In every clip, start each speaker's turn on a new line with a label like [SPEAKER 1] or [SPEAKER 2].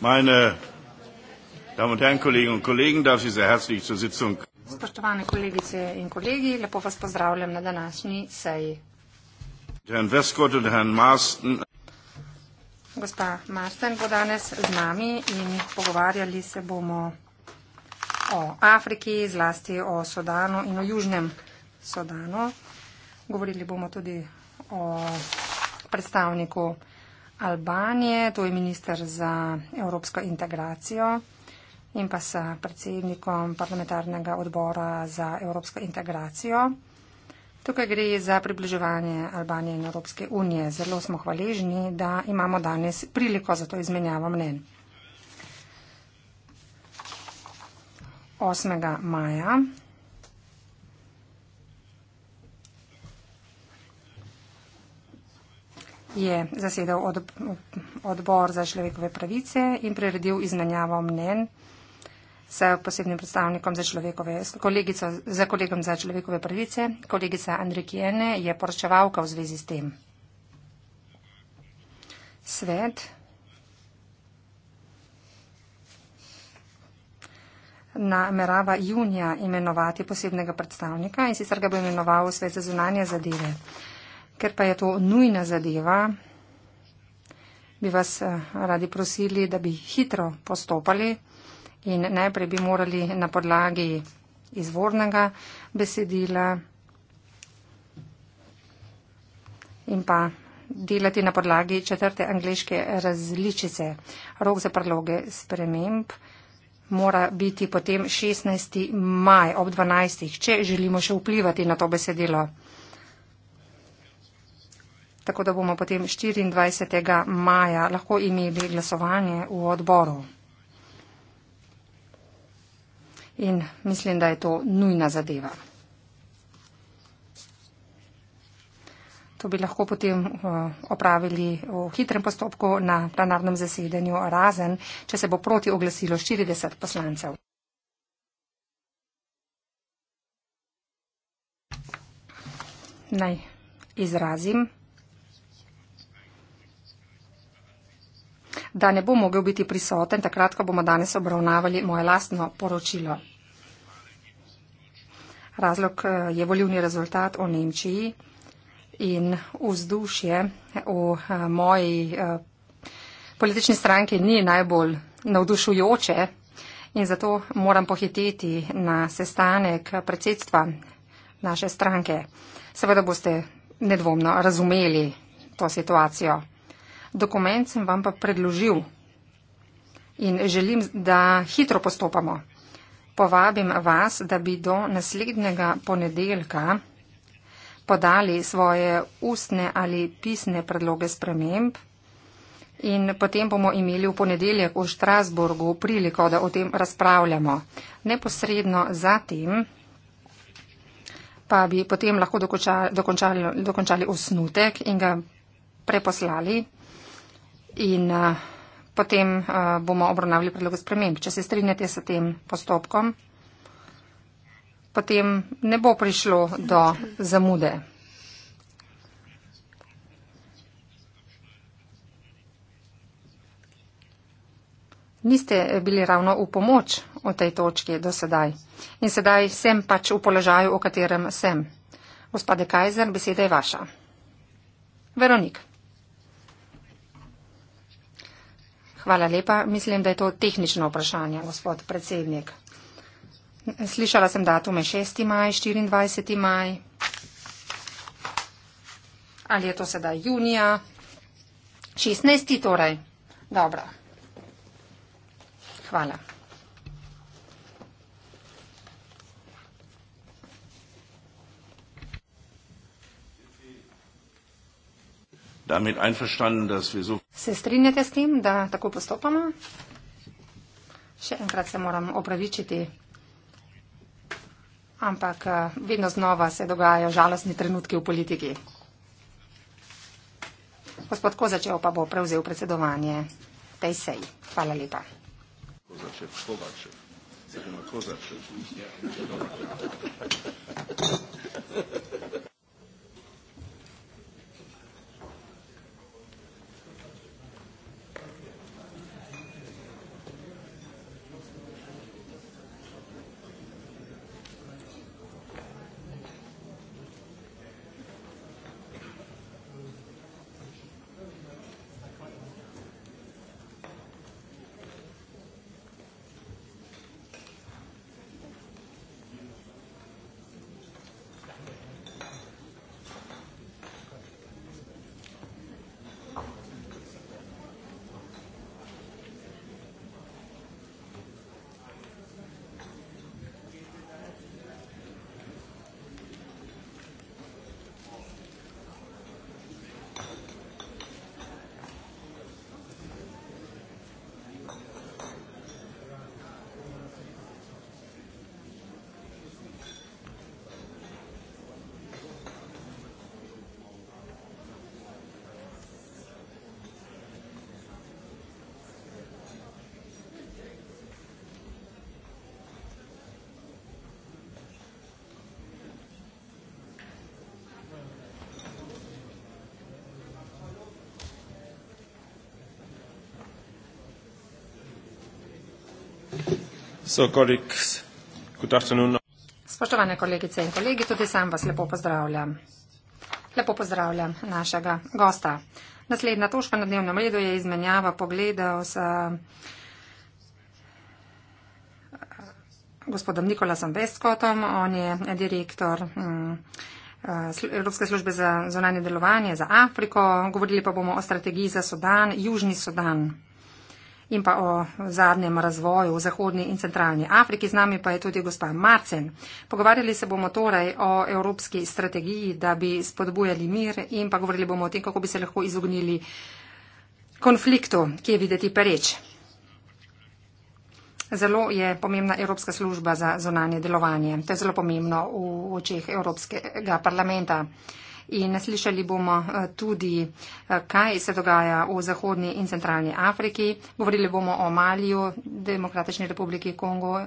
[SPEAKER 1] Meine Damen und Herren, Kolleginnen und Kollegen, darf ich Sie herzlich zur Sitzung. Spoštovane kolegice in kolegi, lepo vas pozdravljam na današnji seji. Gospa Marsten bo danes z nami in pogovarjali se bomo o Afriki, zlasti o Sodanu in o Južnem Sodanu. Govorili bomo tudi o predstavniku Albanije, to je minister za evropsko integracijo in pa s predsednikom parlamentarnega odbora za evropsko integracijo. Tukaj gre za približevanje Albanije in Evropske unije. Zelo smo hvaležni, da imamo danes priliko za to izmenjavo mnen. 8. maja je zasedal od, odbor za človekove pravice in priredil izmenjavo mnen s posebnim predstavnikom za človekove, kolegico, za kolegom za človekove pravice. Kolegica Andrikijene je poročevalka v zvezi s tem. Svet. namerava junija imenovati posebnega predstavnika in sicer ga bo imenoval Svet za zunanje zadeve. Ker pa je to nujna zadeva, bi vas eh, radi prosili, da bi hitro postopali in najprej bi morali na podlagi izvornega besedila in pa delati na podlagi četrte angliške različice. Rok za predloge sprememb mora biti potem 16. maj ob 12. če želimo še vplivati na to besedilo tako da bomo potem 24. maja lahko imeli glasovanje v odboru. In mislim, da je to nujna zadeva. To bi lahko potem eh, opravili v hitrem postopku na plenarnem zasedanju, razen če se bo proti oglasilo 40 poslancev. Naj izrazim. da ne bo mogel biti prisoten, takrat, ko bomo danes obravnavali moje lastno poročilo. Razlog eh, je volivni rezultat o Nemčiji in vzdušje v eh, moji eh, politični stranki ni najbolj navdušujoče in zato moram pohiteti na sestanek predsedstva naše stranke. Seveda boste nedvomno razumeli to situacijo. Dokument sem vam pa predložil in želim, da hitro postopamo. Povabim vas, da bi do naslednjega ponedeljka podali svoje ustne ali pisne predloge sprememb in potem bomo imeli v ponedeljek v Štrasburgu priliko, da o tem razpravljamo. Neposredno zatem pa bi potem lahko dokončali, dokončali osnutek in ga preposlali in eh, potem eh, bomo obravnavali predlog sprememb. Če se strinjate s tem postopkom, potem ne bo prišlo do zamude. Niste bili ravno v pomoč v tej točki do sedaj. In sedaj sem pač v položaju, v katerem sem. Gospode Kajzer, beseda je vaša. Veronik. Hvala lepa. Mislim, da je to tehnično vprašanje, gospod predsednik. Slišala sem datume 6. maj, 24. maj. Ali je to sedaj junija? 16. torej. Dobro. Hvala. damit einverstanden, dass wir so. Se strinjate s tem, da tako postopamo? Še enkrat se moram opravičiti. Ampak eh, vedno znova se dogajajo žalostni trenutki v politiki. Gospod Kozačev pa bo prevzel predsedovanje tej seji. Hvala lepa. Kozačev, Kozačev. Zdaj ima Kozačev.
[SPEAKER 2] So colleagues, good afternoon.
[SPEAKER 1] Spoštovane kolegice in kolegi, tudi sam vas lepo pozdravljam. Lepo pozdravljam našega gosta. Naslednja točka na dnevnem redu je izmenjava pogledov s eh, gospodom Nikolasom Vestkotom. On je direktor mm, eh, Evropske službe za zonanje delovanje za Afriko. Govorili pa bomo o strategiji za Sudan, Južni Sudan in pa o zadnjem razvoju v Zahodni in Centralni Afriki. Z nami pa je tudi gospa Marcen. Pogovarjali se bomo torej o evropski strategiji, da bi spodbujali mir in pa govorili bomo o tem, kako bi se lahko izognili konfliktu, ki je videti pereč. Zelo je pomembna Evropska služba za zunanje delovanje. To je zelo pomembno v očeh Evropskega parlamenta in slišali bomo eh, tudi, eh, kaj se dogaja v Zahodnji in Centralni Afriki. Govorili bomo o Maliju, Demokratični republiki Kongo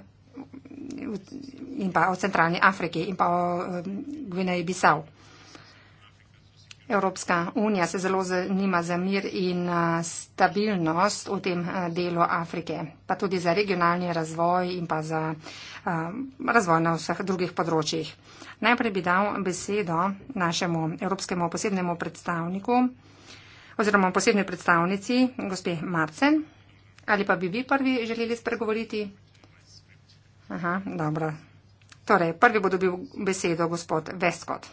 [SPEAKER 1] in pa o Centralni Afriki in pa o eh, Gvineji Bisav. Evropska unija se zelo zanima za mir in stabilnost v tem delu Afrike, pa tudi za regionalni razvoj in pa za razvoj na vseh drugih področjih. Najprej bi dal besedo našemu evropskemu posebnemu predstavniku oziroma posebni predstavnici, gospe Marcen. Ali pa bi vi prvi želeli spregovoriti? Aha, dobro. Torej, prvi bo dobil besedo gospod Veskot.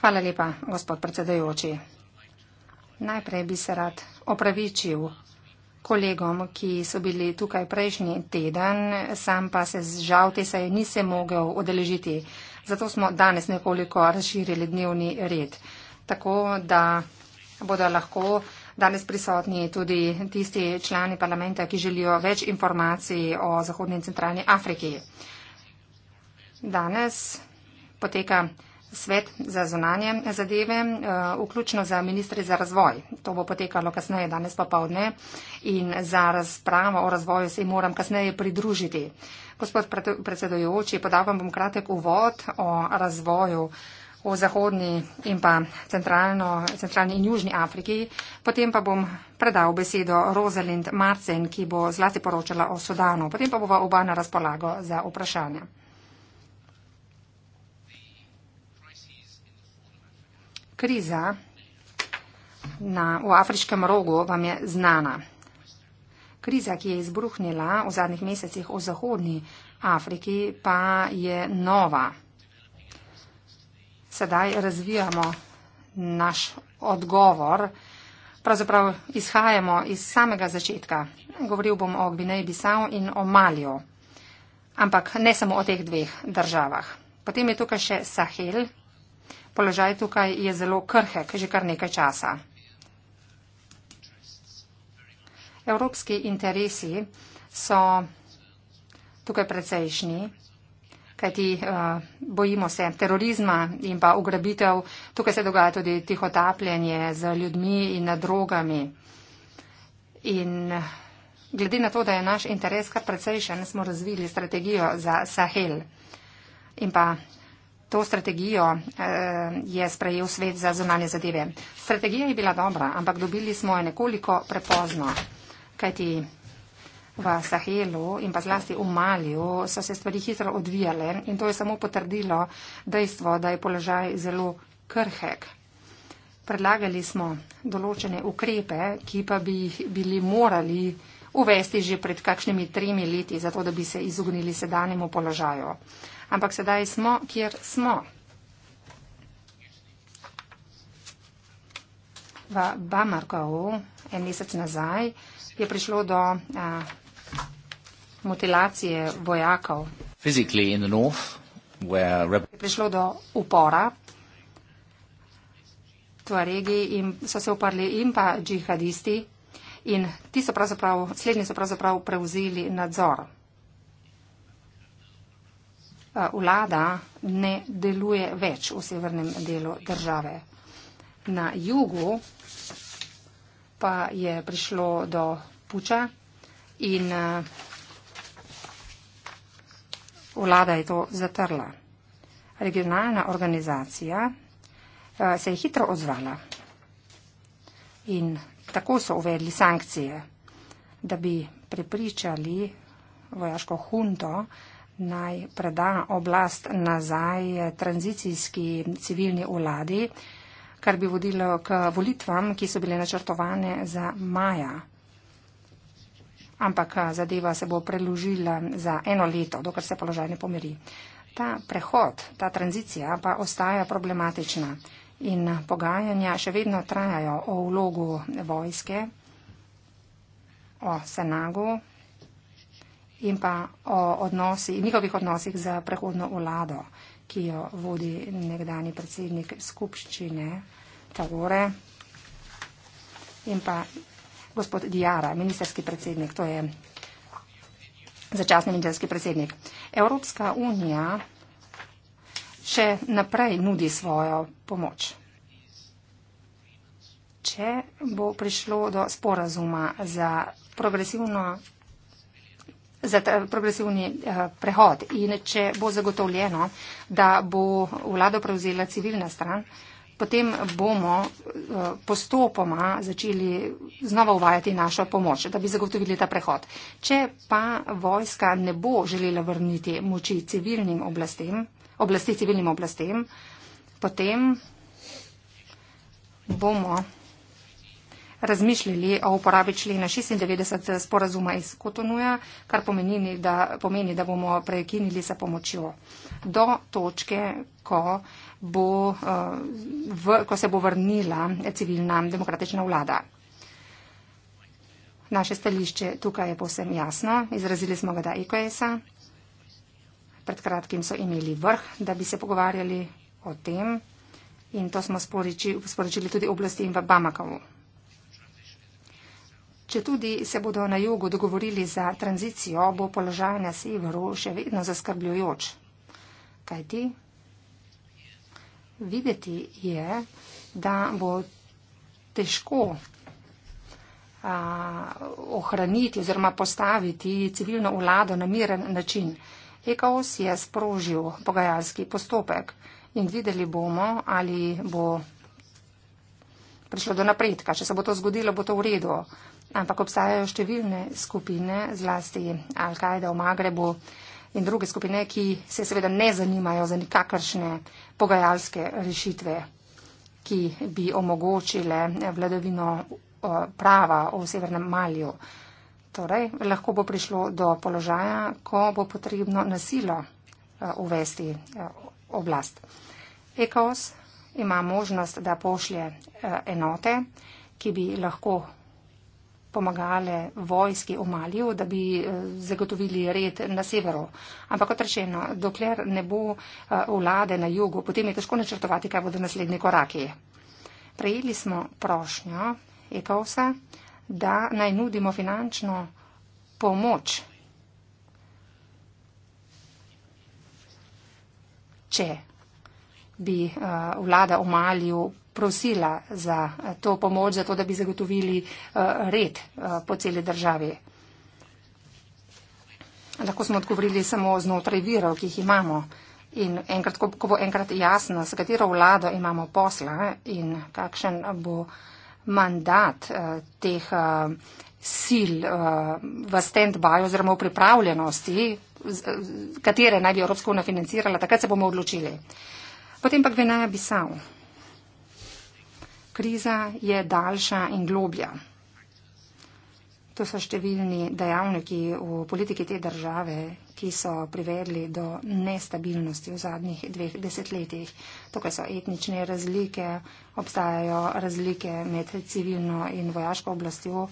[SPEAKER 1] Hvala lepa, gospod predsedujoči. Najprej bi se rad opravičil kolegom, ki so bili tukaj prejšnji teden, sam pa se žal te seje nisem mogel odeležiti. Zato smo danes nekoliko razširili dnevni red. Tako da bodo lahko danes prisotni tudi tisti člani parlamenta, ki želijo več informacij o Zahodni in centralni Afriki. Danes poteka svet za zunanje zadeve, eh, vključno za ministri za razvoj. To bo potekalo kasneje, danes pa povdne in za razpravo o razvoju se jim moram kasneje pridružiti. Gospod predsedojoči, podal vam bom kratek uvod o razvoju v zahodni in pa centralno, centralni in južni Afriki. Potem pa bom predal besedo Rosalind Marcen, ki bo zlasti poročala o Sudanu. Potem pa bova oba na razpolago za vprašanje. Kriza na, v afriškem rogu vam je znana. Kriza, ki je izbruhnila v zadnjih mesecih v Zahodni Afriki, pa je nova. Sedaj razvijamo naš odgovor. Pravzaprav izhajamo iz samega začetka. Govoril bom o Gvineji Bisau in o Malju, ampak ne samo o teh dveh državah. Potem je tukaj še Sahel, Položaj tukaj je zelo krhek že kar nekaj časa. Evropski interesi so tukaj precejšnji, kajti eh, bojimo se terorizma in pa ugrabitev. Tukaj se dogaja tudi tihotapljanje z ljudmi in drogami. In glede na to, da je naš interes kar precejšen, smo razvili strategijo za Sahel in pa to strategijo eh, je sprejel svet za zunanje zadeve. Strategija je bila dobra, ampak dobili smo jo nekoliko prepozno, kajti v Sahelu in pa zlasti v Maliju so se stvari hitro odvijale in to je samo potrdilo dejstvo, da je položaj zelo krhek. Predlagali smo določene ukrepe, ki pa bi jih bili morali uvesti že pred kakšnimi tremi leti, zato da bi se izognili sedanjemu položaju ampak sedaj smo, kjer smo. V Bamarkovu, en mesec nazaj, je prišlo do a, mutilacije vojakov.
[SPEAKER 2] North, je
[SPEAKER 1] prišlo do upora tvaregi in so se uprli in pa džihadisti in ti so pravzaprav, slednji so pravzaprav prevzeli nadzor. Eh, vlada ne deluje več v severnem delu države. Na jugu pa je prišlo do puča in eh, vlada je to zatrla. Regionalna organizacija eh, se je hitro odzvala in tako so uvedli sankcije, da bi prepričali vojaško hunto, naj preda oblast nazaj tranzicijski civilni vladi, kar bi vodilo k volitvam, ki so bile načrtovane za maja. Ampak zadeva se bo preložila za eno leto, dokler se položaj ne pomeri. Ta prehod, ta tranzicija pa ostaja problematična in pogajanja še vedno trajajo o vlogu vojske, o senagu in pa o odnosi, njihovih odnosih za prehodno vlado, ki jo vodi nekdani predsednik skupščine Tavore in pa gospod Diara, ministerski predsednik, to je začasni ministerski predsednik. Evropska unija še naprej nudi svojo pomoč. Če bo prišlo do sporazuma za progresivno za ta progresivni eh, prehod. In če bo zagotovljeno, da bo vlado prevzela civilna stran, potem bomo eh, postopoma začeli znova uvajati našo pomoč, da bi zagotovili ta prehod. Če pa vojska ne bo želela vrniti moči civilnim oblastem, oblasti civilnim oblastem, potem bomo razmišljali o uporabi člena 96 sporazuma iz Kotonuja, kar pomeni da, pomeni, da bomo prekinili sa pomočjo do točke, ko, bo, uh, v, ko se bo vrnila civilna demokratična vlada. Naše stališče tukaj je posebno jasno. Izrazili smo ga da IKS-a. Pred kratkim so imeli vrh, da bi se pogovarjali o tem. In to smo sporočili tudi oblasti in v Bamakovu. Če tudi se bodo na jugu dogovorili za tranzicijo, bo položaj na severu še vedno zaskrbljujoč. Kaj ti? Videti je, da bo težko a, ohraniti oziroma postaviti civilno vlado na miren način. EKOS je sprožil pogajalski postopek in videli bomo, ali bo prišlo do napredka. Če se bo to zgodilo, bo to v redu ampak obstajajo številne skupine, zlasti Al-Kaida v Magrebu in druge skupine, ki se seveda ne zanimajo za nikakršne pogajalske rešitve, ki bi omogočile vladavino eh, prava v severnem Malju. Torej, lahko bo prišlo do položaja, ko bo potrebno nasilo eh, uvesti eh, oblast. ECOS ima možnost, da pošlje enote, ki bi lahko pomagale vojski v Maliju, da bi eh, zagotovili red na severu. Ampak kot rečeno, dokler ne bo eh, vlade na jugu, potem je težko načrtovati, kaj bodo naslednji koraki. Prejeli smo prošnjo ECOS-a, da naj nudimo finančno pomoč. Če bi uh, vlada v Maliju prosila za eh, to pomoč, za to, da bi zagotovili eh, red eh, po celi državi. Lahko smo odgovorili samo znotraj virov, ki jih imamo. In enkrat, ko, ko bo enkrat jasno, s katero vlado imamo posla in kakšen bo mandat teh sil v stand-by oziroma v pripravljenosti, katere naj bi Evropska unija financirala, takrat se bomo odločili. Potem pa Gvineja Bisao kriza je daljša in globja. To so številni dejavniki v politiki te države, ki so privedli do nestabilnosti v zadnjih dveh desetletjih. Tukaj so etnične razlike, obstajajo razlike med civilno in vojaško oblastjo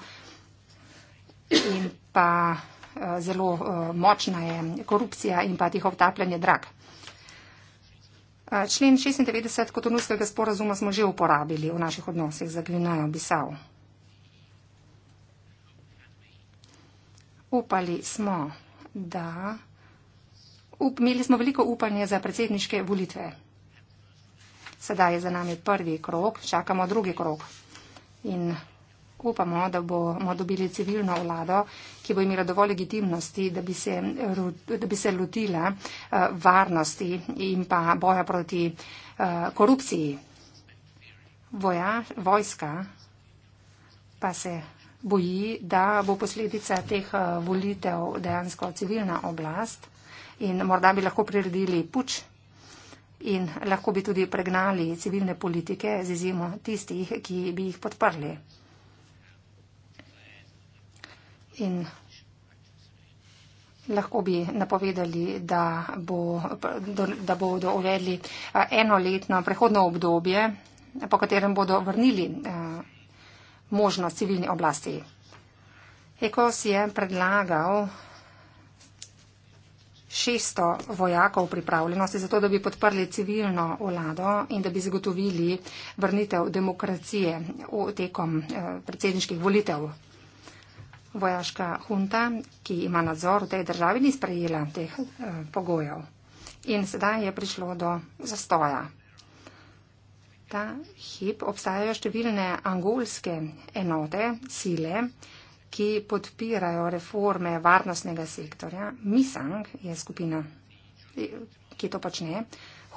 [SPEAKER 1] in pa eh, zelo eh, močna je korupcija in pa tih obtapljanje drag. Člen 96 kotonujskega sporazuma smo že uporabili v naših odnosih za Gvinejo Bisav. Upali smo, da. Up, imeli smo veliko upanja za predsedniške volitve. Sedaj je za nami prvi krok, čakamo drugi krok. In upamo, da bomo dobili civilno vlado, ki bo imela dovolj legitimnosti, da bi se, da bi se lotila eh, varnosti in pa boja proti eh, korupciji. Voja, vojska pa se boji, da bo posledica teh eh, volitev dejansko civilna oblast in morda bi lahko priredili puč in lahko bi tudi pregnali civilne politike z izjemo tistih, ki bi jih podprli in lahko bi napovedali, da, bo, da bodo uvedli enoletno prehodno obdobje, po katerem bodo vrnili možnost civilni oblasti. Ekos je predlagal 600 vojakov pripravljenosti za to, da bi podprli civilno vlado in da bi zagotovili vrnitev demokracije v tekom predsedniških volitev vojaška hunta, ki ima nadzor v tej državi, ni sprejela teh eh, pogojev. In sedaj je prišlo do zastoja. Ta hip obstajajo številne angolske enote, sile, ki podpirajo reforme varnostnega sektorja. Misang je skupina, ki to počne.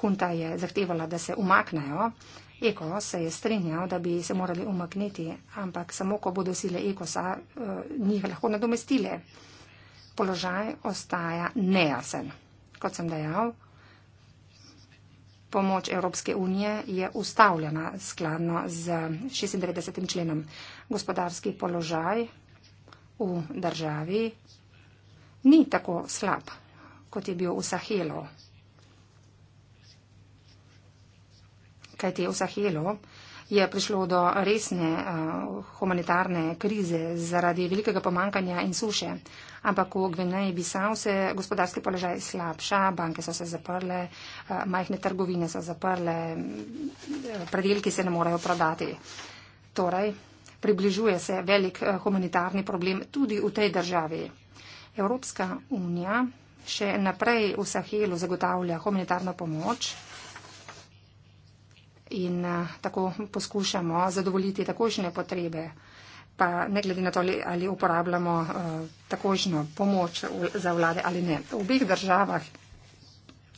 [SPEAKER 1] Hunta je zahtevala, da se umaknajo. Ekos se je strinjal, da bi se morali umakniti, ampak samo, ko bodo sile Ekosa eh, njih lahko nadomestile. Položaj ostaja nejasen. Kot sem dejal, pomoč Evropske unije je ustavljena skladno z 96. členom. Gospodarski položaj v državi ni tako slab, kot je bil v Sahelu. kajti v Sahelu je prišlo do resne uh, humanitarne krize zaradi velikega pomankanja in suše. Ampak v Gvineji Bisao se gospodarski položaj slabša, banke so se zaprle, uh, majhne trgovine so zaprle, eh, predelki se ne morejo prodati. Torej, približuje se velik uh, humanitarni problem tudi v tej državi. Evropska unija še naprej v Sahelu zagotavlja humanitarno pomoč in eh, tako poskušamo zadovoljiti takožne potrebe, pa ne glede na to, ali uporabljamo eh, takožno pomoč za vlade ali ne. V obih državah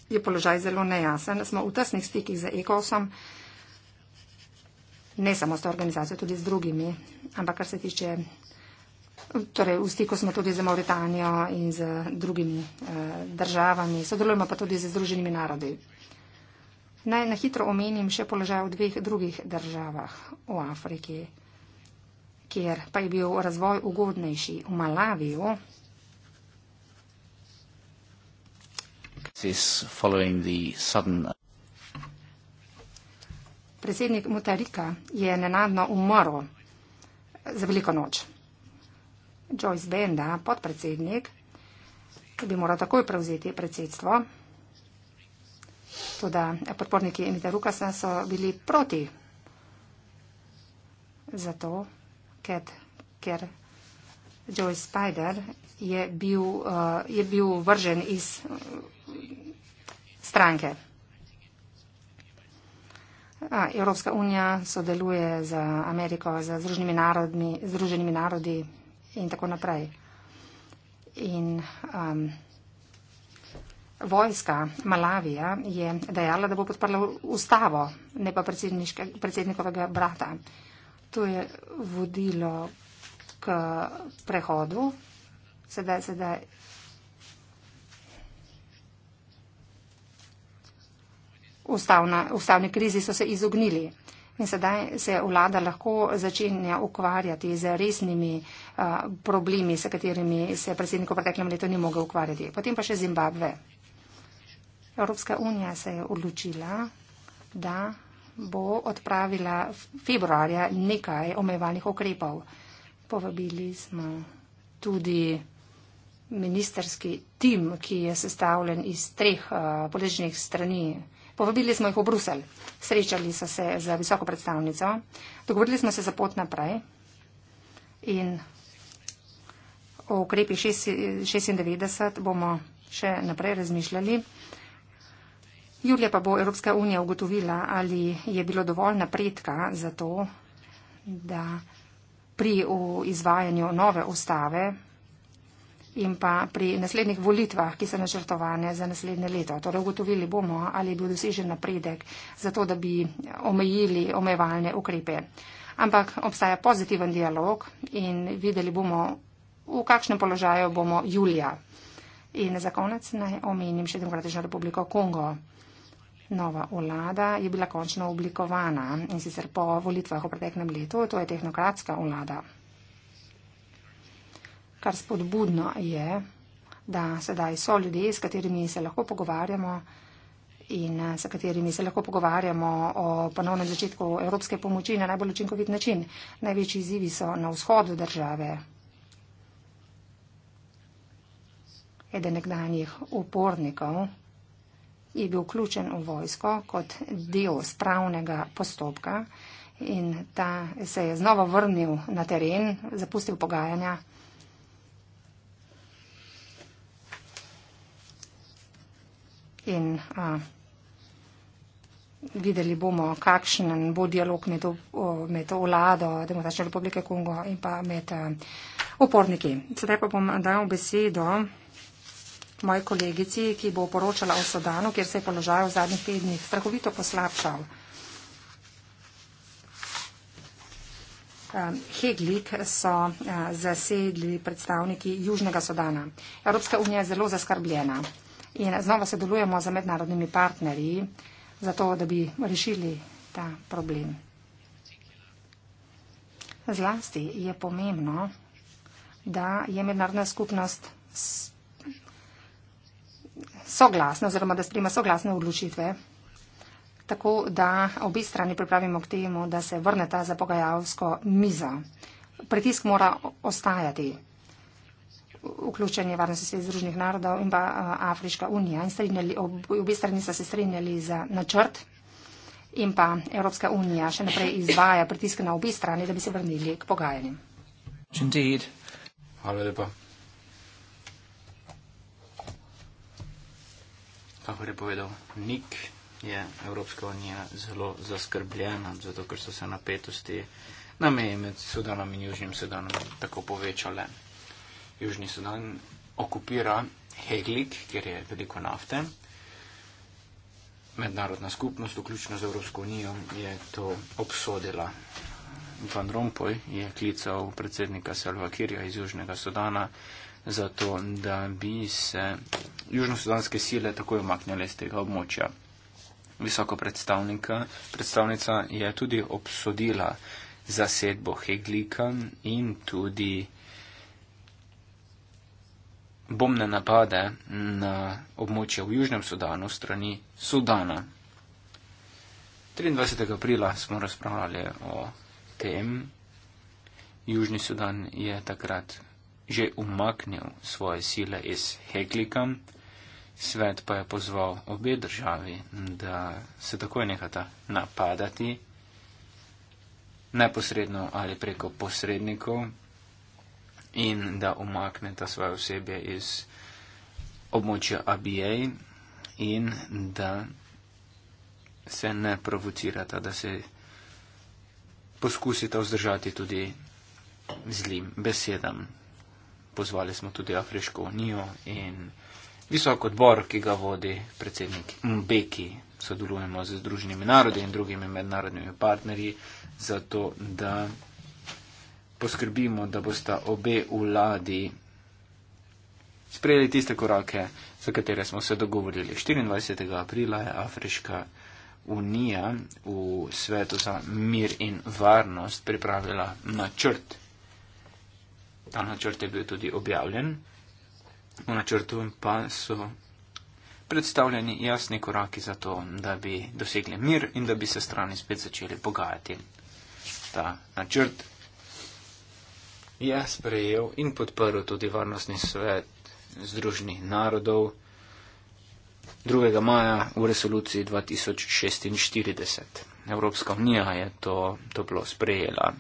[SPEAKER 1] je položaj zelo nejasen. Smo v tesnih stikih z ECOSom, ne samo s to organizacijo, tudi z drugimi, ampak kar se tiče. Torej, v stiku smo tudi z Mauritanijo in z drugimi eh, državami, sodelujemo pa tudi z Združenimi narodi. Naj na hitro omenim še položaj v dveh drugih državah v Afriki, kjer pa je bil razvoj ugodnejši v Malaviju. Predsednik Mutarika je nenadno umrl za veliko noč. Joyce Benda, podpredsednik, ki bi moral takoj prevzeti predsedstvo, Tudi podporniki Emita Rukasa so bili proti zato, ker, ker Joey Spider je bil, uh, je bil vržen iz stranke. A, Evropska unija sodeluje z Ameriko, z Združenimi, Združenimi narodi in tako naprej. In, um, Vojska Malavija je dejala, da bo podprla ustavo, ne pa predsednikovega brata. To je vodilo k prehodu. Sedaj, sedaj. Ustavna, ustavni krizi so se izognili in sedaj se vlada lahko začenja ukvarjati z resnimi uh, problemi, s katerimi se predsednik v preteklem letu ni mogel ukvarjati. Potem pa še Zimbabve. Evropska unija se je odločila, da bo odpravila februarja nekaj omejevalnih ukrepov. Povabili smo tudi ministerski tim, ki je sestavljen iz treh eh, poležnih strani. Povabili smo jih v Brusel, srečali so se z visoko predstavnico, dogovorili smo se za pot naprej in o ukrepi 96 bomo še naprej razmišljali. Julija pa bo Evropska unija ugotovila, ali je bilo dovolj napredka za to, da pri izvajanju nove ustave in pa pri naslednjih volitvah, ki so načrtovane za naslednje leto. Torej ugotovili bomo, ali je bil dosežen napredek za to, da bi omejili omejevalne ukrepe. Ampak obstaja pozitiven dialog in videli bomo, v kakšnem položaju bomo julija. In za konec naj omenim še Demokratično republiko Kongo. Nova vlada je bila končno oblikovana in sicer po volitvah v preteklem letu, to je tehnokratska vlada. Kar spodbudno je, da sedaj so ljudje, s katerimi se lahko pogovarjamo in s katerimi se lahko pogovarjamo o ponovnem začetku evropske pomoči na najbolj učinkovit način. Največji izzivi so na vzhodu države. Eden nekdanjih upornikov je bil vključen v vojsko kot del spravnega postopka in ta se je znova vrnil na teren, zapustil pogajanja. In a, videli bomo, kakšen bo dialog med, med vlado Demokratične republike Kongo in pa med a, uporniki. Sedaj pa bom dal besedo moji kolegici, ki bo poročala o Sodanu, kjer se je položaj v zadnjih tednih strahovito poslabšal. Heglik so eh, zasedli predstavniki Južnega Sodana. Evropska unija je zelo zaskrbljena in znova sodelujemo z mednarodnimi partnerji, zato da bi rešili ta problem. Zlasti je pomembno, da je mednarodna skupnost soglasno oziroma da sprejme soglasne odločitve. Tako da obi strani pripravimo k temu, da se vrneta za pogajalsko mizo. Pritisk mora ostajati. Vključenje varnosti sveti združnih narodov in pa eh, Afriška unija. In strinjali, ob, obi strani so se strinjali za načrt in pa Evropska unija še naprej izvaja pritisk na obi strani, da bi se vrnili k pogajanjem.
[SPEAKER 2] Hvala lepa. kako je povedal Nik, je Evropska unija zelo zaskrbljena, zato ker so se napetosti na meji med Sudanom in Južnim Sudanom tako povečale. Južni Sudan okupira Heglik, kjer je veliko nafte. Mednarodna skupnost, vključno z Evropsko unijo, je to obsodila. Van Rompuy je klical predsednika Salva Kirja iz Južnega Sudana zato, da bi se južnosudanske sile takoj omaknjale z tega območja. Visoko predstavnica je tudi obsodila zasedbo Heglika in tudi bombne napade na območje v Južnem Sudanu strani Sudana. 23. aprila smo razpravljali o tem. Južni Sudan je takrat že umaknil svoje sile iz Heglika svet pa je pozval obe državi, da se takoj nekata napadati, neposredno ali preko posrednikov, in da umakneta svoje osebje iz območja ABA in da se ne provocirata, da se poskusita vzdržati tudi zlim besedam. Pozvali smo tudi Afriško unijo in visok odbor, ki ga vodi predsednik Mbeki. Sodelujemo z Združenimi narodi in drugimi mednarodnimi partnerji za to, da poskrbimo, da bosta obe vladi sprejeli tiste korake, za katere smo se dogovorili. 24. aprila je Afriška unija v svetu za mir in varnost pripravila načrt. Ta načrt je bil tudi objavljen. V načrtu pa so predstavljeni jasni koraki za to, da bi dosegli mir in da bi se strani spet začeli pogajati. Ta načrt je sprejel in podprl tudi Varnostni svet Združenih narodov 2. maja v resoluciji 2046. Evropska unija je to toplo sprejela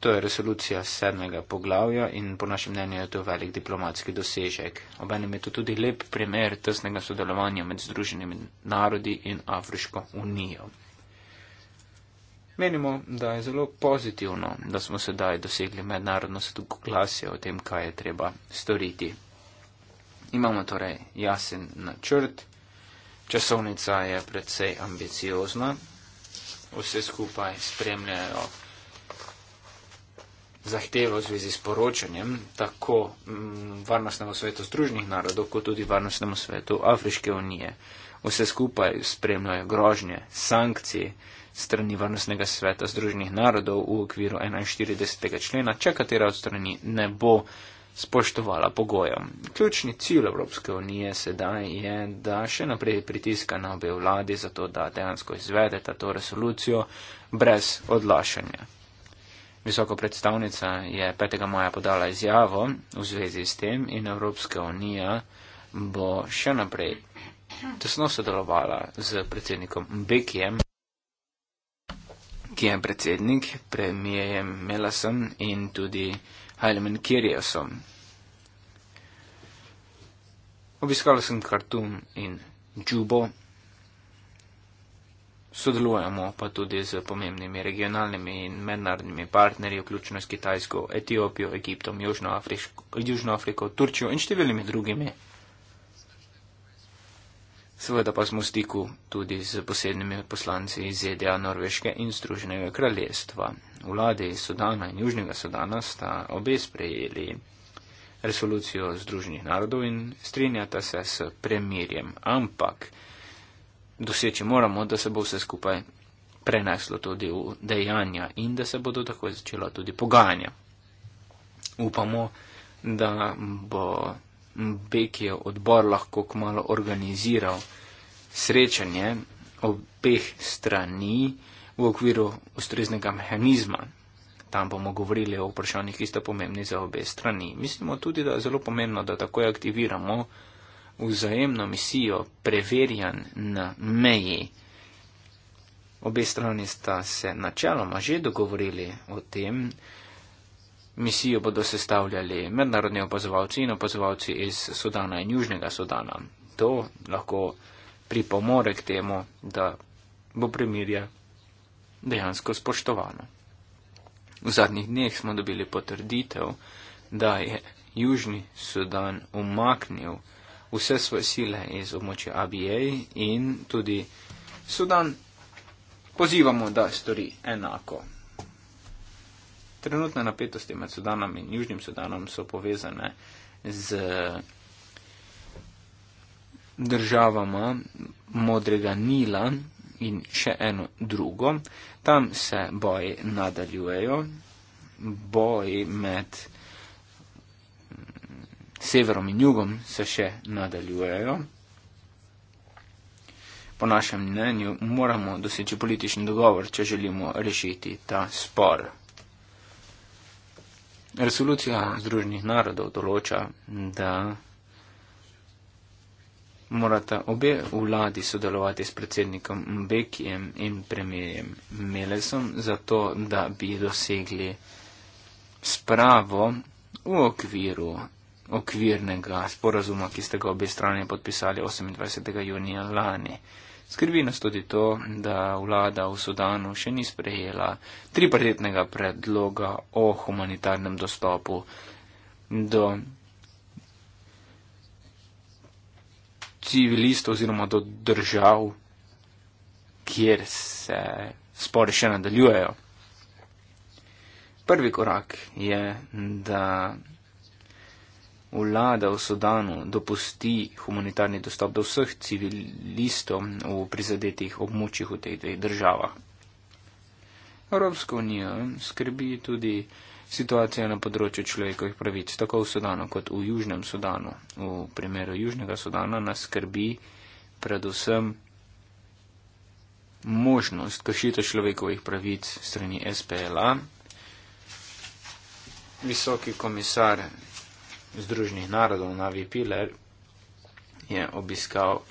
[SPEAKER 2] To je resolucija sedmega poglavja in po našem mnenju je to velik diplomatski dosežek. Obenem je to tudi lep primer tesnega sodelovanja med Združenimi narodi in Afriško unijo. Menimo, da je zelo pozitivno, da smo sedaj dosegli mednarodno soglasje o tem, kaj je treba storiti. Imamo torej jasen načrt, časovnica je predvsej ambiciozna, vse skupaj spremljajo zahtevo v zvezi s poročanjem tako mm, Varnostnemu svetu Združenih narodov, kot tudi Varnostnemu svetu Afriške unije. Vse skupaj spremljajo grožnje, sankcije strani Varnostnega sveta Združenih narodov v okviru 41. člena, če katera od strani ne bo spoštovala pogojev. Ključni cilj Evropske unije sedaj je, da še naprej pritiska na obe vladi, zato da dejansko izvedeta to resolucijo brez odlašanja. Visoko predstavnica je 5. maja podala izjavo v zvezi s tem in Evropska unija bo še naprej tesno sodelovala z predsednikom Bekijem, ki je predsednik, premijejem Melasom in tudi Hajlemen Kirijosom. Obiskala sem Khartoum in Džubo, Sodelujemo pa tudi z pomembnimi regionalnimi in mednarodnimi partnerji, vključno s Kitajsko, Etiopijo, Egiptom, Južno Afriko, Južno Afriko, Turčijo in številnimi drugimi. Seveda pa smo v stiku tudi z posebnimi poslanci iz ZDA, Norveške in Združenega kraljestva. Vlade Sudana in Južnega Sudana sta obe sprejeli resolucijo Združenih narodov in strinjata se s premirjem, ampak doseči moramo, da se bo vse skupaj preneslo tudi v dejanja in da se bodo tako začela tudi pogajanja. Upamo, da bo Bekijev odbor lahko kmalo organiziral srečanje obeh strani v okviru ustreznega mehanizma. Tam bomo govorili o vprašanjih, ki sta pomembni za obe strani. Mislimo tudi, da je zelo pomembno, da takoj aktiviramo vzajemno misijo preverjan na meji. Obe strani sta se načeloma že dogovorili o tem. Misijo bodo sestavljali mednarodni opazovalci in opazovalci iz Sudana in Južnega Sudana. To lahko pripomore k temu, da bo premirje dejansko spoštovano. V zadnjih dneh smo dobili potrditev, da je Južni Sudan umaknil vse svoje sile iz območja ABA in tudi Sudan pozivamo, da stori enako. Trenutne napetosti med Sudanom in Južnim Sudanom so povezane z državama Modrega Nila in še eno drugo. Tam se boji nadaljujejo, boji med severom in jugom se še nadaljujejo. Po našem mnenju moramo doseči politični dogovor, če želimo rešiti ta spor. Resolucija Združenih narodov določa, da morata obe vladi sodelovati s predsednikom Mbekijem in premijerjem Melesom, zato da bi dosegli spravo v okviru okvirnega sporazuma, ki ste ga obe strani podpisali 28. junija lani. Skrbi nas tudi to, da vlada v Sudanu še ni sprejela tripartitnega predloga o humanitarnem dostopu do civilistov oziroma do držav, kjer se spore še nadaljujejo. Prvi korak je, da vlada v Sudanu dopusti humanitarni dostop do vseh civilistov v prizadetih območjih v teh dveh državah. Evropsko unijo skrbi tudi situacija na področju človekovih pravic, tako v Sudanu kot v Južnem Sudanu. V primeru Južnega Sudana nas skrbi predvsem možnost kršitev človekovih pravic strani SPLA. Visoki komisar Združenih narodov Navi Piler je obiskal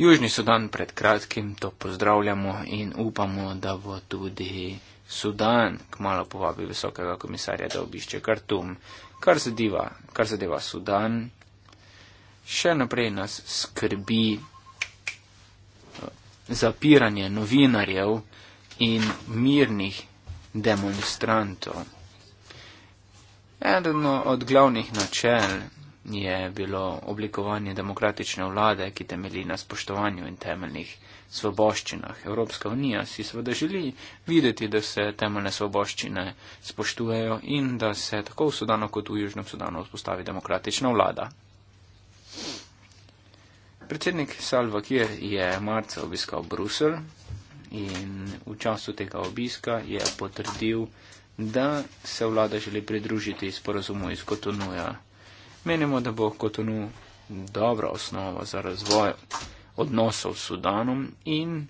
[SPEAKER 2] Južni Sudan pred kratkim, to pozdravljamo in upamo, da bo tudi Sudan kmalo povabil visokega komisarja, da obišče Kartum. Kar zadeva, kar zadeva Sudan, še naprej nas skrbi eh, zapiranje novinarjev in mirnih demonstrantov. Eno od glavnih načel je bilo oblikovanje demokratične vlade, ki temelji na spoštovanju in temeljnih svoboščinah. Evropska unija si seveda želi videti, da se temeljne svoboščine spoštujejo in da se tako v Sudanu kot v Južnem Sudanu vzpostavi demokratična vlada. Predsednik Salva Kir je marca obiskal Brusel in v času tega obiska je potrdil, da se vlada želi pridružiti sporozumu iz Kotonuja. Menimo, da bo Kotonu dobra osnova za razvoj odnosov s Sudanom in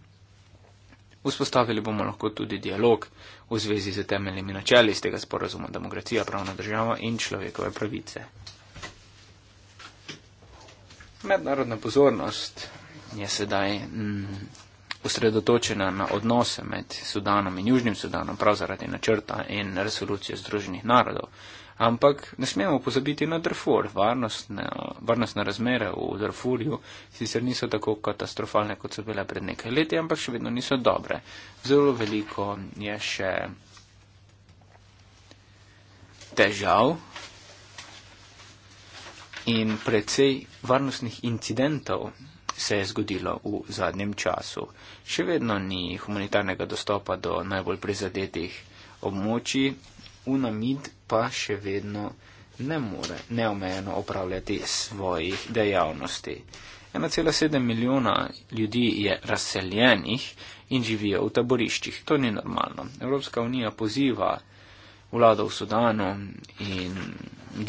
[SPEAKER 2] vzpostavili bomo lahko tudi dialog v zvezi z temeljnimi načeli iz tega sporozuma – demokracija, pravna država in človekove pravice. Mednarodna pozornost je sedaj mm, osredotočena na odnose med Sudanom in Južnim Sudanom, prav zaradi načrta in resolucije Združenih narodov. Ampak ne smemo pozabiti na Darfur. Varnostne, varnostne razmere v Darfurju sicer niso tako katastrofalne, kot so bile pred nekaj leti, ampak še vedno niso dobre. Zelo veliko je še težav in precej varnostnih incidentov se je zgodilo v zadnjem času. Še vedno ni humanitarnega dostopa do najbolj prizadetih območij, UNAMID pa še vedno ne more neomejeno opravljati svojih dejavnosti. 1,7 milijona ljudi je razseljenih in živijo v taboriščih. To ni normalno. Evropska unija poziva vlado v Sudanu in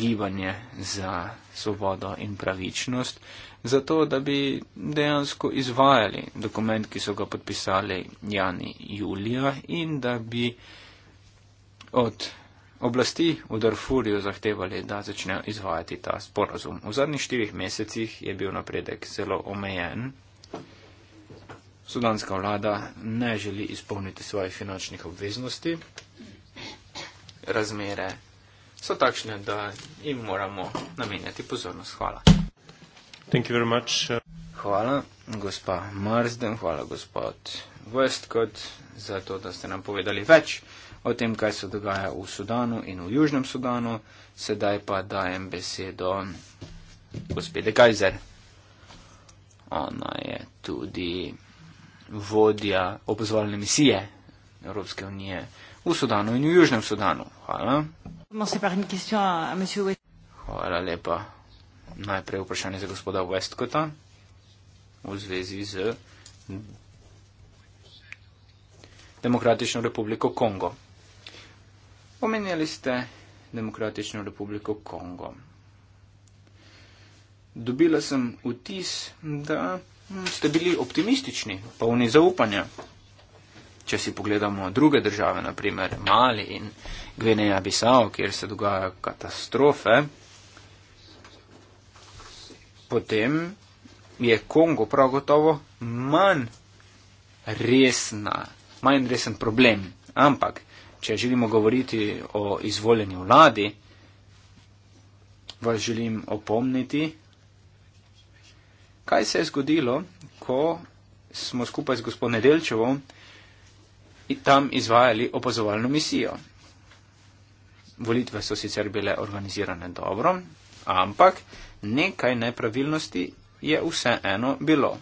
[SPEAKER 2] gibanje za svobodo in pravičnost, zato da bi dejansko izvajali dokument, ki so ga podpisali Jani Julija in da bi od oblasti v Darfurju zahtevali, da začnejo izvajati ta sporazum. V zadnjih štirih mesecih je bil napredek zelo omejen. Sudanska vlada ne želi izpolniti svojih finančnih obveznosti. Razmere so takšne, da jim moramo namenjati pozornost. Hvala. Uh, hvala, gospa Marsden, hvala, gospod Westcott, za to, da ste nam povedali več o tem, kaj se dogaja v Sudanu in v Južnem Sudanu. Sedaj pa dajem besedo gospede Kajzer. Ona je tudi vodja opozorilne misije Evropske unije v Sudanu in v Južnem Sudanu. Hvala. Hvala lepa najprej vprašanje za gospoda Westcota v zvezi z Demokratično republiko Kongo. Omenjali ste Demokratično republiko Kongo. Dobila sem vtis, da ste bili optimistični, polni zaupanja. Če si pogledamo druge države, naprimer Mali in Gvineja Bisao, kjer se dogajajo katastrofe, potem je Kongo prav gotovo manj resna, manj resen problem. Ampak, če želimo govoriti o izvoljeni vladi, vas želim opomniti, kaj se je zgodilo, ko smo skupaj z gospodom Delčevom tam izvajali opazovalno misijo. Volitve so sicer bile organizirane dobro, ampak nekaj nepravilnosti je vse eno bilo.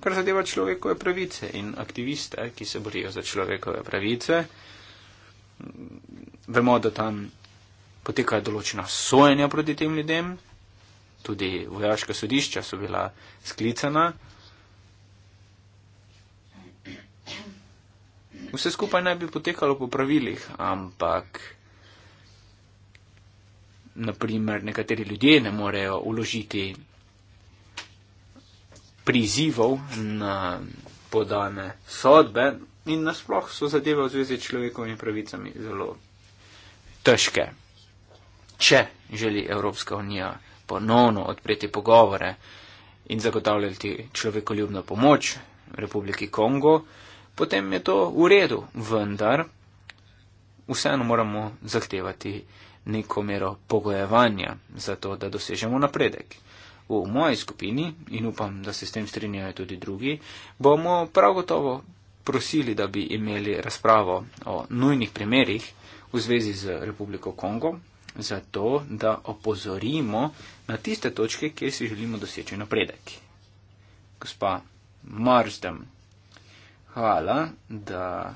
[SPEAKER 2] Kar zadeva človekove pravice in aktiviste, ki se borijo za človekove pravice, vemo, da tam potekajo določena sojenja proti tem ljudem, tudi vojaška sodišča so bila sklicana. Vse skupaj naj bi potekalo po pravilih, ampak naprimer nekateri ljudje ne morejo uložiti prizivov na podane sodbe in nasploh so zadeve v zvezi s človekovimi pravicami zelo težke. Če želi Evropska unija ponovno odpreti pogovore in zagotavljati človekoljubno pomoč Republiki Kongo, potem je to v redu, vendar vseeno moramo zahtevati neko mero pogojevanja za to, da dosežemo napredek. V moji skupini, in upam, da se s tem strinjajo tudi drugi, bomo prav gotovo prosili, da bi imeli razpravo o nujnih primerih v zvezi z Republiko Kongo, zato da opozorimo na tiste točke, kjer si želimo doseči napredek. Gospa Marsdam, hvala, da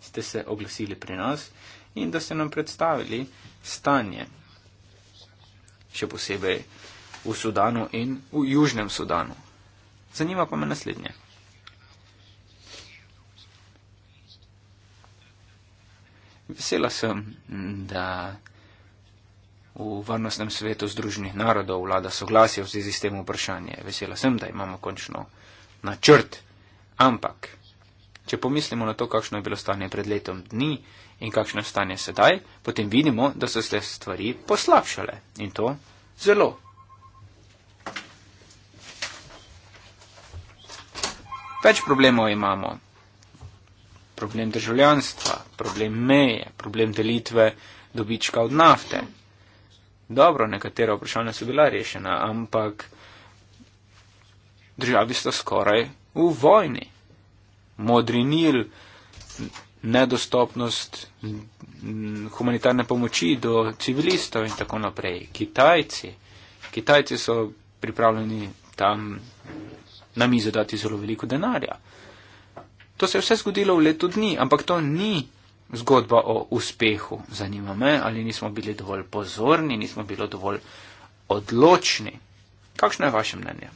[SPEAKER 2] ste se oglasili pri nas in da ste nam predstavili stanje, še posebej v Sudanu in v Južnem Sudanu. Zanima pa me naslednje. Vesela sem, da v varnostnem svetu Združenih narodov vlada soglasje v zvezi s tem vprašanjem. Vesela sem, da imamo končno načrt. Ampak, če pomislimo na to, kakšno je bilo stanje pred letom dni, in kakšno stanje sedaj, potem vidimo, da so se stvari poslabšale in to zelo. Več problemov imamo. Problem državljanstva, problem meje, problem delitve dobička od nafte. Dobro, nekatera vprašanja so bila rešena, ampak državi so skoraj v vojni. Modri Nil nedostopnost humanitarne pomoči do civilistov in tako naprej. Kitajci, Kitajci so pripravljeni tam na mizo dati zelo veliko denarja. To se je vse zgodilo v letu dni, ampak to ni zgodba o uspehu. Zanima me, ali nismo bili dovolj pozorni, nismo bili dovolj odločni. Kakšno je vaše mnenje?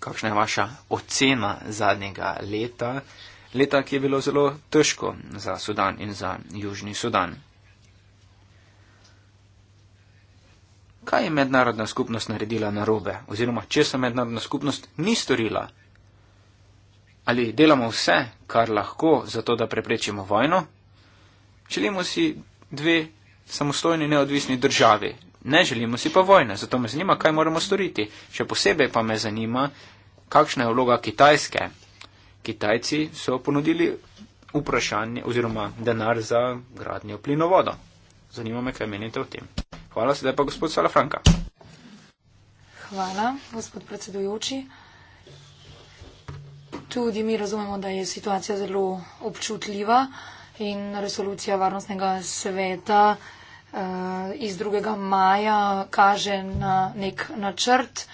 [SPEAKER 2] Kakšna je vaša ocena zadnjega leta? leta, ki je bilo zelo težko za Sudan in za Južni Sudan. Kaj je mednarodna skupnost naredila na robe oziroma česa mednarodna skupnost ni storila? Ali delamo vse, kar lahko, zato da preprečimo vojno? Želimo si dve samostojni neodvisni državi, ne želimo si pa vojne, zato me zanima, kaj moramo storiti. Še posebej pa me zanima, kakšna je vloga Kitajske Kitajci so ponudili vprašanje oziroma denar za gradnjo plinovoda. Zanima me, kaj menite o tem. Hvala, sedaj pa gospod Salafranka.
[SPEAKER 3] Hvala, gospod predsedujoči. Tudi mi razumemo, da je situacija zelo občutljiva in resolucija Varnostnega sveta eh, iz 2. maja kaže na nek načrt.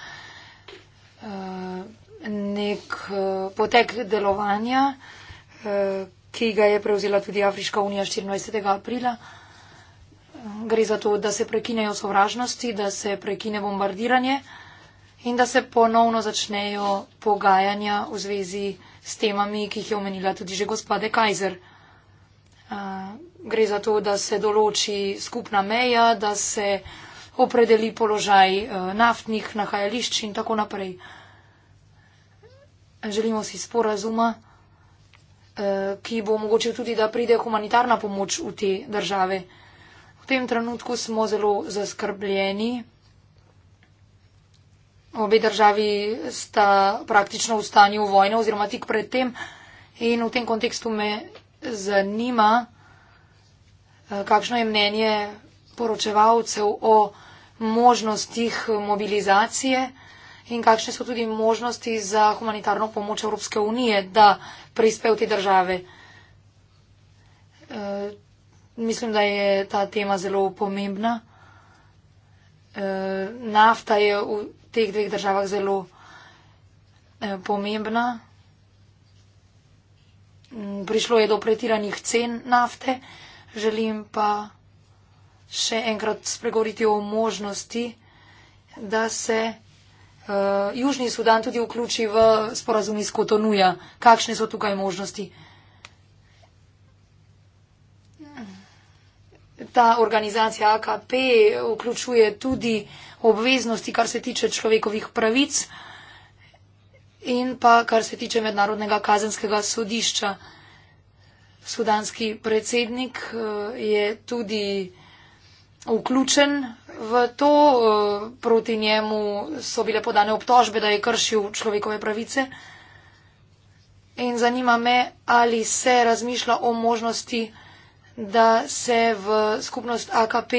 [SPEAKER 3] Eh, nek eh, potek delovanja, eh, ki ga je prevzela tudi Afriška unija 24. aprila. Gre za to, da se prekinejo sovražnosti, da se prekine bombardiranje in da se ponovno začnejo pogajanja v zvezi s temami, ki jih je omenila tudi že gospode Kajzer. Eh, gre za to, da se določi skupna meja, da se opredeli položaj naftnih nahajališč in tako naprej želimo si sporazuma, eh, ki bo omogočil tudi, da pride humanitarna pomoč v te države. V tem trenutku smo zelo zaskrbljeni. Obe državi sta praktično v stanju vojne oziroma tik predtem in v tem kontekstu me zanima, eh, kakšno je mnenje poročevalcev o možnostih mobilizacije in kakšne so tudi možnosti za humanitarno pomoč Evropske unije, da prispe v te države. E, mislim, da je ta tema zelo pomembna. E, nafta je v teh dveh državah zelo e, pomembna. Mm, prišlo je do pretiranih cen nafte, želim pa še enkrat spregovoriti o možnosti, da se uh, Južni Sudan tudi vključi v sporazum iz Kotonuja. Kakšne so tukaj možnosti? Ta organizacija AKP vključuje tudi obveznosti, kar se tiče človekovih pravic in pa kar se tiče mednarodnega kazenskega sodišča. Sudanski predsednik eh, je tudi vključen v to eh, proti njemu so bile podane obtožbe, da je kršil človekove pravice. In zanima me, ali se razmišlja o možnosti, da se v skupnost AKP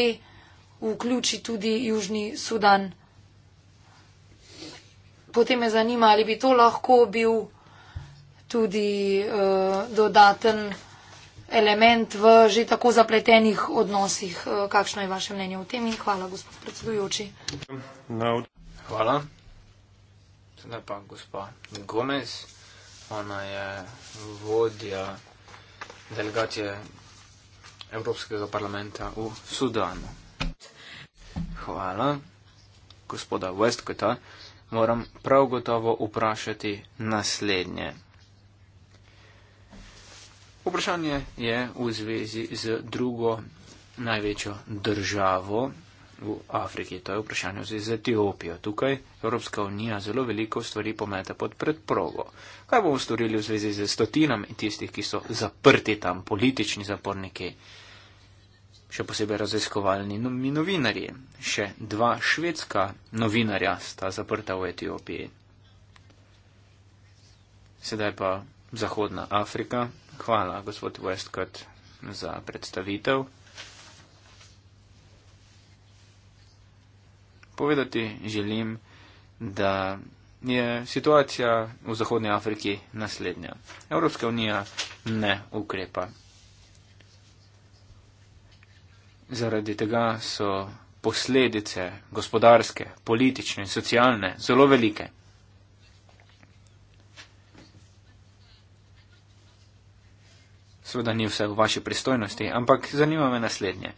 [SPEAKER 3] vključi tudi Južni Sudan. Potem me zanima, ali bi to lahko bil tudi uh, dodaten element v že tako zapletenih odnosih. Eh, Kakšno je vaše mnenje o tem in hvala, gospod predsedujoči.
[SPEAKER 1] No.
[SPEAKER 2] Hvala. Sedaj pa gospa Gomez, ona je vodja delegacije Evropskega parlamenta v Sudanu. Hvala, gospoda Westkota. Moram prav gotovo vprašati naslednje. Vprašanje je v zvezi z drugo največjo državo v Afriki. To je vprašanje v zvezi z Etiopijo. Tukaj Evropska unija zelo veliko stvari pometa pod predprogo. Kaj bomo storili v zvezi z stotinami tistih, ki so zaprti tam, politični zaporniki, še posebej raziskovalni no-, novinarji? Še dva švedska novinarja sta zaprta v Etiopiji. Sedaj pa Zahodna Afrika. Hvala, gospod Westcott, za predstavitev. Povedati želim, da je situacija v Zahodnji Afriki naslednja. Evropska unija ne ukrepa. Zaradi tega so posledice gospodarske, politične in socialne zelo velike. Seveda ni vse v vaši pristojnosti, ampak zanima me naslednje.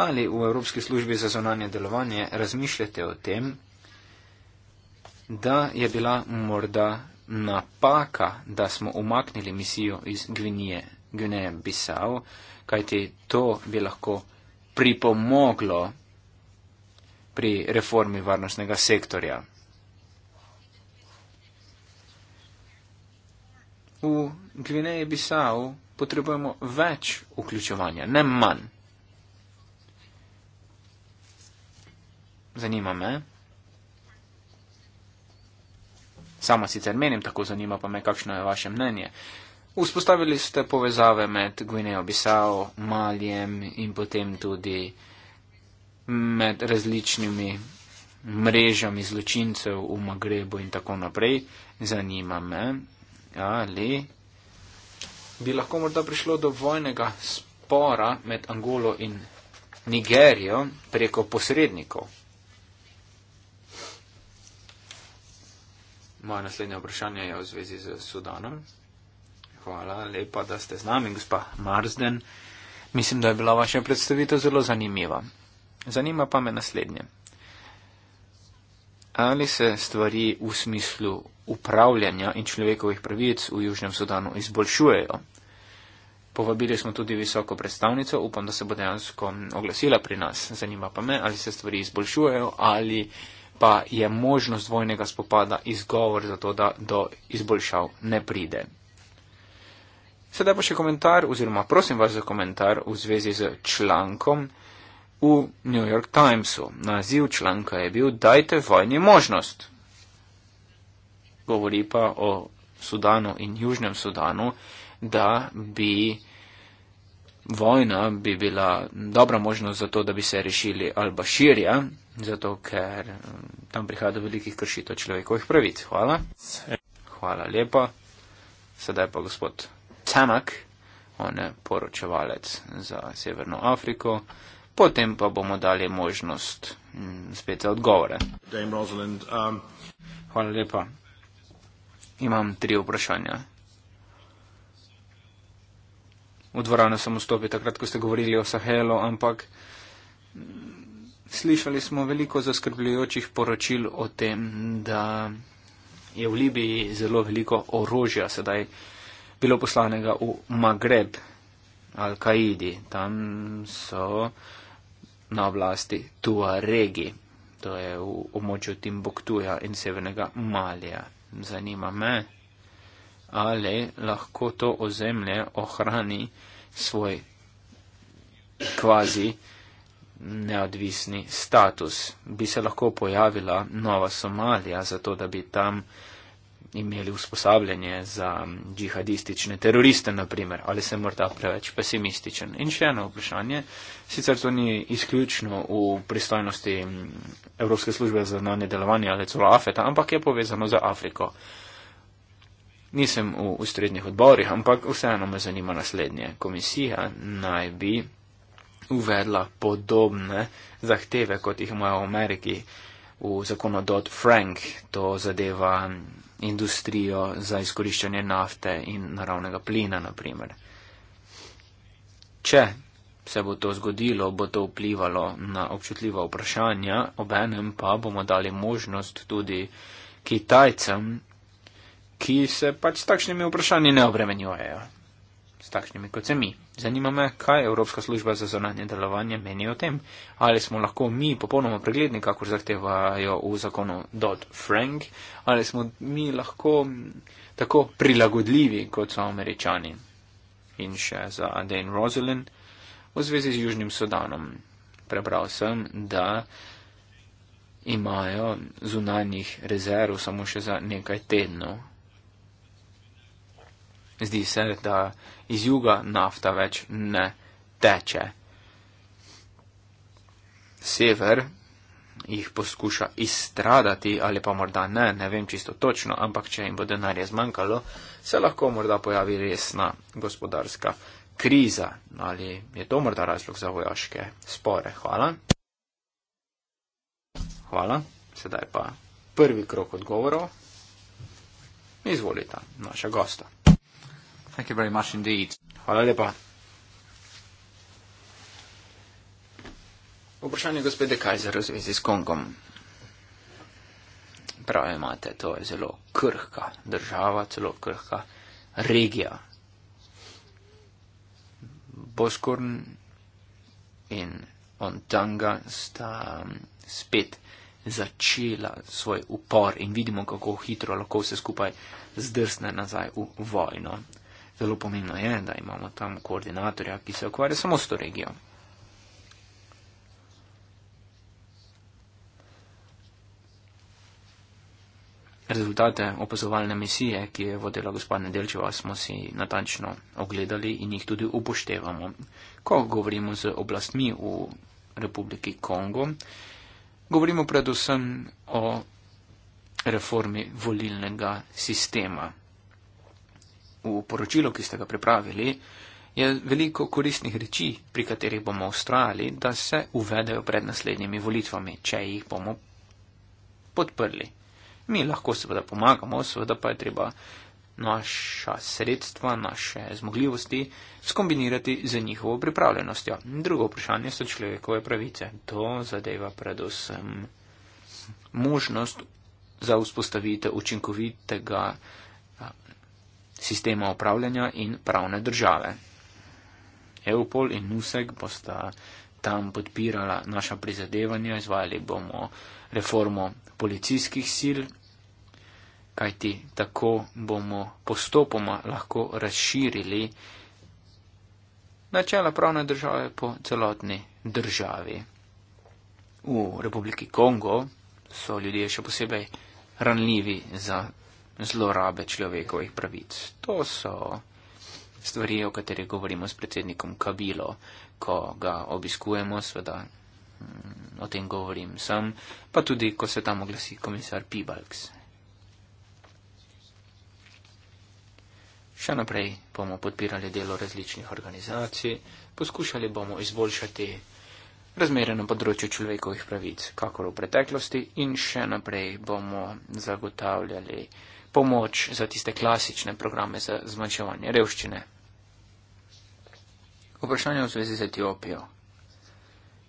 [SPEAKER 2] Ali v Evropski službi za zonanje delovanje razmišljate o tem, da je bila morda napaka, da smo umaknili misijo iz Gvineje, Gvineje Bisao, kajti to bi lahko pripomoglo pri reformi varnostnega sektorja. V Gvineji Bisao potrebujemo več vključevanja, ne manj. Zanima me. Sama sicer menim, tako zanima pa me, kakšno je vaše mnenje. Vzpostavili ste povezave med Gvinejo Bisao, Malijem in potem tudi med različnimi mrežami zločincev v Magrebu in tako naprej. Zanima me, ali bi lahko morda prišlo do vojnega spora med Angolo in Nigerijo preko posrednikov. Moje naslednje vprašanje je v zvezi z Sudanom. Hvala lepa, da ste z nami, gospa Marsden. Mislim, da je bila vaša predstavitev zelo zanimiva. Zanima pa me naslednje. Ali se stvari v smislu upravljanja in človekovih pravic v Južnem Sudanu izboljšujejo. Povabili smo tudi visoko predstavnico, upam, da se bo dejansko oglasila pri nas. Zanima pa me, ali se stvari izboljšujejo ali pa je možnost vojnega spopada izgovor za to, da do izboljšav ne pride. Sedaj pa še komentar oziroma prosim vas za komentar v zvezi z člankom v New York Timesu. Naziv članka je bil Dajte vojni možnost govori pa o Sudanu in Južnem Sudanu, da bi vojna bi bila dobra možnost za to, da bi se rešili Alba Širja, zato ker mm, tam prihaja do velikih kršitev človekovih pravic. Hvala. Hvala lepa. Sedaj pa gospod Canak, on je poročevalec za Severno Afriko. Potem pa bomo dali možnost mm, spet za odgovore. Um, Hvala lepa imam tri vprašanja. V dvorano sem vstopil takrat, ko ste govorili o Sahelu, ampak slišali smo veliko zaskrbljujočih poročil o tem, da je v Libiji zelo veliko orožja sedaj bilo poslanega v Magreb, Al-Kaidi. Tam so na oblasti Tuaregi, to je v območju Timbuktuja in severnega Malija zanima me, ali lahko to ozemlje ohrani svoj kvazi neodvisni status. Bi se lahko pojavila Nova Somalija, zato da bi tam imeli usposabljanje za džihadistične teroriste, naprimer, ali sem morda preveč pesimističen. In še eno vprašanje, sicer to ni izključno v pristojnosti Evropske službe za znanje delovanje ali celo Afeta, ampak je povezano za Afriko. Nisem v ustrednjih odborih, ampak vseeno me zanima naslednje. Komisija naj bi uvedla podobne zahteve, kot jih imajo v Ameriki v zakonu Dodd-Frank, to zadeva industrijo za izkoriščanje nafte in naravnega plina, naprimer. Če se bo to zgodilo, bo to vplivalo na občutljiva vprašanja, obenem pa bomo dali možnost tudi Kitajcem, ki se pač s takšnimi vprašanji ne obremenjujejo s takšnimi, kot se mi. Zanima me, kaj Evropska služba za zonanje delovanje meni o tem. Ali smo lahko mi popolnoma pregledni, kako zahtevajo v zakonu Dodd-Frank, ali smo mi lahko tako prilagodljivi, kot so američani. In še za Dane Rosalind v zvezi z Južnim Sudanom. Prebral sem, da imajo zunanjih rezerv samo še za nekaj tednov. Zdi se, da iz juga nafta več ne teče. Sever jih poskuša izstradati ali pa morda ne, ne vem čisto točno, ampak če jim bo denarje zmanjkalo, se lahko morda pojavi resna gospodarska kriza. Ali je to morda razlog za vojaške spore? Hvala. Hvala. Sedaj pa prvi krok odgovorov. Izvolite, naša gosta. Thank you very much indeed. Hvala lepa. Vprašanje gospode Kajzer v zvezi s Kongom. Prav imate, to je zelo krhka država, zelo krhka regija. Boskorn in Ontanga sta spet začela svoj upor in vidimo, kako hitro lahko vse skupaj zdrsne nazaj v vojno zelo pomembno je, da imamo tam koordinatorja, ki se ukvarja samo s to regijo. Rezultate opazovalne misije, ki je vodila gospodine Delčeva, smo si natančno ogledali in jih tudi upoštevamo. Ko govorimo z oblastmi v Republiki Kongo, govorimo predvsem o reformi volilnega sistema v poročilu, ki ste ga pripravili, je veliko koristnih reči, pri katerih bomo ustrajali, da se uvedejo pred naslednjimi volitvami, če jih bomo podprli. Mi lahko seveda pomagamo, seveda pa je treba naša sredstva, naše zmogljivosti skombinirati z njihovo pripravljenostjo. Drugo vprašanje so človekove pravice. To zadeva predvsem možnost za vzpostavitev učinkovitega sistema upravljanja in pravne države. Eupol in Nusek bosta tam podpirala naša prizadevanja, izvajali bomo reformo policijskih sil, kajti tako bomo postopoma lahko razširili načela pravne države po celotni državi. V Republiki Kongo so ljudje še posebej ranljivi za zlorabe človekovih pravic. To so stvari, o katerih govorimo s predsednikom Kabilo, ko ga obiskujemo, seveda mm, o tem govorim sam, pa tudi, ko se tam oglasi komisar Pibalks. Še naprej bomo podpirali delo različnih organizacij, poskušali bomo izboljšati razmere na področju človekovih pravic, kakor v preteklosti, in še naprej bomo zagotavljali, pomoč za tiste klasične programe za zmanjševanje revščine. Vprašanje v zvezi z Etiopijo.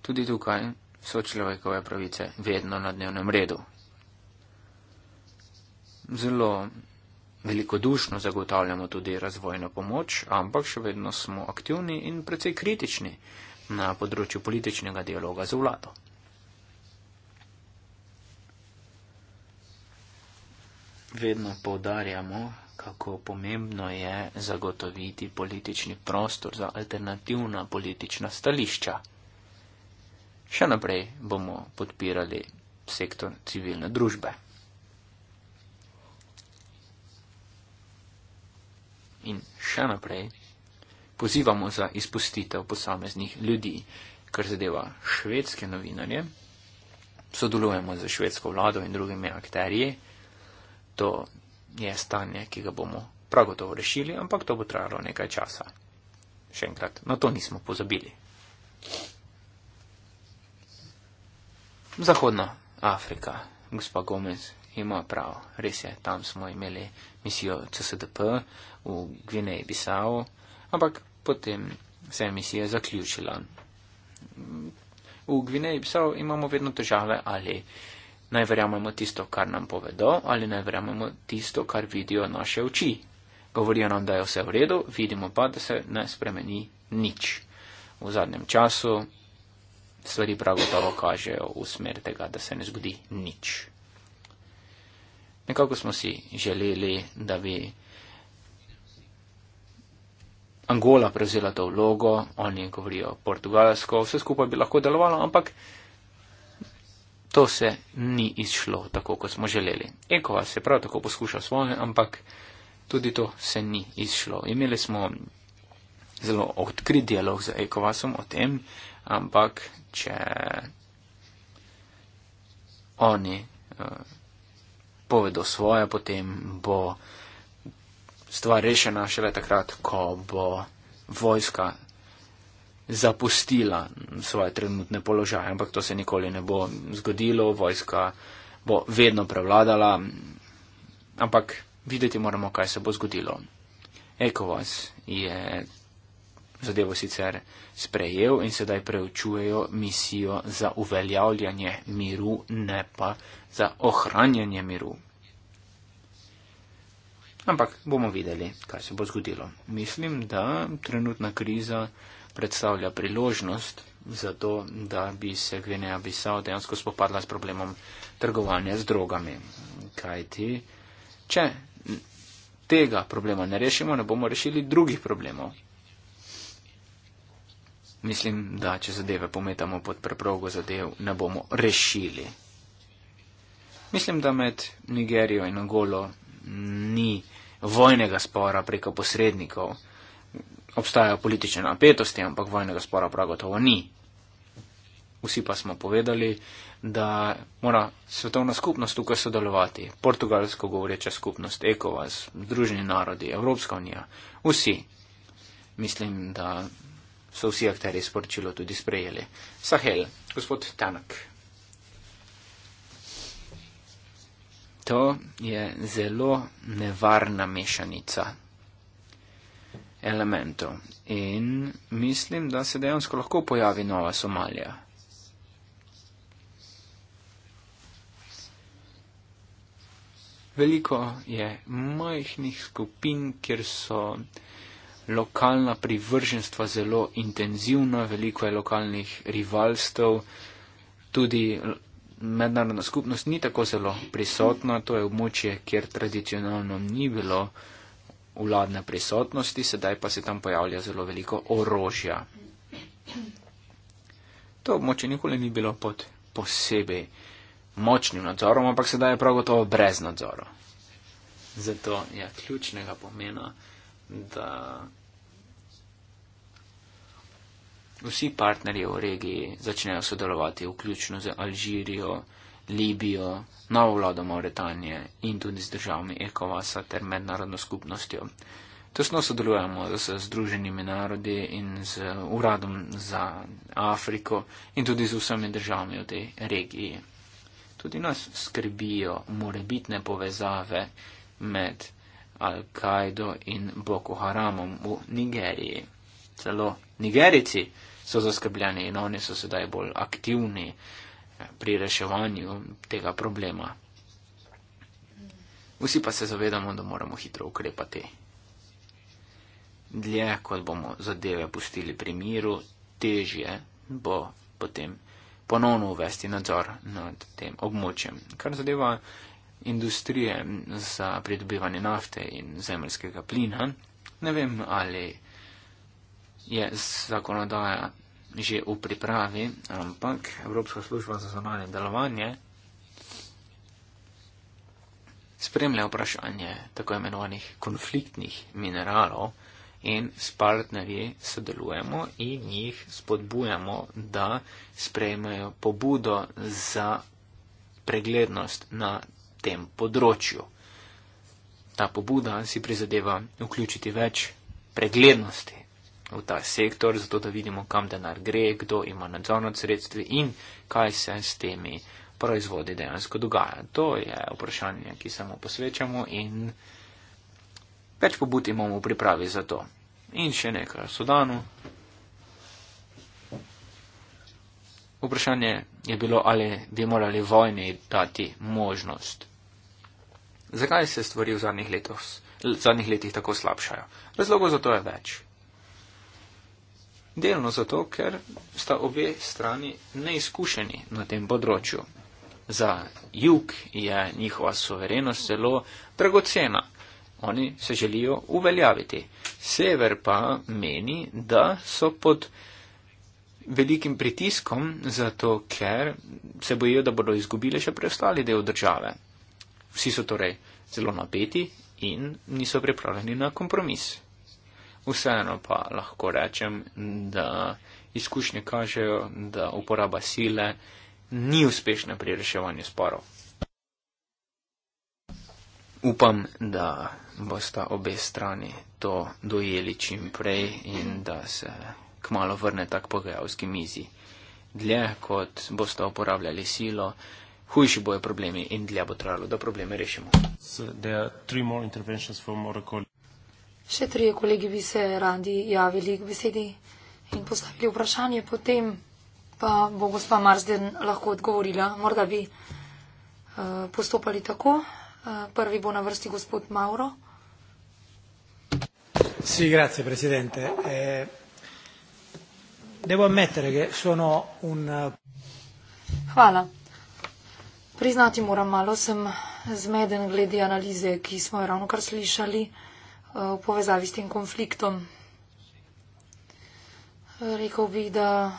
[SPEAKER 2] Tudi tukaj so človekove pravice vedno na dnevnem redu. Zelo velikodušno zagotavljamo tudi razvojno pomoč, ampak še vedno smo aktivni in precej kritični na področju političnega dialoga z vlado. vedno povdarjamo, kako pomembno je zagotoviti politični prostor za alternativna politična stališča. Še naprej bomo podpirali sektor civilne družbe. In še naprej pozivamo za izpustitev posameznih ljudi, kar zadeva švedske novinarje. Sodelujemo z švedsko vlado in drugimi akterji to je stanje, ki ga bomo prav gotovo rešili, ampak to bo trajalo nekaj časa. Še enkrat, na to nismo pozabili. Zahodna Afrika, gospa Gomez, ima prav, res je, tam smo imeli misijo CSDP v Gvineji Bisao, ampak potem se je misija zaključila. V Gvineji Bisao imamo vedno težave ali. Uh, Naj verjamemo tisto, kar nam povedo, ali naj verjamemo tisto, kar vidijo naše oči. Govorijo nam, da je vse v redu, vidimo pa, da se ne spremeni nič. V zadnjem času stvari prav gotovo kažejo v smer tega, da se ne zgodi nič. Nekako smo si želeli, da bi Angola prevzela to vlogo, oni govorijo portugalsko, vse skupaj bi lahko delovalo, ampak To se ni izšlo tako, kot smo želeli. Ekova se prav tako poskuša svoje, ampak tudi to se ni izšlo. Imeli smo zelo odkrit dialog z Ekovasom o tem, ampak če oni eh, povedo svoje, potem bo stvar rešena šele takrat, ko bo vojska zapustila svoje trenutne položaje, ampak to se nikoli ne bo zgodilo, vojska bo vedno prevladala, ampak videti moramo, kaj se bo zgodilo. Ekovas je zadevo sicer sprejel in sedaj preučujejo misijo za uveljavljanje miru, ne pa za ohranjanje miru. Ampak bomo videli, kaj se bo zgodilo. Mislim, da trenutna kriza predstavlja priložnost za to, da bi se Gvineja Bisao dejansko spopadla s problemom trgovanja z drogami. Kajti, če tega problema ne rešimo, ne bomo rešili drugih problemov. Mislim, da če zadeve pometamo pod preprogo zadev, ne bomo rešili. Mislim, da med Nigerijo in Angolo ni vojnega spora preko posrednikov obstajajo politične napetosti, ampak vojnega spora prav gotovo ni. Vsi pa smo povedali, da mora svetovna skupnost tukaj sodelovati, portugalsko govoreča skupnost, ECOWAS, Združeni narodi, Evropska unija, vsi. Mislim, da so vsi akteri sporočilo tudi sprejeli. Sahel, gospod Tanak. To je zelo nevarna mešanica elementov. In mislim, da se dejansko lahko pojavi nova Somalija. Veliko je majhnih skupin, kjer so lokalna privrženstva zelo intenzivna, veliko je lokalnih rivalstv, tudi mednarodna skupnost ni tako zelo prisotna, to je območje, kjer tradicionalno ni bilo vladne prisotnosti, sedaj pa se tam pojavlja zelo veliko orožja. To območje nikoli ni bilo pod posebej močnim nadzorom, ampak sedaj je prav gotovo brez nadzora. Zato je ključnega pomena, da vsi partnerji v regiji začnejo sodelovati, vključno z Alžirijo, Libijo, novo vlado Mauretanije in tudi z državami Ekovasa ter mednarodno skupnostjo. Tesno sodelujemo z Združenimi narodi in z Uradom za Afriko in tudi z vsemi državami v tej regiji. Tudi nas skrbijo morebitne povezave med Al-Kaido in Boko Haramom v Nigeriji. Celo Nigerici so zaskrbljeni in oni so sedaj bolj aktivni pri reševanju tega problema. Vsi pa se zavedamo, da moramo hitro ukrepati. Dlje, kot bomo zadeve pustili pri miru, težje bo potem ponovno uvesti nadzor nad tem območjem. Kar zadeva industrije za pridobivanje nafte in zemljskega plina, ne vem, ali je zakonodaja že v pripravi, ampak Evropska služba za zonanje delovanje spremlja vprašanje tako imenovanih konfliktnih mineralov in s partnerji sodelujemo in jih spodbujamo, da sprejmejo pobudo za preglednost na tem področju. Ta pobuda si prizadeva vključiti več preglednosti v ta sektor, zato da vidimo, kam denar gre, kdo ima nadzor nad sredstvi in kaj se s temi proizvodi dejansko dogaja. To je vprašanje, ki se mu posvečamo in več pobud imamo v pripravi za to. In še nekaj o Sudanu. Vprašanje je bilo, ali bi morali vojni dati možnost. Zakaj se stvari v zadnjih, letos, zadnjih letih tako slabšajo? Razlogov za to je več. Delno zato, ker sta obe strani neizkušeni na tem področju. Za jug je njihova soverenost zelo dragocena. Oni se želijo uveljaviti. Sever pa meni, da so pod velikim pritiskom, zato ker se bojijo, da bodo izgubili še preostali del države. Vsi so torej zelo napeti in niso pripravljeni na kompromis vseeno pa lahko rečem, da izkušnje kažejo, da uporaba sile ni uspešna pri reševanju sporov. Upam, da bosta obe strani to dojeli čim prej in da se kmalo vrne tak pogajalski mizi. Dlje, kot boste uporabljali silo, hujši bojo problemi in dlje bo trajalo, da probleme rešimo. So,
[SPEAKER 3] Še trije kolegi bi se radi javili k besedi in postavili vprašanje, potem pa bo gospa Marsden lahko odgovorila. Morda bi uh, postopali tako. Uh, prvi bo na vrsti gospod Mauro.
[SPEAKER 2] Sì, grazie Presidente. Eh, devo ammettere che sono un.
[SPEAKER 3] Hvala. Priznati moram, malo sem zmeden glede analize, ki smo jo ravno kar slišali. Eh, v povezavi s tem konfliktom. Rekel bi, da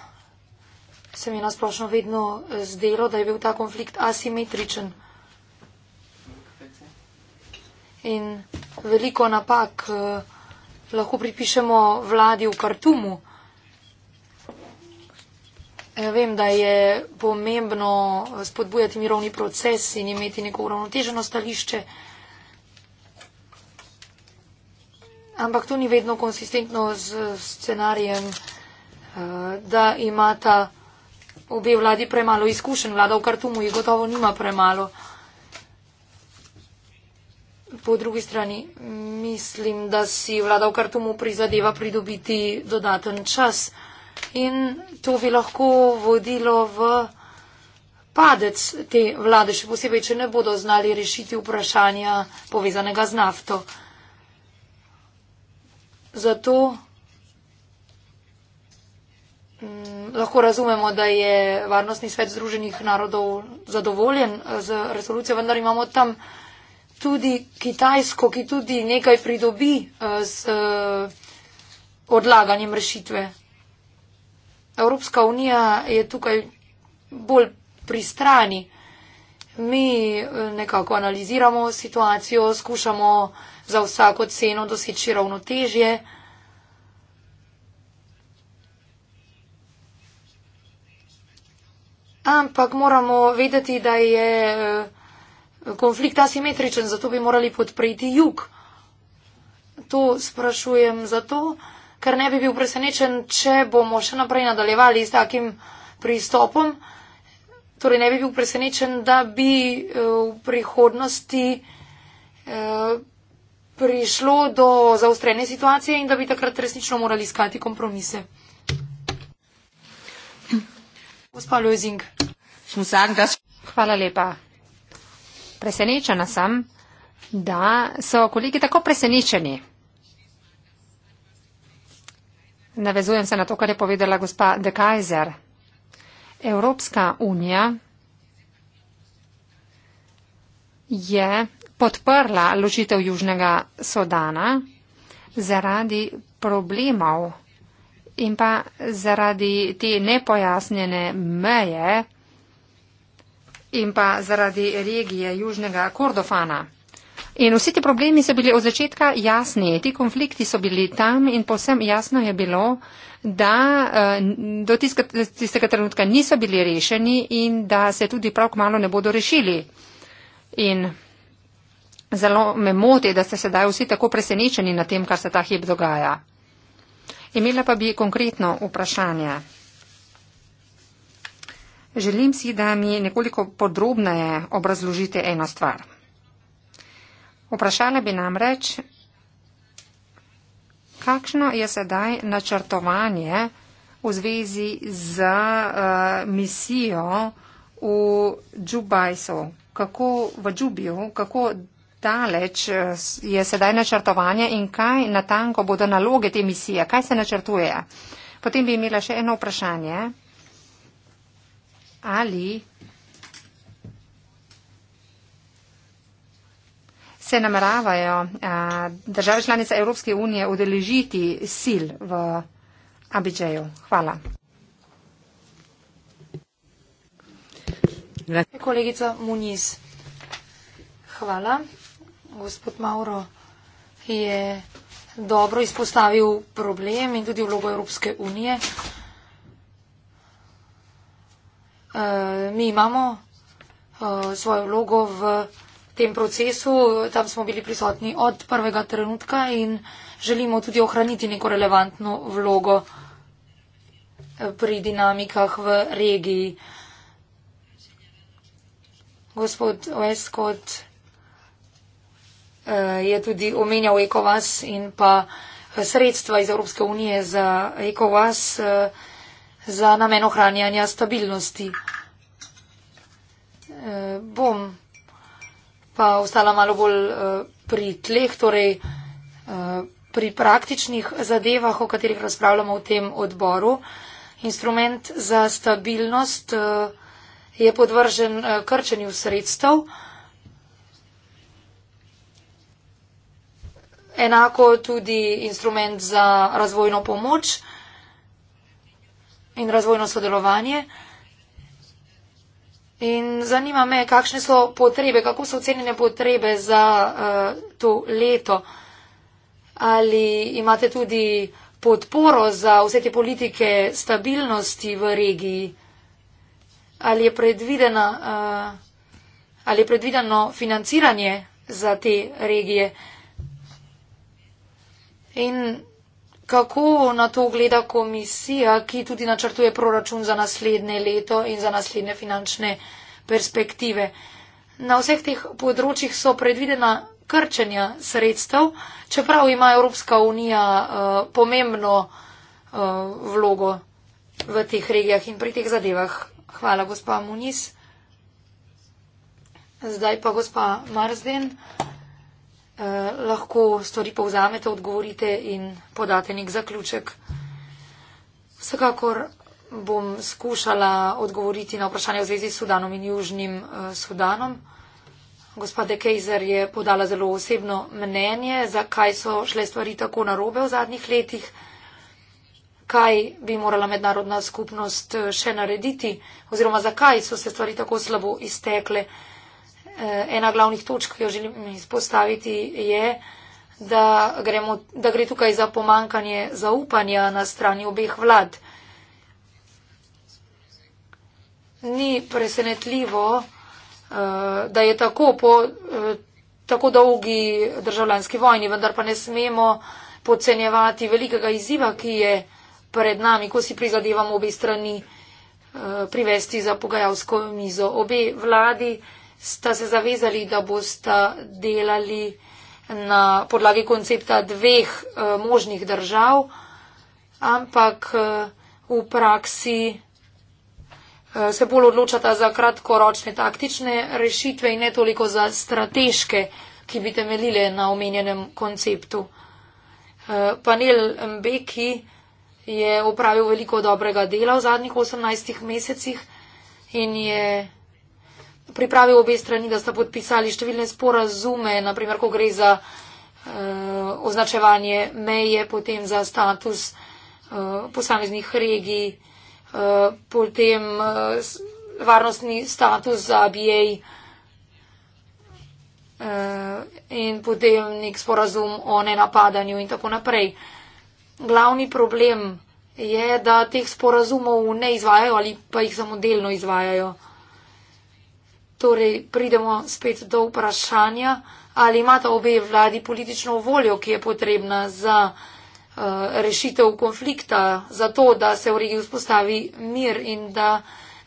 [SPEAKER 3] se mi nasplošno vedno zdelo, da je bil ta konflikt asimetričen. In veliko napak eh, lahko pripišemo vladi v Kartumu. Ja vem, da je pomembno spodbujati mirovni proces in imeti neko uravnoteženo stališče. Eh, ampak to ni vedno konsistentno z scenarijem, eh, da imata obe vladi premalo izkušen. Vlada v Kartumu jih gotovo nima premalo. Po drugi strani mislim, da si vlada v Kartumu prizadeva pridobiti dodaten čas in to bi lahko vodilo v padec te vlade, še posebej, če ne bodo znali rešiti vprašanja povezanega z nafto zato m, mm, lahko razumemo, da je Varnostni svet Združenih narodov zadovoljen eh, z resolucijo, vendar imamo tam tudi Kitajsko, ki tudi nekaj pridobi eh, z eh, odlaganjem rešitve. Evropska unija je tukaj bolj pri strani. Mi nekako analiziramo situacijo, skušamo za vsako ceno doseči ravnotežje. Ampak moramo vedeti, da je eh, konflikt asimetričen, zato bi morali podpreti jug. To sprašujem zato, ker ne bi bil presenečen, če bomo še naprej nadaljevali s takim pristopom. Torej ne bi bil presenečen, da bi eh, v prihodnosti eh, prišlo do zaustrene situacije in da bi takrat resnično morali iskati kompromise. Gospa Lozing. Hvala lepa.
[SPEAKER 1] Presenečena sem, da so kolegi tako presenečeni. Navezujem se na to, kar je povedala gospa De Kaiser. Evropska unija je podprla ložitev Južnega Sodana zaradi problemov in pa zaradi te nepojasnjene meje in pa zaradi regije Južnega Kordofana. In vsi ti problemi so bili od začetka jasni, ti konflikti so bili tam in posem jasno je bilo, da eh, do tistega trenutka niso bili rešeni in da se tudi prav k malo ne bodo rešili. In zelo me moti, da ste sedaj vsi tako presenečeni na tem, kar se ta hip dogaja. Imela pa bi konkretno vprašanje. Želim si, da mi nekoliko podrobneje obrazložite eno stvar. Vprašala bi namreč, kakšno je sedaj načrtovanje v zvezi z uh, misijo v Džubajsu, kako v Džubiju, kako daleč eh, je sedaj načrtovanje in kaj natanko bodo naloge te misije, kaj se načrtuje. Potem bi imela še eno vprašanje. Ali se nameravajo eh, države članice Evropske unije udeležiti sil v Abidžeju? Hvala.
[SPEAKER 3] Kolegica Muniz, hvala gospod Mauro je dobro izpostavil problem in tudi vlogo Evropske unije. Eh, mi imamo eh, svojo vlogo v tem procesu, tam smo bili prisotni od prvega trenutka in želimo tudi ohraniti neko relevantno vlogo eh, pri dinamikah v regiji. Gospod Westcott, Eh, je tudi omenjal ECOWAS in pa eh, sredstva iz Evropske unije za ECOWAS eh, za namen ohranjanja stabilnosti. Bom pa ostala malo bolj pri tleh, torej pri praktičnih zadevah, o katerih razpravljamo v tem odboru. Instrument za stabilnost je podvržen krčenju sredstev. enako tudi instrument za razvojno pomoč in razvojno sodelovanje. In zanima me, kakšne so potrebe, kako so ocenjene potrebe za uh, to leto. Ali imate tudi podporo za vse te politike stabilnosti v regiji? Ali je, predvidena, uh, ali je predvideno financiranje za te regije? Uh, In kako na to gleda komisija, ki tudi načrtuje proračun za naslednje leto in za naslednje finančne perspektive? Na vseh teh področjih so predvidena krčenja sredstev, čeprav ima Evropska unija uh, pomembno uh, vlogo v teh regijah in pri teh zadevah. Hvala, gospa Muniz. Zdaj pa gospa Marsden. Eh, lahko stvari povzamete, odgovorite in podate nek zaključek. Vsekakor bom skušala odgovoriti na vprašanje v zvezi s Sudanom in Južnim eh, Sudanom. Gospa De Kejzer je podala zelo osebno mnenje, zakaj so šle stvari tako narobe v zadnjih letih, kaj bi morala mednarodna skupnost eh, še narediti oziroma zakaj so se stvari tako slabo iztekle. Eh, ena glavnih točk, ki jo želim izpostaviti, je, da, gremo, da gre tukaj za pomankanje zaupanja na strani obeh vlad. Ni presenetljivo, eh, da je tako po eh, tako dolgi državljanski vojni, vendar pa ne smemo podcenjevati velikega izziva, ki je pred nami, ko si prizadevamo obe strani privesti za pogajalsko mizo obe vladi sta se zavezali, da bosta delali na podlagi koncepta dveh uh, možnih držav, ampak uh, v praksi uh, se bolj odločata za kratkoročne taktične rešitve in ne toliko za strateške, ki bi temeljile na omenjenem konceptu. Uh, panel Mbeki je opravil veliko dobrega dela v zadnjih 18 mesecih in je pripravil obe strani, da sta podpisali številne sporazume, naprimer, ko gre za uh, označevanje meje, potem za status uh, posameznih regij, uh, potem uh, varnostni status za BA uh, in potem nek sporazum o nenapadanju in tako naprej. Glavni problem je, da teh sporazumov ne izvajajo ali pa jih samo delno izvajajo. Torej, pridemo spet do vprašanja, ali imata obe vladi politično voljo, ki je potrebna za uh, rešitev konflikta, za to, da se v regiji vzpostavi mir in da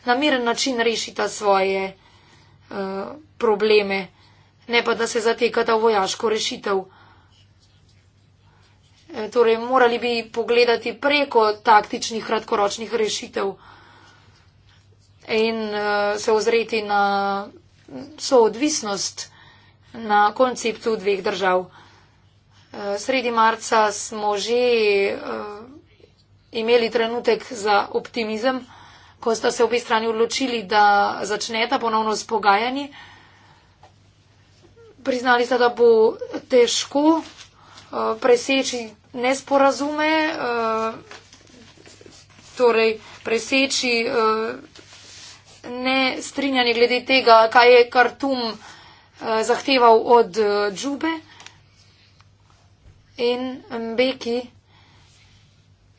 [SPEAKER 3] na miren način rešita svoje uh, probleme, ne pa da se zatekata v vojaško rešitev. Eh, torej, morali bi pogledati preko taktičnih kratkoročnih rešitev in uh, se ozreti na soodvisnost na konceptu dveh držav. Eh, sredi marca smo že eh, imeli trenutek za optimizem, ko sta se obi strani odločili, da začneta ponovno s pogajanji. Priznali sta, da bo težko preseči nesporazume, torej preseči ne strinjanje glede tega, kaj je Kartum eh, zahteval od eh, Džube in Mbeki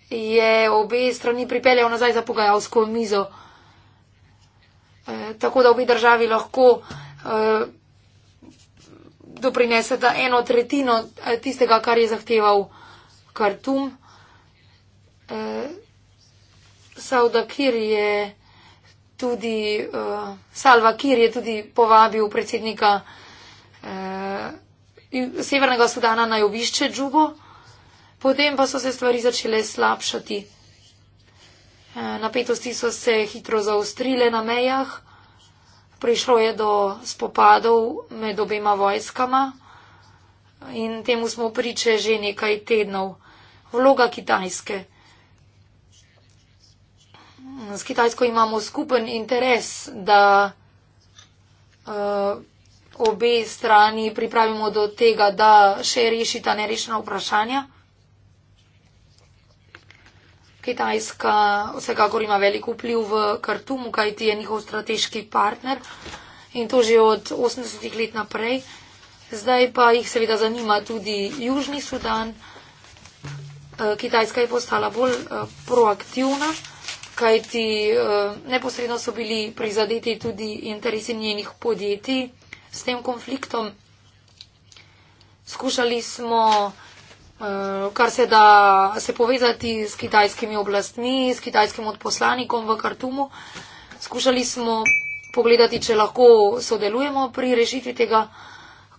[SPEAKER 3] je obe strani pripeljal nazaj za pogajalsko mizo, eh, tako da obe državi lahko doprineseta eno tretjino tistega, kar je zahteval Kartum. Saudakir je tudi uh, Salva Kir je tudi povabil predsednika uh, Severnega Sudana na jovišče Džubo. Potem pa so se stvari začele slabšati. Eh, napetosti so se hitro zaostrile na mejah, prišlo je do spopadov med obema vojskama in temu smo priče že nekaj tednov. Vloga Kitajske s Kitajsko imamo skupen interes, da uh, obe strani pripravimo do tega, da še rešita nerešena vprašanja. Kitajska vsekakor ima velik vpliv v Kartumu, kajti je njihov strateški partner in to že od 80-ih let naprej. Zdaj pa jih seveda zanima tudi Južni Sudan. Eh, Kitajska je postala bolj eh, proaktivna kajti eh, neposredno so bili prizadeti tudi interesi njenih podjetij s tem konfliktom. Skušali smo, eh, kar se da, se povezati s kitajskimi oblastmi, s kitajskim odposlanikom v Kartumu. Skušali smo pogledati, če lahko sodelujemo pri rešitvi tega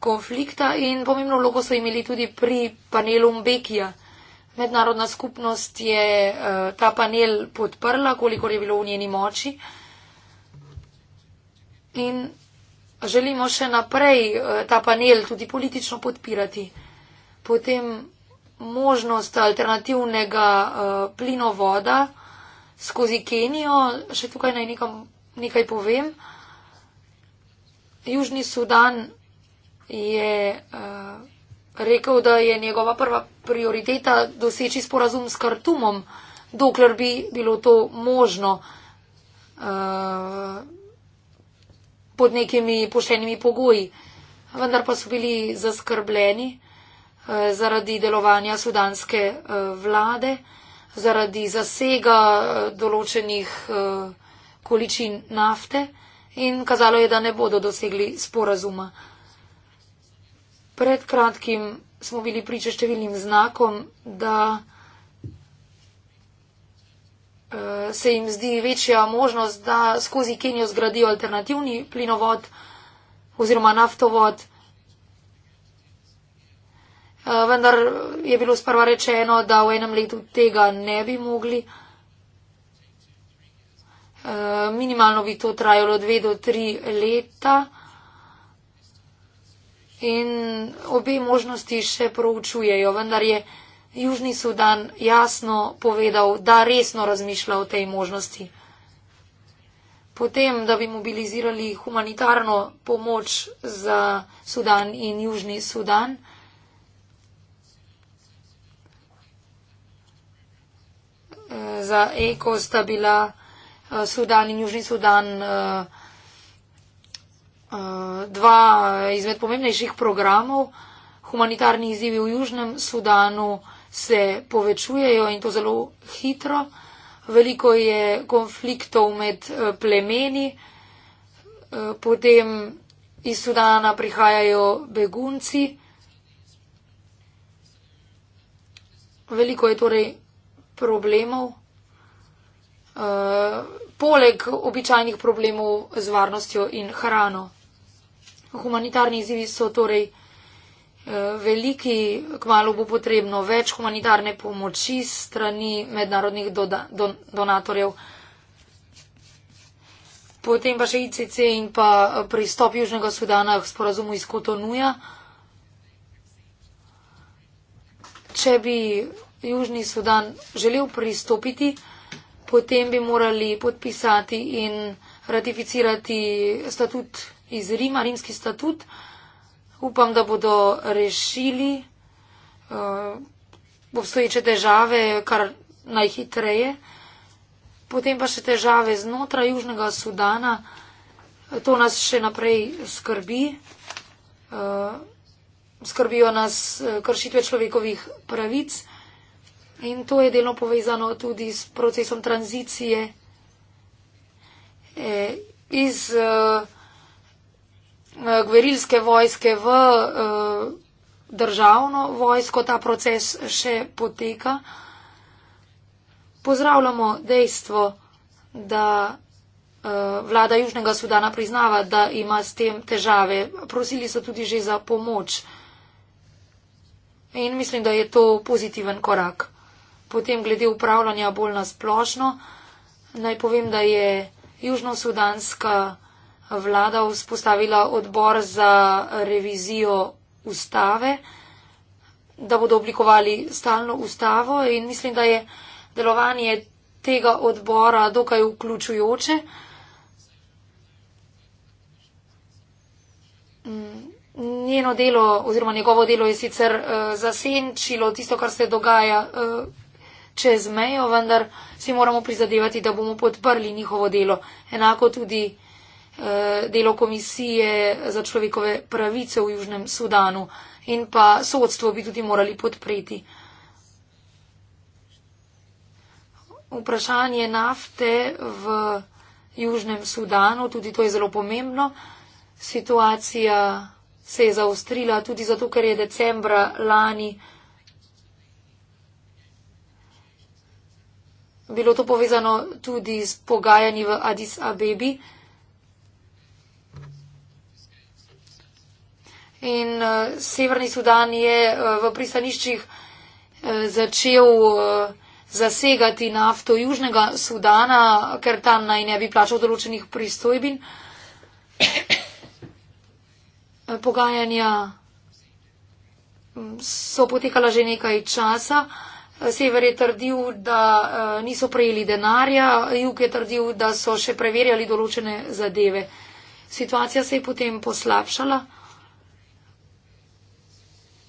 [SPEAKER 3] konflikta in pomembno vlogo so imeli tudi pri panelu Mbekija mednarodna skupnost je eh, ta panel podprla, kolikor je bilo v njeni moči. In želimo še naprej eh, ta panel tudi politično podpirati. Potem možnost alternativnega eh, plinovoda skozi Kenijo, še tukaj naj nekam, nekaj povem. Južni Sudan je. Uh, rekel, da je njegova prva prioriteta doseči sporazum s Kartumom, dokler bi bilo to možno uh, pod nekimi poštenimi pogoji. Vendar pa so bili zaskrbljeni uh, zaradi delovanja sudanske uh, vlade, zaradi zasega uh, določenih uh, količin nafte in kazalo je, da ne bodo dosegli sporazuma. Pred kratkim smo bili priča številnim znakom, da eh, se jim zdi večja možnost, da skozi Kenijo zgradijo alternativni plinovod oziroma naftovod. Eh, vendar je bilo sprva rečeno, da v enem letu tega ne bi mogli. Eh, minimalno bi to trajalo dve do tri leta in obe možnosti še proučujejo, vendar je Južni Sudan jasno povedal, da resno razmišlja o tej možnosti. Potem, da bi mobilizirali humanitarno pomoč za Sudan in Južni Sudan, eh, za ECOS sta bila eh, Sudan in Južni Sudan. Uh, Eh, dva izmed pomembnejših programov, humanitarni izzivi v Južnem Sudanu se povečujejo in to zelo hitro. Veliko je konfliktov med eh, plemeni, eh, potem iz Sudana prihajajo begunci. Veliko je torej problemov, poleg običajnih problemov z varnostjo in hrano humanitarni izzivi so torej eh, veliki, kmalo bo potrebno več humanitarne pomoči strani mednarodnih doda, don, donatorjev. Potem pa še ICC in pa eh, pristop Južnega Sudana k sporazumu iz Kotonuja. Če bi Južni Sudan želel pristopiti, potem bi morali podpisati in ratificirati statut iz Rima, rimski statut. Upam, da bodo rešili uh, obstoječe težave kar najhitreje. Potem pa še težave znotraj Južnega Sudana. To nas še naprej skrbi. Uh, skrbijo nas eh, kršitve človekovih pravic. In to je delno povezano tudi s procesom tranzicije eh, iz. Uh, Eh, gverilske vojske v eh, državno vojsko, ta proces še poteka. Pozdravljamo dejstvo, da eh, vlada Južnega Sudana priznava, da ima s tem težave. Prosili so tudi že za pomoč. In mislim, da je to pozitiven korak. Potem glede upravljanja bolj nasplošno, naj povem, da je južno-sudanska vlada vzpostavila odbor za revizijo ustave, da bodo oblikovali stalno ustavo in mislim, da je delovanje tega odbora dokaj vključujoče. Njeno delo oziroma njegovo delo je sicer uh, zasenčilo tisto, kar se dogaja uh, čez mejo, vendar si moramo prizadevati, da bomo podprli njihovo delo. Enako tudi uh, Eh, delo komisije za človekove pravice v Južnem Sudanu in pa sodstvo bi tudi morali podpreti. Vprašanje nafte v Južnem Sudanu, tudi to je zelo pomembno. Situacija se je zaostrila tudi zato, ker je decembra lani bilo to povezano tudi s pogajanji v Addis Abebi. in uh, Severni Sudan je uh, v pristaniščih uh, začel uh, zasegati nafto Južnega Sudana, ker tam naj ne bi plačal določenih pristojbin. Pogajanja mm, so potekala že nekaj časa. Sever je trdil, da niso prejeli denarja, jug je trdil, da so še preverjali določene zadeve. Situacija se je potem poslabšala.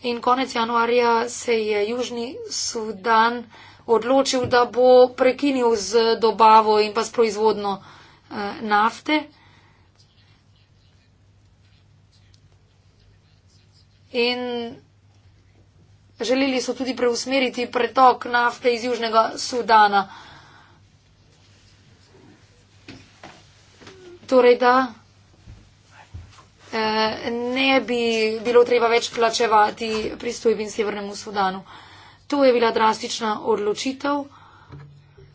[SPEAKER 3] In konec januarja se je Južni Sudan odločil, da bo prekinil z dobavo in pa s proizvodno eh, nafte. In želeli so tudi preusmeriti pretok nafte iz Južnega Sudana. Torej, da Eh, ne bi bilo treba več plačevati pristojb in Severnemu Sudanu. To je bila drastična odločitev.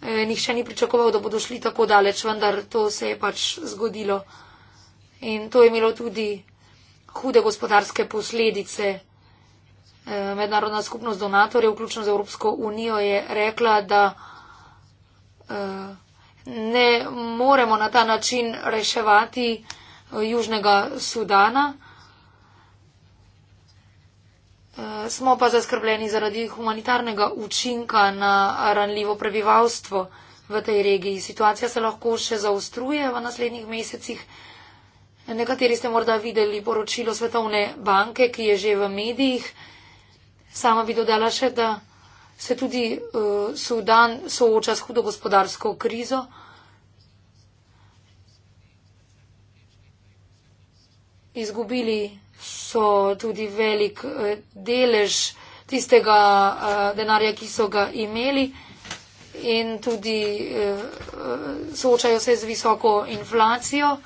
[SPEAKER 3] Eh, nihče ni pričakoval, da bodo šli tako daleč, vendar to se je pač zgodilo. In to je imelo tudi hude gospodarske posledice. Eh, mednarodna skupnost donatorjev, vključno z Evropsko unijo, je rekla, da ne moremo na ta način reševati Južnega Sudana. Eh, smo pa zaskrbljeni zaradi humanitarnega učinka na ranljivo prebivalstvo v tej regiji. Situacija se lahko še zaostruje v naslednjih mesecih. Nekateri ste morda videli poročilo Svetovne banke, ki je že v medijih. Sama bi dodala še, da se tudi uh, Sudan sooča s hudo gospodarsko krizo. Uh, izgubili so tudi velik eh, delež tistega eh, denarja, ki so ga imeli in tudi eh, soočajo se z visoko inflacijo.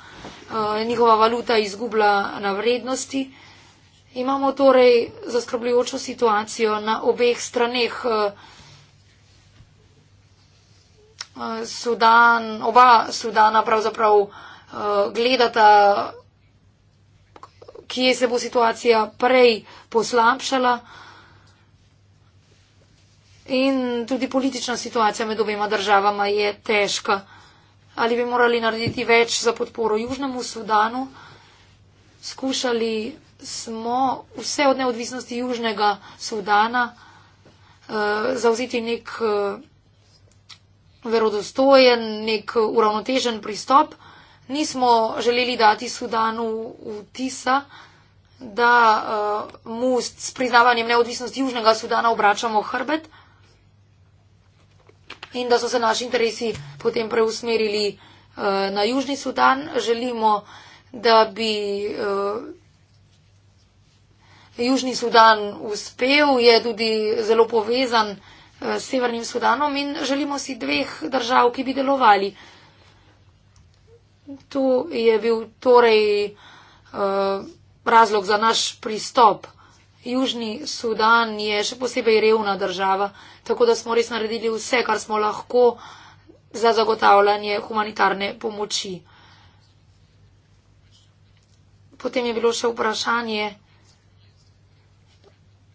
[SPEAKER 3] Njihova valuta izgubila na vrednosti. Imamo torej zaskrbljujočo situacijo na obeh straneh. Sudan, oba Sudana pravzaprav gledata kje se bo situacija prej poslabšala in tudi politična situacija med obema državama je težka. Ali bi morali narediti več za podporo Južnemu Sudanu? Skušali smo vse od neodvisnosti Južnega Sudana eh, zauzeti nek eh, verodostojen, nek uravnotežen pristop nismo želeli dati Sudanu vtisa, da uh, mu s priznavanjem neodvisnosti Južnega Sudana obračamo hrbet in da so se naši interesi potem preusmerili uh, na Južni Sudan. Želimo, da bi uh, Južni Sudan uspel, je tudi zelo povezan uh, s Severnim Sudanom in želimo si dveh držav, ki bi delovali. Tu je bil torej uh, razlog za naš pristop. Južni Sudan je še posebej revna država, tako da smo res naredili vse, kar smo lahko za zagotavljanje humanitarne pomoči. Potem je bilo še vprašanje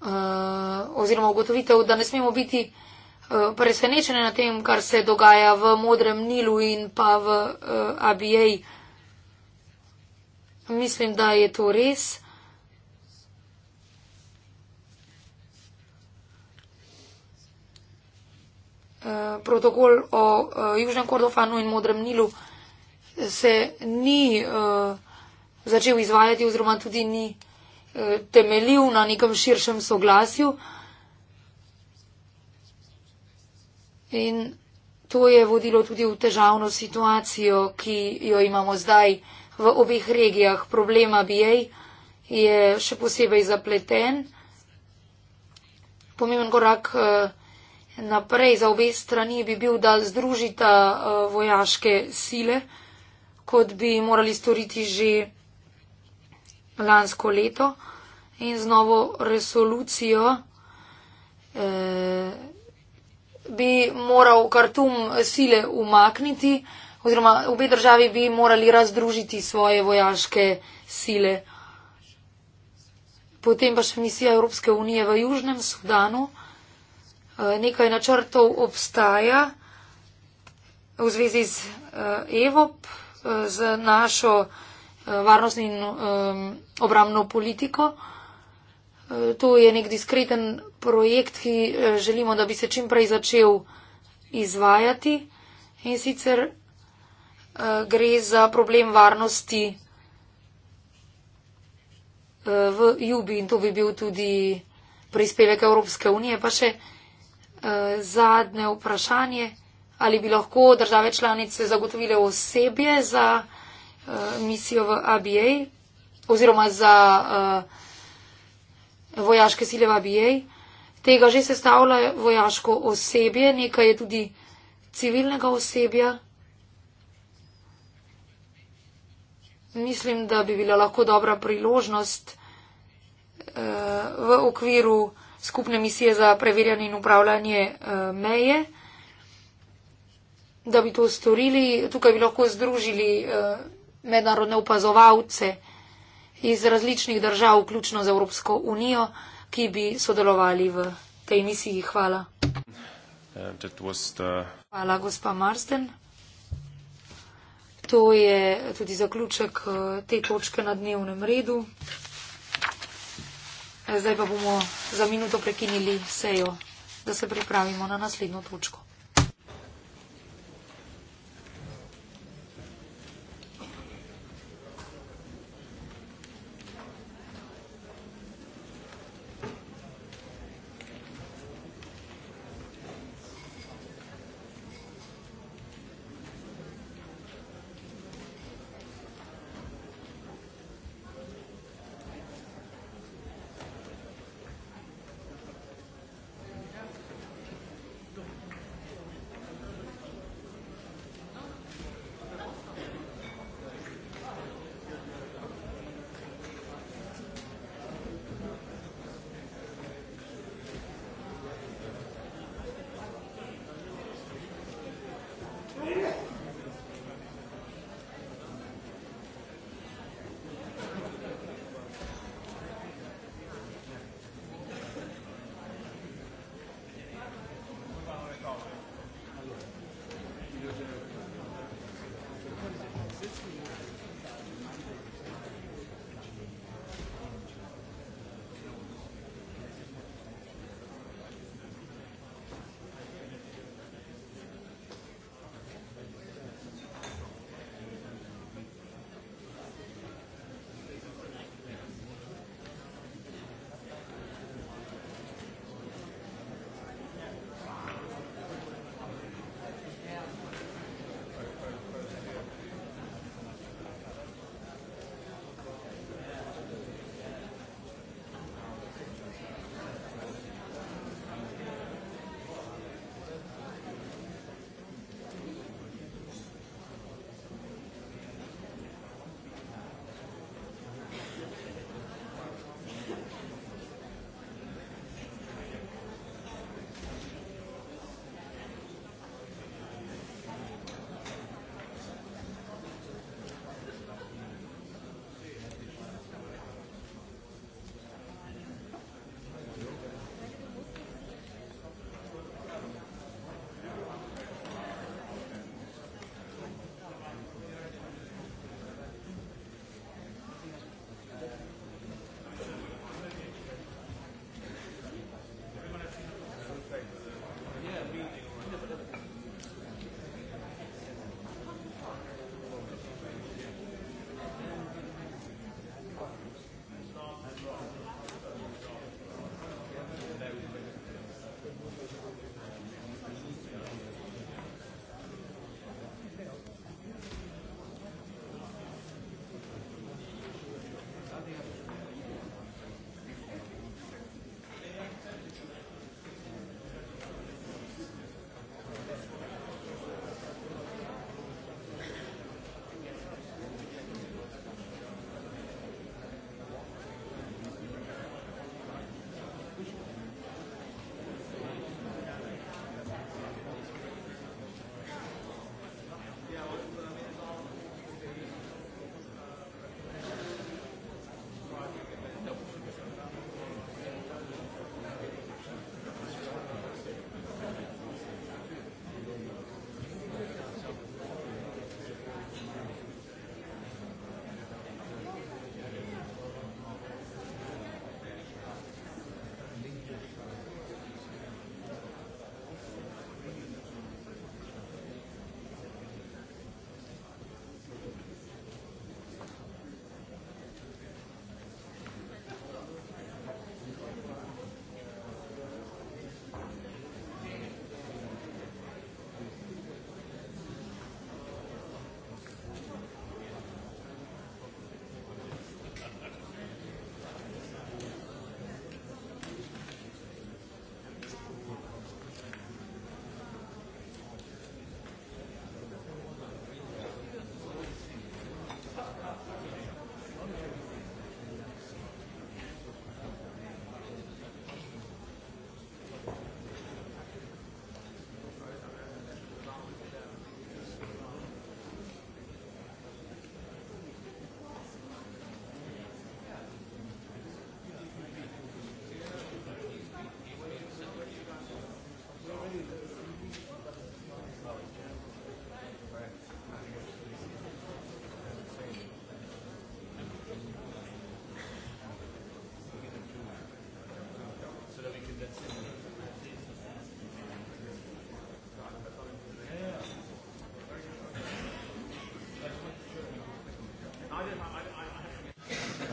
[SPEAKER 3] uh, oziroma ugotovitev, da ne smemo biti uh, Eh, presenečene na tem, kar se dogaja v Modrem Nilu in pa v uh, eh, ABA. Mislim, da je to res. Eh, protokol o Južnem Kordofanu in Modrem Nilu se ni začel izvajati oziroma tudi ni temeljil na nekem širšem soglasju. In to je vodilo tudi v težavno situacijo, ki jo imamo zdaj v obeh regijah. Problema BA je še posebej zapleten. Pomemben korak eh, naprej za obe strani bi bil, da združita eh, vojaške sile, kot bi morali storiti že lansko leto in z novo resolucijo. Eh, bi moral kartum sile umakniti, oziroma obe državi bi morali razdružiti svoje vojaške sile. Potem pa še misija Evropske unije v Južnem Sudanu. Eh, nekaj načrtov obstaja eh, v zvezi z eh, Evop, z našo varnostno in obramno politiko. To je nek diskreten projekt, ki eh, želimo, da bi se čim prej začel izvajati. In sicer eh, gre za problem varnosti eh, v Jubi in to bi bil tudi prispevek Evropske unije. Pa še zadnje vprašanje, ali bi lahko države članice zagotovile osebje za misijo v ABA oziroma za vojaške sile v ABA tega že sestavlja vojaško osebje, nekaj je tudi civilnega osebja. Mislim, da bi bila lahko dobra priložnost eh, v okviru skupne misije za preverjanje in upravljanje eh, meje, da bi to storili. Tukaj bi lahko združili eh, mednarodne opazovalce iz različnih držav, vključno z Evropsko unijo. Eh, ki bi sodelovali v tej misiji. Hvala.
[SPEAKER 1] Uh, the...
[SPEAKER 3] Hvala, gospa Marsten. To je tudi zaključek uh, te točke na dnevnem redu. Zdaj pa bomo za minuto prekinili sejo, da se pripravimo na naslednjo točko.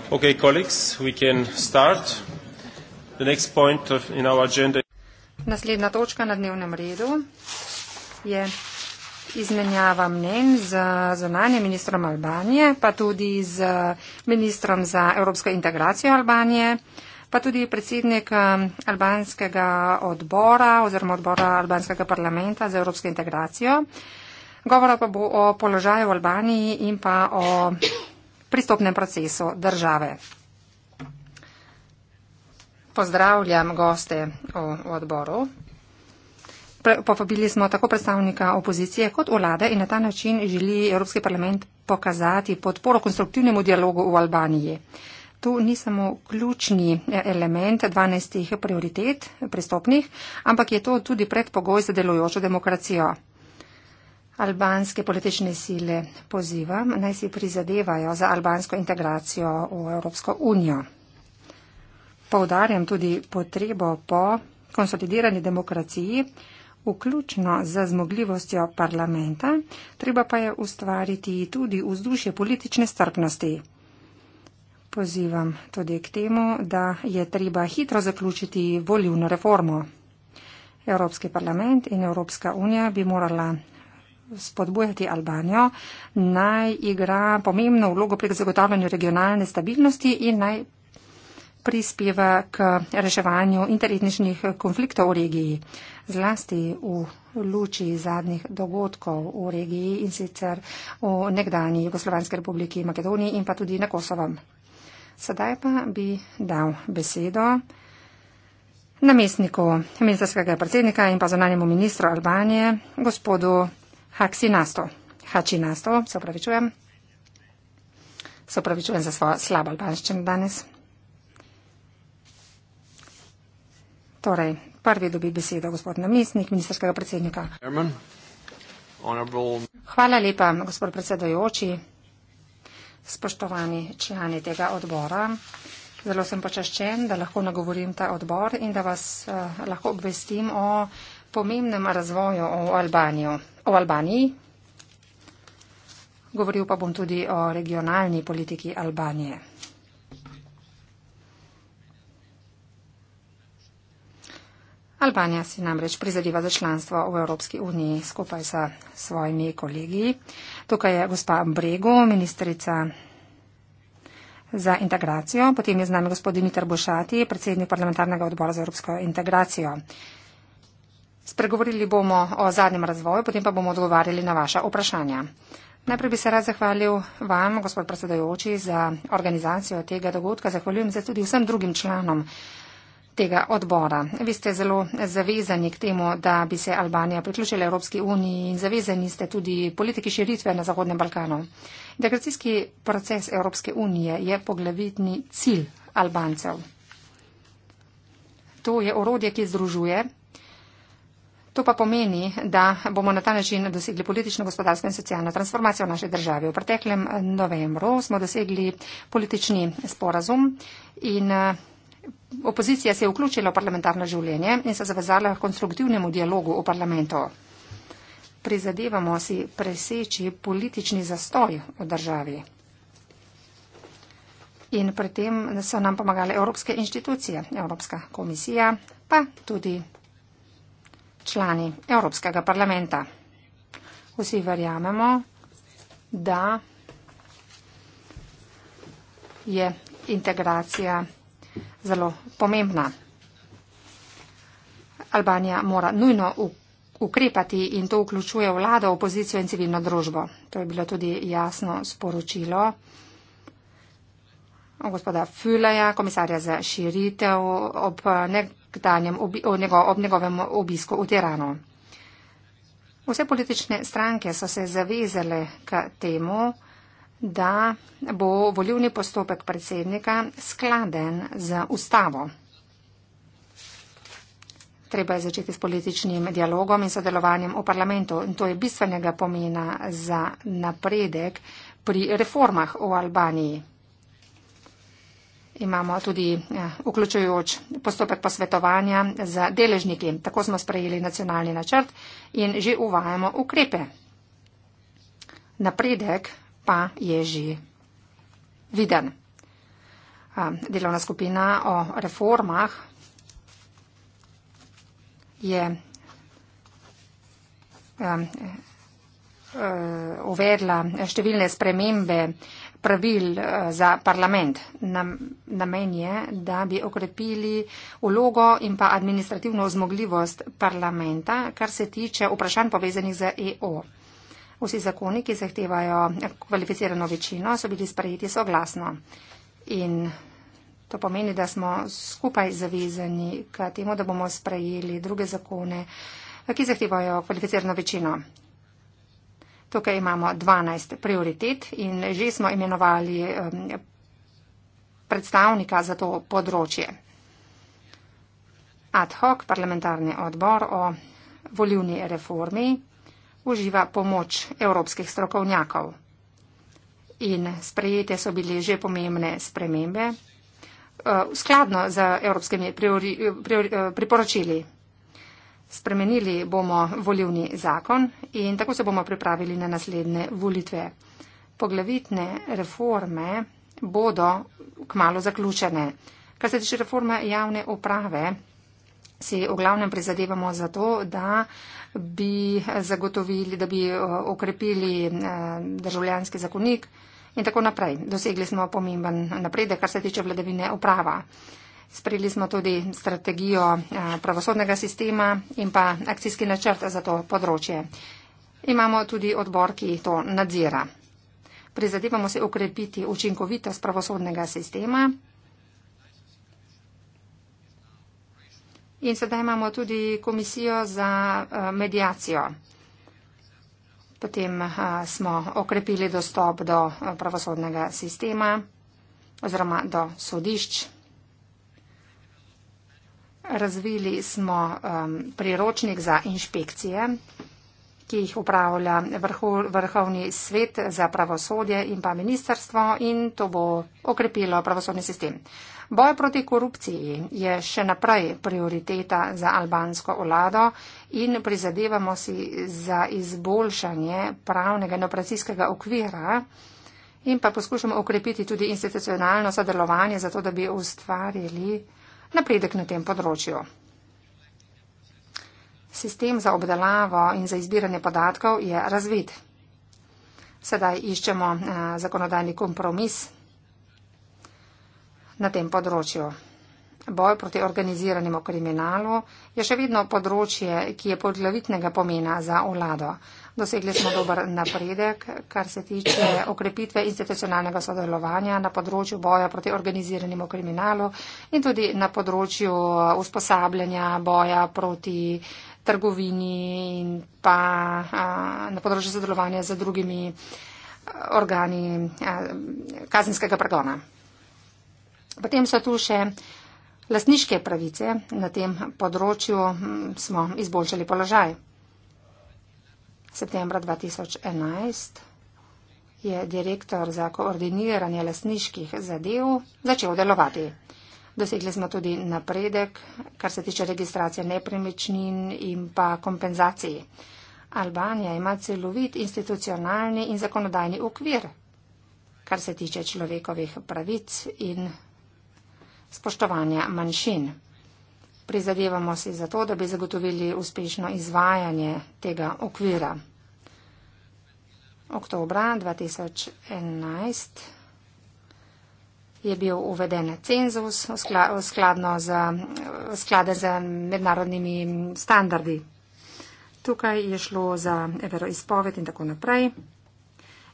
[SPEAKER 2] Okay, colleagues, we
[SPEAKER 3] can start. The next point of, in our agenda.
[SPEAKER 1] Naslednja točka na dnevnem redu je izmenjava mnen z zunanjem ministrom Albanije, pa tudi z ministrom za evropsko integracijo Albanije, pa tudi predsednik um, albanskega odbora oziroma odbora albanskega parlamenta za evropsko integracijo. Govora pa bo o položaju v Albaniji in pa o pristopnem procesu države. Pozdravljam goste v, v odboru. Povabili smo tako predstavnika opozicije kot vlade in na ta način želi Evropski parlament pokazati podporo konstruktivnemu dialogu v Albaniji. Tu ni samo ključni eh, element 12 prioritet pristopnih, ampak je to tudi predpogoj za delujočo demokracijo albanske politične sile pozivam, naj si prizadevajo za albansko integracijo v Evropsko unijo. Povdarjam tudi potrebo po konsolidirani demokraciji, vključno z zmogljivostjo parlamenta, treba pa je ustvariti tudi vzdušje politične strpnosti. Pozivam tudi k temu, da je treba hitro zaključiti volilno reformo. Evropski parlament in Evropska unija bi morala spodbujati Albanijo, naj igra pomembno vlogo pri zagotavljanju regionalne stabilnosti in naj prispeva k reševanju interetničnih konfliktov v regiji, zlasti v luči zadnjih dogodkov v regiji in sicer v nekdani Jugoslovanske republiki Makedoniji in pa tudi na Kosovem. Sedaj pa bi dal besedo namestniku ministrskega predsednika in pa zonanjemu ministru Albanije, gospodu Haksinasto. Hačinasto, se opravičujem. Se opravičujem za svojo slabo albanščino danes. Torej, prvi dobi besedo gospod namestnik ministerskega predsednika. Hvala lepa, gospod predsedojoči, spoštovani člani tega odbora. Zelo sem počaščen, da lahko nagovorim ta odbor in da vas uh, lahko obvestim o pomembnem razvoju v Albanijo o Albaniji, govoril pa bom tudi o regionalni politiki Albanije. Albanija si namreč prizadeva za članstvo v Evropski uniji skupaj sa svojimi kolegi. Tukaj je gospa Brego, ministrica za integracijo, potem je z nami gospod Dimitar Bošati, predsednik parlamentarnega odbora za evropsko integracijo. Uh, Spregovorili bomo o zadnjem razvoju, potem pa bomo odgovarjali na vaša vprašanja. Najprej bi se rad zahvalil vam, gospod predsedajoči, za organizacijo tega dogodka. Zahvaljujem se tudi vsem drugim članom tega odbora. Vi ste zelo zavezani k temu, da bi se Albanija priključila Evropski uniji in zavezani ste tudi politiki širitve na Zahodnem Balkanu. Integracijski proces Evropske unije je poglavitni cilj Albancev. To je orodje, ki združuje To pa pomeni, da bomo na ta način dosegli politično, gospodarsko in socialno transformacijo v naši državi. V preteklem eh, novembru smo dosegli politični sporazum in eh, opozicija se je vključila v parlamentarno življenje in se zavezala k konstruktivnemu dialogu v parlamentu. Prizadevamo si preseči politični zastoj v državi. In pri tem so nam pomagale evropske inštitucije, Evropska komisija, pa tudi člani Evropskega parlamenta. Vsi verjamemo, da je integracija zelo pomembna. Albanija mora nujno ukrepati in to vključuje vlado, opozicijo in civilno družbo. To je bilo tudi jasno sporočilo gospoda Füleja, komisarja za širitev, ob nek k danjem obi, o njego, ob njegovem obisku v Tirano. Vse politične stranke so se zavezale k temu, da bo volivni postopek predsednika skladen z ustavo. Treba je začeti s političnim dialogom in sodelovanjem v parlamentu. In to je bistvenega pomena za napredek pri reformah v Albaniji imamo tudi eh, vključujoč postopek posvetovanja z deležniki. Tako smo sprejeli nacionalni načrt in že uvajamo ukrepe. Napredek pa je že viden. Eh, delovna skupina o reformah je eh, uvedla številne spremembe pravil eh, za parlament. Namen je, da bi okrepili ulogo in pa administrativno zmogljivost parlamenta, kar se tiče vprašanj povezanih z EO. Vsi zakoni, ki zahtevajo kvalificirano večino, so bili sprejeti soglasno. In to pomeni, da smo skupaj zavezani k temu, da bomo sprejeli druge zakone, ki zahtevajo kvalificirano večino. Tukaj imamo 12 prioritet in že smo imenovali predstavnika za to področje. Ad hoc parlamentarni odbor o volivni reformi uživa pomoč evropskih strokovnjakov in sprejete so bile že pomembne spremembe eh, skladno z evropskimi priporočili. Priori, priori, eh, Spremenili bomo volivni zakon in tako se bomo pripravili na naslednje volitve. Poglavitne reforme bodo kmalo zaključene. Kar se tiče reforme javne uprave, si v glavnem prizadevamo za to, da bi zagotovili, da bi eh, okrepili eh, državljanski zakonik in tako naprej. Dosegli smo pomemben napredek, kar se tiče vladavine uprava. Sprejeli smo tudi strategijo eh, pravosodnega sistema in pa akcijski načrt za to področje. Imamo tudi odbor, ki to nadzira. Prizadevamo se ukrepiti učinkovitost pravosodnega sistema. In sedaj imamo tudi komisijo za eh, medijacijo. Potem eh, smo okrepili dostop do pravosodnega sistema oziroma do sodišča razvili smo um, priročnik za inšpekcije, ki jih upravlja vrhu, Vrhovni svet za pravosodje in pa ministerstvo in to bo okrepilo pravosodni sistem. Boj proti korupciji je še naprej prioriteta za albansko vlado in prizadevamo si za izboljšanje pravnega in operacijskega okvira in pa poskušamo okrepiti tudi institucionalno sodelovanje, zato da bi ustvarili napredek na tem področju. Sistem za obdelavo in za izbiranje podatkov je razvid. Sedaj iščemo eh, zakonodajni kompromis na tem področju. Boj proti organiziranemu kriminalu je še vedno področje, ki je podlavitnega pomena za vlado. Dosegli smo dober napredek, kar se tiče okrepitve institucionalnega sodelovanja na področju boja proti organiziranemu kriminalu in tudi na področju usposabljanja boja proti trgovini in pa a, na področju sodelovanja z drugimi organi a, kazenskega pregona. Potem so tu še. Lastniške pravice na tem področju hm, smo izboljšali položaj septembra 2011 je direktor za koordiniranje lasniških zadev začel delovati. Dosegli smo tudi napredek, kar se tiče registracije nepremičnin in pa kompenzacij. Albanija ima celovit institucionalni in zakonodajni okvir, kar se tiče človekovih pravic in spoštovanja manjšin. Prizadevamo se za to, da bi zagotovili uspešno izvajanje tega okvira oktobra 2011 je bil uveden cenzus skladno z, sklade z mednarodnimi standardi. Tukaj je šlo za veroizpoved in tako naprej.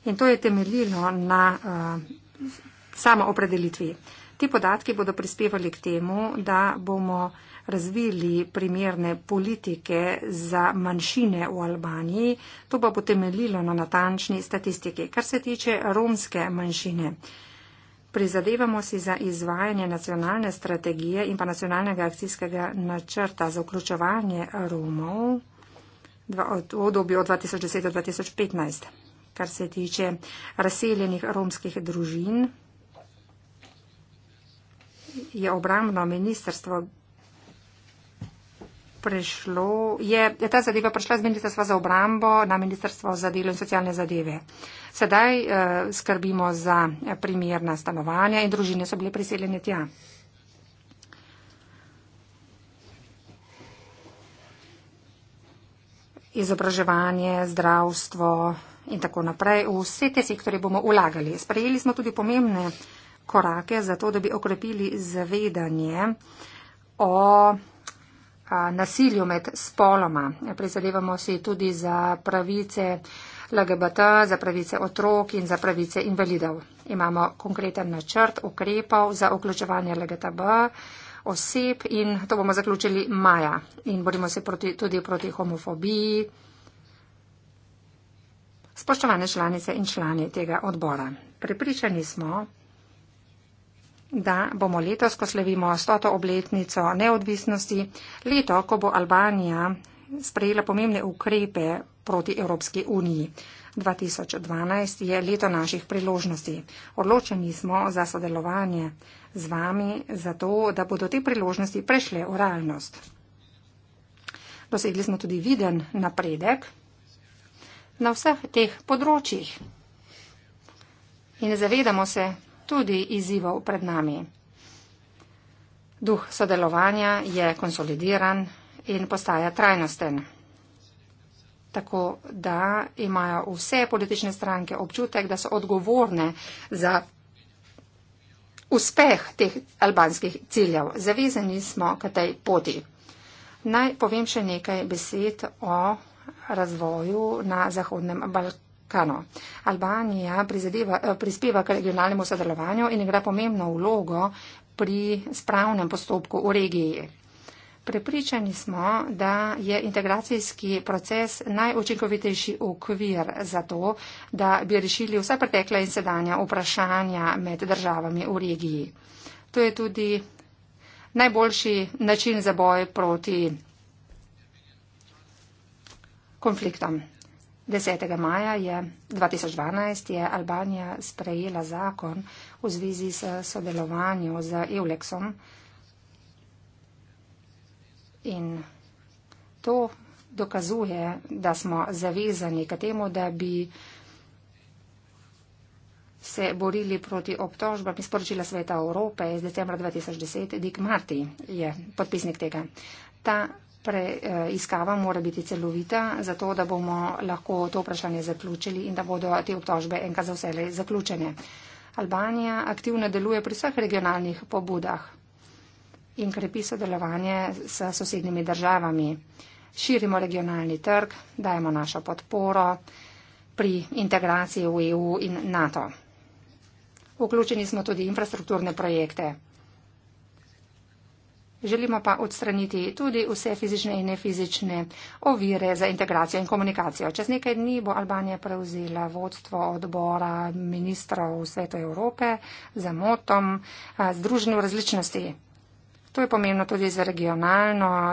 [SPEAKER 1] In to je temeljilo na uh, samo opredelitvi. Ti podatki bodo prispevali k temu, da bomo uh, razvili primerne politike za manjšine v Albaniji. To pa bo temeljilo na natančni statistiki. Kar se tiče romske manjšine, prizadevamo si za izvajanje nacionalne strategije in pa nacionalnega akcijskega načrta za vključevanje Romov v obdobju od 2010 do 2015. Kar se tiče razseljenih romskih družin, je obramno ministrstvo prišlo, je, je ta zadeva prišla z ministrstva za obrambo na ministrstvo za delo in socialne zadeve. Sedaj uh, skrbimo za primerna stanovanja in družine so bile priseljene tja. Izobraževanje, zdravstvo in tako naprej. V vse te sektore bomo ulagali. Sprejeli smo tudi pomembne korake za to, da bi okrepili zavedanje o nasilju med spoloma. Prizadevamo si tudi za pravice LGBT, za pravice otrok in za pravice invalidov. Imamo konkreten načrt ukrepov za vključevanje LGTB oseb in to bomo zaključili maja. In borimo se proti, tudi proti homofobiji. Spoštovane članice in člani tega odbora. Pripričani smo, da bomo letos, ko slavimo 100. obletnico neodvisnosti, leto, ko bo Albanija sprejela pomembne ukrepe proti Evropski uniji. 2012 je leto naših priložnosti. Odločeni smo za sodelovanje z vami, zato da bodo te priložnosti prešle v realnost. Dosegli smo tudi viden napredek na vseh teh področjih. In zavedamo se, tudi izzivov pred nami. Duh sodelovanja je konsolidiran in postaja trajnosten. Tako da imajo vse politične stranke občutek, da so odgovorne za uspeh teh albanskih ciljev. Zavezani smo k tej poti. Naj povem še nekaj besed o razvoju na Zahodnem Balkanu. Vatikano. Albanija eh, prispeva k regionalnemu sodelovanju in igra pomembno vlogo pri spravnem postopku v regiji. Prepričani smo, da je integracijski proces najučinkovitejši okvir za to, da bi rešili vse pretekle in sedanja vprašanja med državami v regiji. To je tudi najboljši način za boj proti konfliktom. 10. maja je, 2012 je Albanija sprejela zakon v zvezi s sodelovanjem z EULEX-om in to dokazuje, da smo zavezani k temu, da bi se borili proti obtožbam iz poročila Sveta Evrope iz decembra 2010. Dick Marty je podpisnik tega. Ta preiskava mora biti celovita, zato da bomo lahko to vprašanje zaključili in da bodo te obtožbe enkrat za vselej zaključene. Albanija aktivno deluje pri vseh regionalnih pobudah in krepi sodelovanje s sosednjimi državami. Širimo regionalni trg, dajemo našo podporo pri integraciji v EU in NATO. Vključeni smo tudi infrastrukturne projekte. Želimo pa odstraniti tudi vse fizične in nefizične ovire za integracijo in komunikacijo. Čez nekaj dni bo Albanija prevzela vodstvo odbora ministrov Sveta Evrope za motom združenju različnosti. To je pomembno tudi za,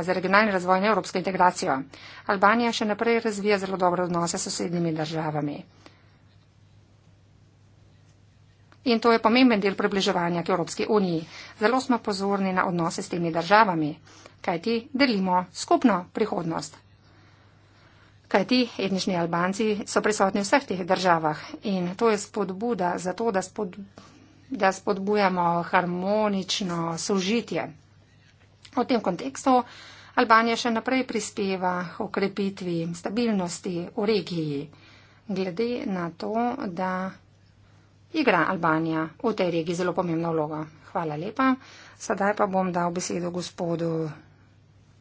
[SPEAKER 1] za regionalni razvoj in evropsko integracijo. Albanija še naprej razvija zelo dobre odnose s sosednjimi državami. In to je pomemben del približevanja k Evropski uniji. Zelo smo pozorni na odnose s temi državami, kajti delimo skupno prihodnost. Kajti etnični Albanci so prisotni v vseh teh državah in to je spodbuda za to, da, spod, da spodbujamo harmonično sožitje. V tem kontekstu Albanija še naprej prispeva k okrepitvi stabilnosti v regiji. Glede na to, da igra Albanija v tej regiji zelo pomembno vlogo. Hvala lepa. Sedaj pa bom dal besedo gospodu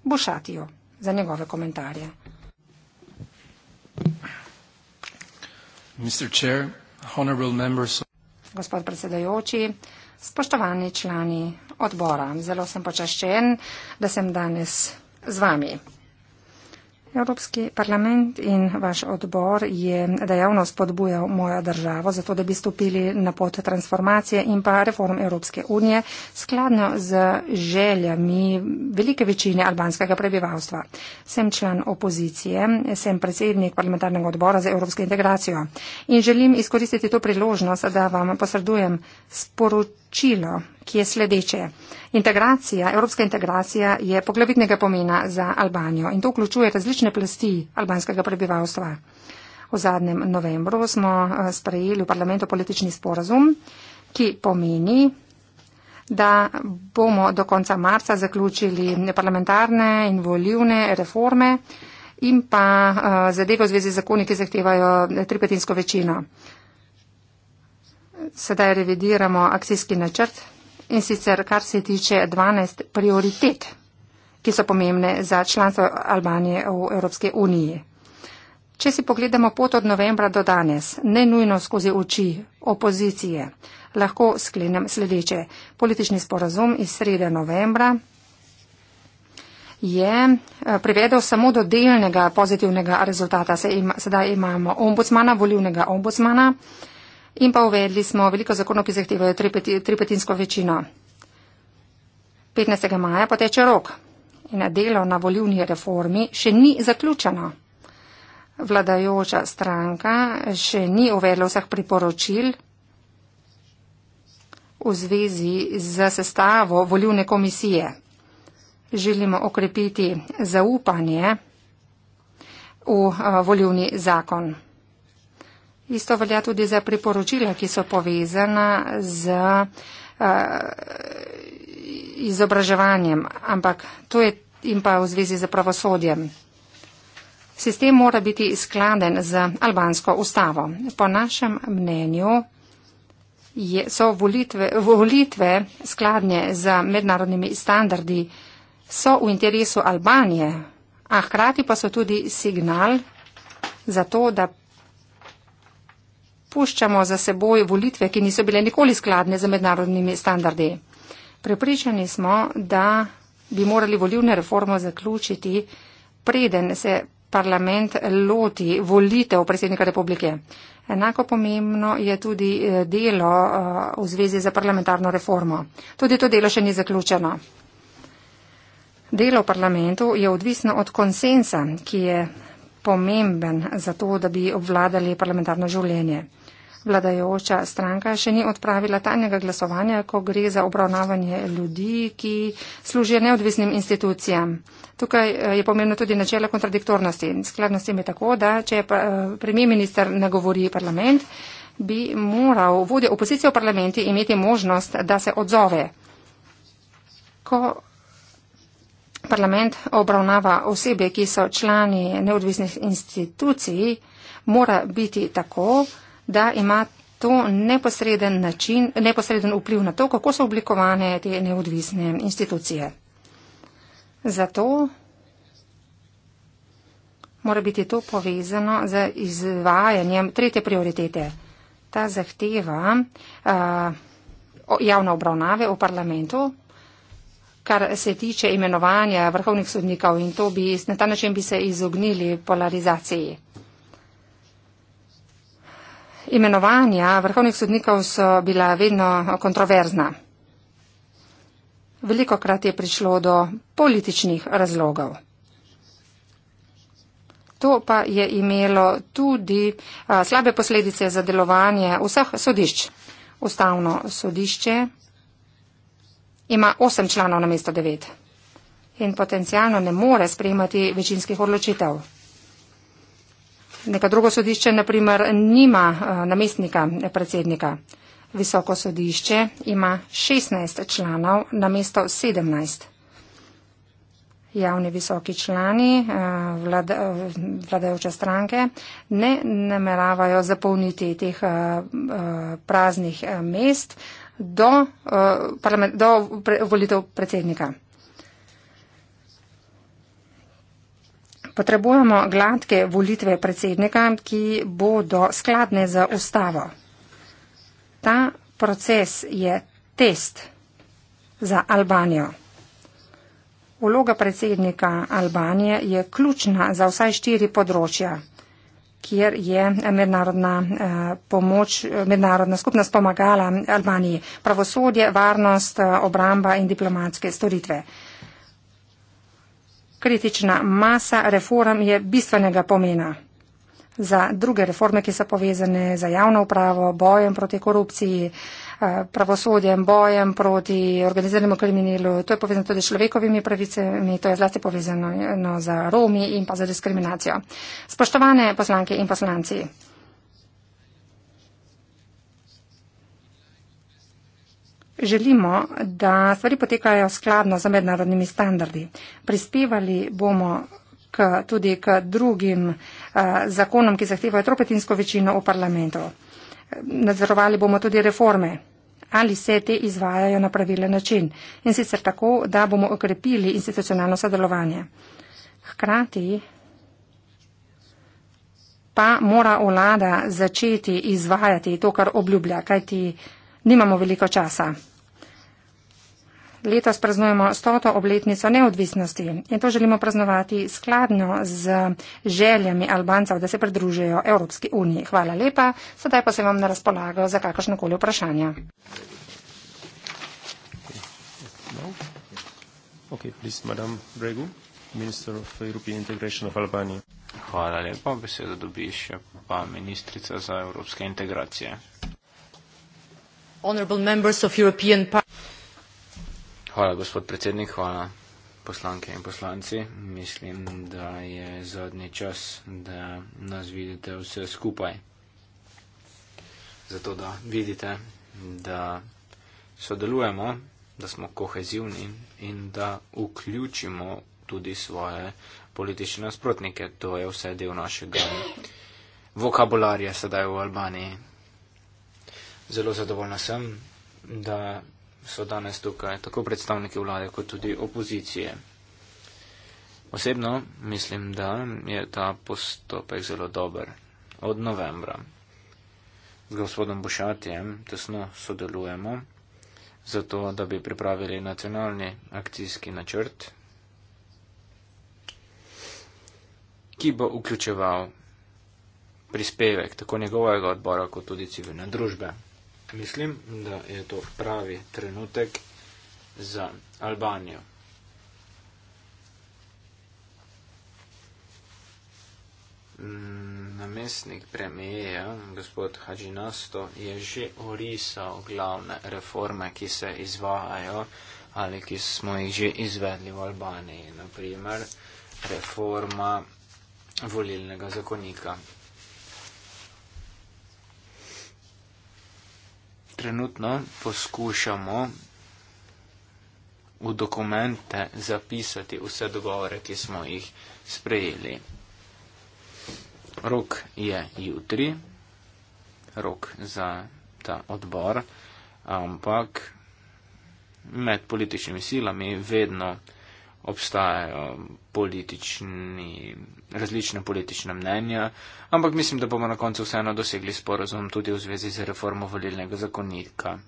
[SPEAKER 1] Bošatiju za njegove komentarje. Gospod predsedajoči, spoštovani člani odbora, zelo sem počaščen, da sem danes z vami. Evropski parlament in vaš odbor je dejavno spodbujal mojo državo, zato da bi stopili na pot transformacije in pa reform Evropske unije, skladno z željami velike večine albanskega prebivalstva. Sem član opozicije, sem predsednik parlamentarnega odbora za evropsko integracijo in želim izkoristiti to priložnost, da vam posredujem sporočilo sporočilo, ki je sledeče. Integracija, evropska integracija je poglavitnega pomena za Albanijo in to vključuje različne plasti albanskega prebivalstva. V zadnjem novembru smo eh, sprejeli v parlamentu politični sporazum, ki pomeni, da bomo do konca marca zaključili parlamentarne in voljivne reforme in pa eh, zadeve v zvezi z zakoni, ki zahtevajo tripetinsko večino sedaj revidiramo akcijski načrt in sicer kar se tiče 12 prioritet, ki so pomembne za članstvo Albanije v Evropske unije. Če si pogledamo pot od novembra do danes, ne nujno skozi oči opozicije, lahko sklenem sledeče. Politični sporazum iz srede novembra je eh, privedel samo do delnega pozitivnega rezultata. Sedaj imamo ombudsmana, volivnega ombudsmana in pa uvedli smo veliko zakonov, ki zahtevajo tripetinsko večino. 15. maja poteče rok in delo na volivni reformi še ni zaključeno. Vladajoča stranka še ni uvedla vseh priporočil v zvezi z sestavo volivne komisije. Želimo okrepiti zaupanje v eh, volivni zakon. Isto velja tudi za priporočila, ki so povezana z uh, izobraževanjem, ampak to je in pa v zvezi z pravosodjem. Sistem mora biti skladen z albansko ustavo. Po našem mnenju je, so volitve, volitve skladne z mednarodnimi standardi, so v interesu Albanije, a hkrati pa so tudi signal za to, da puščamo za seboj volitve, ki niso bile nikoli skladne z mednarodnimi standardi. Prepričani smo, da bi morali volivne reformo zaključiti, preden se parlament loti volitev predsednika republike. Enako pomembno je tudi eh, delo eh, v zvezi za parlamentarno reformo. Tudi to delo še ni zaključeno. Delo v parlamentu je odvisno od konsensa, ki je pomemben za to, da bi obvladali parlamentarno življenje. Vladajoča stranka še ni odpravila tajnega glasovanja, ko gre za obravnavanje ljudi, ki služijo neodvisnim institucijam. Tukaj eh, je pomembno tudi načelo kontradiktornosti. Skladno s tem je tako, da če eh, premijer minister nagovori parlament, bi moral vodja opozicije v parlamenti imeti možnost, da se odzove. Ko parlament obravnava osebe, ki so člani neodvisnih institucij, mora biti tako, da ima to neposreden, način, neposreden vpliv na to, kako so oblikovane te neodvisne institucije. Zato mora biti to povezano z izvajanjem tretje prioritete. Ta zahteva a, javne obravnave v parlamentu, kar se tiče imenovanja vrhovnih sodnikov in bi, na ta način bi se izognili polarizaciji imenovanja vrhovnih sodnikov so bila vedno kontroverzna. Veliko krat je prišlo do političnih razlogov. To pa je imelo tudi a, slabe posledice za delovanje vseh sodišč. Ustavno sodišče ima osem članov na mesto devet in potencialno ne more sprejemati večinskih odločitev. Neka drugo sodišče, naprimer, nima eh, namestnika eh, predsednika. Visoko sodišče ima 16 članov na mesto 17. Javni visoki člani eh, vlade, vladajoče stranke ne nameravajo zapolniti teh praznih mest do, do volitev predsednika. Potrebujemo gladke volitve predsednika, ki bodo skladne za ustavo. Ta proces je test za Albanijo. Vloga predsednika Albanije je ključna za vsaj štiri področja, kjer je mednarodna, eh, pomoč, mednarodna skupnost pomagala Albaniji. Pravosodje, varnost, eh, obramba in diplomatske storitve kritična masa reform je bistvenega pomena. Za druge reforme, ki so povezane za javno upravo, bojem proti korupciji, eh, pravosodjem, bojem proti organiziranemu kriminalu, to je povezano tudi s človekovimi pravicami, to je zlasti povezano eh, no, za Romi in pa za diskriminacijo. Spoštovane poslanke in poslanci, Želimo, da stvari potekajo skladno z mednarodnimi standardi. Prispevali bomo k, tudi k drugim uh, zakonom, ki zahtevajo tropetinsko večino v parlamentu. Nadzorovali bomo tudi reforme, ali se te izvajajo na pravilen način in sicer tako, da bomo okrepili institucionalno sodelovanje. Hkrati pa mora vlada začeti izvajati to, kar obljublja, kajti nimamo veliko časa letos praznujemo 100. obletnico neodvisnosti in to želimo praznovati skladno z željami Albancev, da se pridružijo Evropski uniji. Hvala lepa, sedaj pa se vam na razpolago za kakršnokoli vprašanje. No?
[SPEAKER 2] Okay, please, Hvala lepa, besedo dobi še pa ministrica za evropske integracije.
[SPEAKER 3] Honorable members of European Parliament.
[SPEAKER 2] Hvala, gospod predsednik, hvala poslanke in poslanci. Mislim, da je zadnji čas, da nas vidite vse skupaj. Zato, da vidite, da sodelujemo, da smo kohezivni in da vključimo tudi svoje politične nasprotnike. To je vse del našega vokabularja sedaj v Albaniji. Zelo zadovoljna sem, da so danes tukaj tako predstavniki vlade kot tudi opozicije. Osebno mislim, da je ta postopek zelo dober. Od novembra z gospodom Bušatijem tesno sodelujemo, zato da bi pripravili nacionalni akcijski načrt, ki bo vključeval prispevek tako njegovega odbora kot tudi civilne družbe mislim, da je to pravi trenutek za Albanijo. Mm, namestnik premijeja, gospod Hadžinasto, je že orisal glavne reforme, ki se izvajajo ali ki smo jih že izvedli v Albaniji. Naprimer, reforma volilnega zakonika. trenutno poskušamo v dokumente zapisati vse dogovore, ki smo jih sprejeli. Rok je jutri, rok za ta odbor, ampak med političnimi silami vedno obstajajo politični, različna politična mnenja, ampak mislim, da bomo na koncu vseeno dosegli sporozum tudi v zvezi z reformo volilnega zakonika.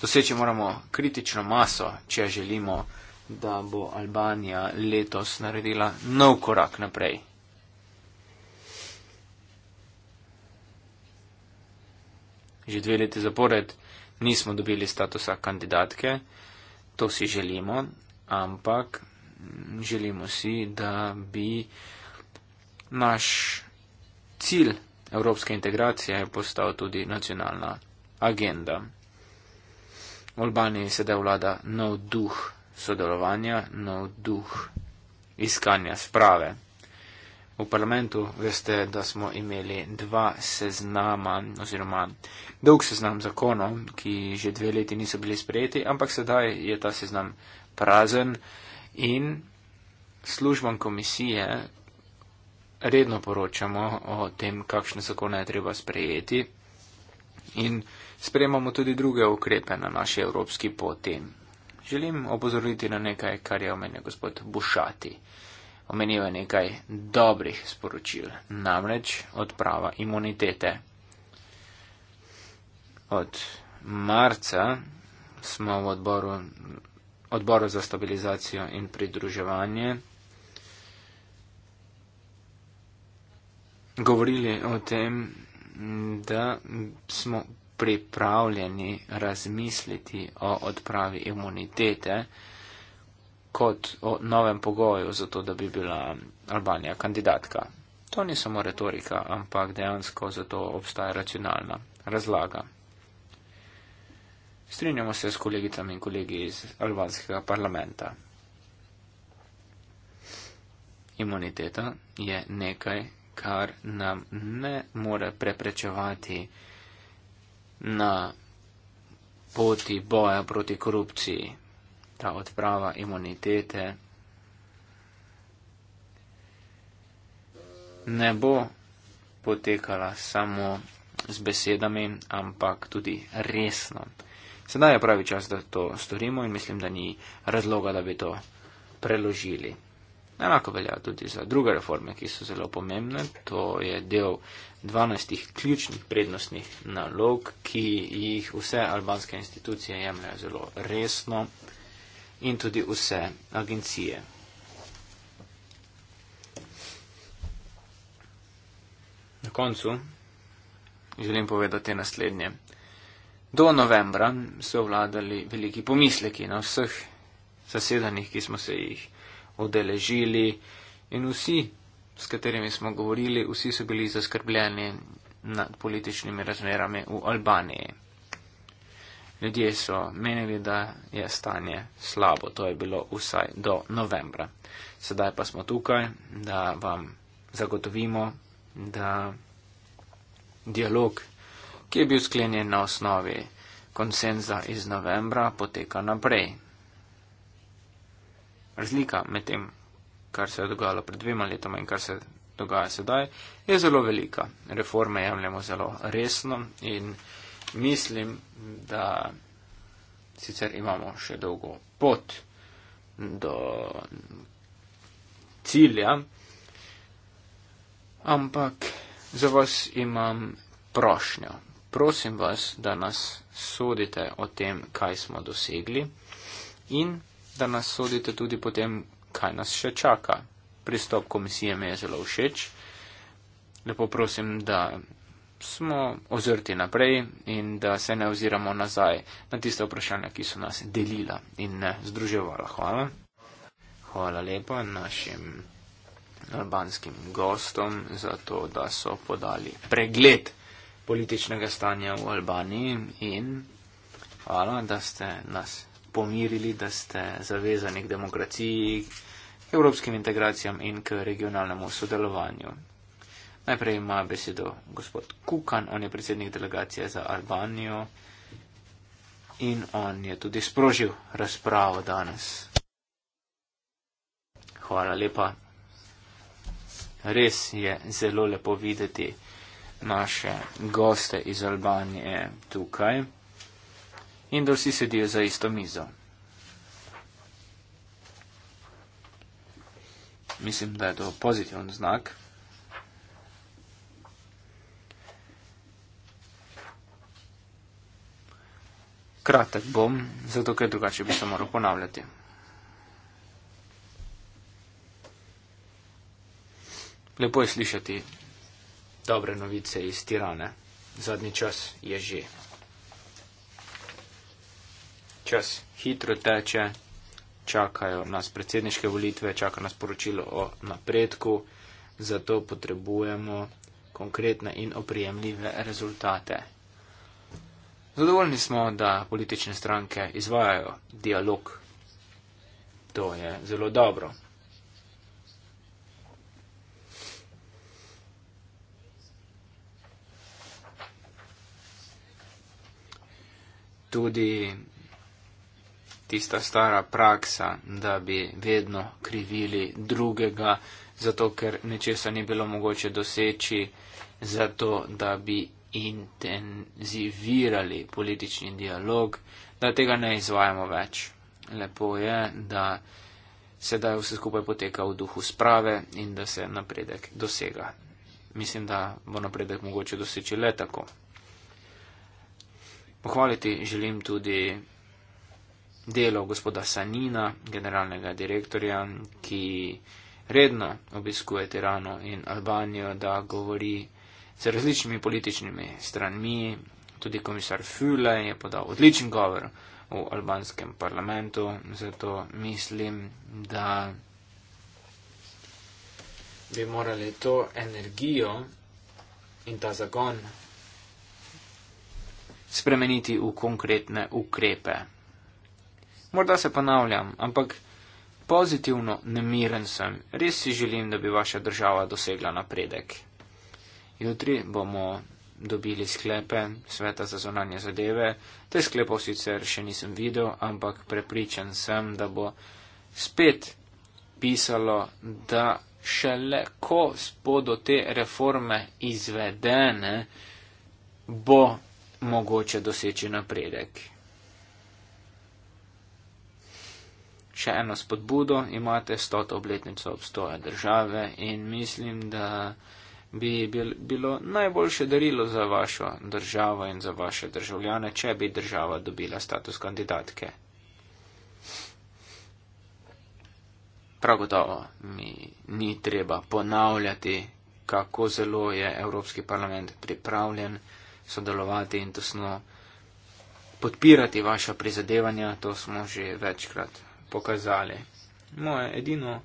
[SPEAKER 2] Doseči moramo kritično maso, če želimo, da bo Albanija letos naredila nov korak naprej. Že dve leti zapored nismo dobili statusa kandidatke, to si želimo, ampak želimo si, da bi naš cilj evropske integracije postal tudi nacionalna agenda. V Albaniji sedaj vlada nov duh sodelovanja, nov duh iskanja sprave. V parlamentu veste, da smo imeli dva seznama oziroma dolg seznam zakonov, ki že dve leti niso bili sprejeti, ampak sedaj je ta seznam prazen in službam komisije redno poročamo o tem, kakšne zakone je treba sprejeti in sprejemamo tudi druge ukrepe na naši evropski poti. Želim opozoriti na nekaj, kar je omenil gospod Bušati. Omenil je nekaj dobrih sporočil, namreč odprava imunitete. Od marca smo v odboru odboru za stabilizacijo in pridruževanje govorili o tem, da smo pripravljeni razmisliti o odpravi imunitete kot o novem pogoju za to, da bi bila Albanija kandidatka. To ni samo retorika, ampak dejansko za to obstaja racionalna razlaga. Strinjamo se s kolegicami in kolegi iz albanskega parlamenta. Imuniteta je nekaj, kar nam ne more preprečevati na poti boja proti korupciji. Ta odprava imunitete ne bo potekala samo z besedami, ampak tudi resno. Sedaj je pravi čas, da to storimo in mislim, da ni razloga, da bi to preložili. Enako velja tudi za druge reforme, ki so zelo pomembne. To je del 12 ključnih prednostnih nalog, ki jih vse albanske institucije jemljajo zelo resno in tudi vse agencije. Na koncu želim povedati naslednje. Do novembra so vladali veliki pomisleki na vseh zasedanjih, ki smo se jih odeležili in vsi, s katerimi smo govorili, vsi so bili zaskrbljeni nad političnimi razmerami v Albaniji. Ljudje so menili, da je stanje slabo, to je bilo vsaj do novembra. Sedaj pa smo tukaj, da vam zagotovimo, da dialog ki je bil sklenjen na osnovi konsenza iz novembra, poteka naprej. Razlika med tem, kar se je dogajalo pred dvema letoma in kar se dogaja sedaj, je zelo velika. Reforme jemljemo zelo resno in mislim, da sicer imamo še dolgo pot do cilja, ampak za vas imam prošnjo, prosim vas, da nas sodite o tem, kaj smo dosegli in da nas sodite tudi po tem, kaj nas še čaka. Pristop komisije mi je zelo všeč. Lepo prosim, da smo ozrti naprej in da se ne oziramo nazaj na tiste vprašanja, ki so nas delila in združevala. Hvala. Hvala lepa našim albanskim gostom za to, da so podali pregled političnega stanja v Albaniji in hvala, da ste nas pomirili, da ste zavezani k demokraciji, k evropskim integracijam in k regionalnemu sodelovanju. Najprej ima besedo gospod Kukan, on je predsednik delegacije za Albanijo in on je tudi sprožil razpravo danes. Hvala lepa. Res je zelo lepo videti naše goste iz Albanije tukaj in da vsi sedijo za isto mizo. Mislim, da je to pozitiven znak. Kratek bom, zato ker drugače bi se moral ponavljati. Lepo je slišati dobre novice iz Tirane. Zadnji čas je že. Čas hitro teče, čakajo nas predsedniške volitve, čaka nas poročilo o napredku, zato potrebujemo konkretne in oprijemljive rezultate. Zadovoljni smo, da politične stranke izvajajo dialog. To je zelo dobro. tudi tista stara praksa, da bi vedno krivili drugega, zato ker nečesa ni bilo mogoče doseči, zato da bi intenzivirali politični dialog, da tega ne izvajamo več. Lepo je, da sedaj vse skupaj poteka v duhu sprave in da se napredek dosega. Mislim, da bo napredek mogoče doseči le tako. Pohvaliti želim tudi delo gospoda Sanina, generalnega direktorja, ki redno obiskuje Tirano in Albanijo, da govori z različnimi političnimi stranmi. Tudi komisar Füle je podal odličen govor v albanskem parlamentu, zato mislim, da bi morali to energijo in ta zagon spremeniti v konkretne ukrepe. Morda se ponavljam, ampak pozitivno nemiren sem. Res si želim, da bi vaša država dosegla napredek. Jutri bomo dobili sklepe Sveta za zonanje zadeve. Te sklepov sicer še nisem videl, ampak prepričan sem, da bo spet pisalo, da šele ko bodo te reforme izvedene, bo mogoče doseči napredek. Še eno spodbudo imate 100. obletnico obstoja države in mislim, da bi bilo najboljše darilo za vašo državo in za vaše državljane, če bi država dobila status kandidatke. Prav gotovo mi ni treba ponavljati, kako zelo je Evropski parlament pripravljen sodelovati in tesno podpirati vaša prizadevanja, to smo že večkrat pokazali. Moje edino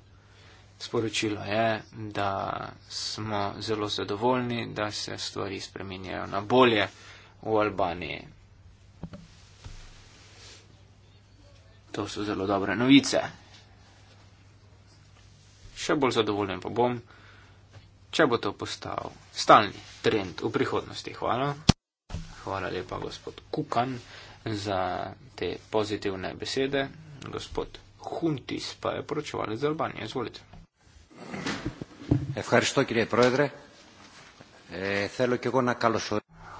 [SPEAKER 2] sporočilo je, da smo zelo zadovoljni, da se stvari spremenjajo na bolje v Albaniji. To so zelo dobre novice. Še bolj zadovoljen pa bom, če bo to postal stalni trend v prihodnosti. Hvala. Hvala lepa, gospod Kukan, za te pozitivne besede. Gospod Huntis pa je poročeval iz Albanije. Izvolite.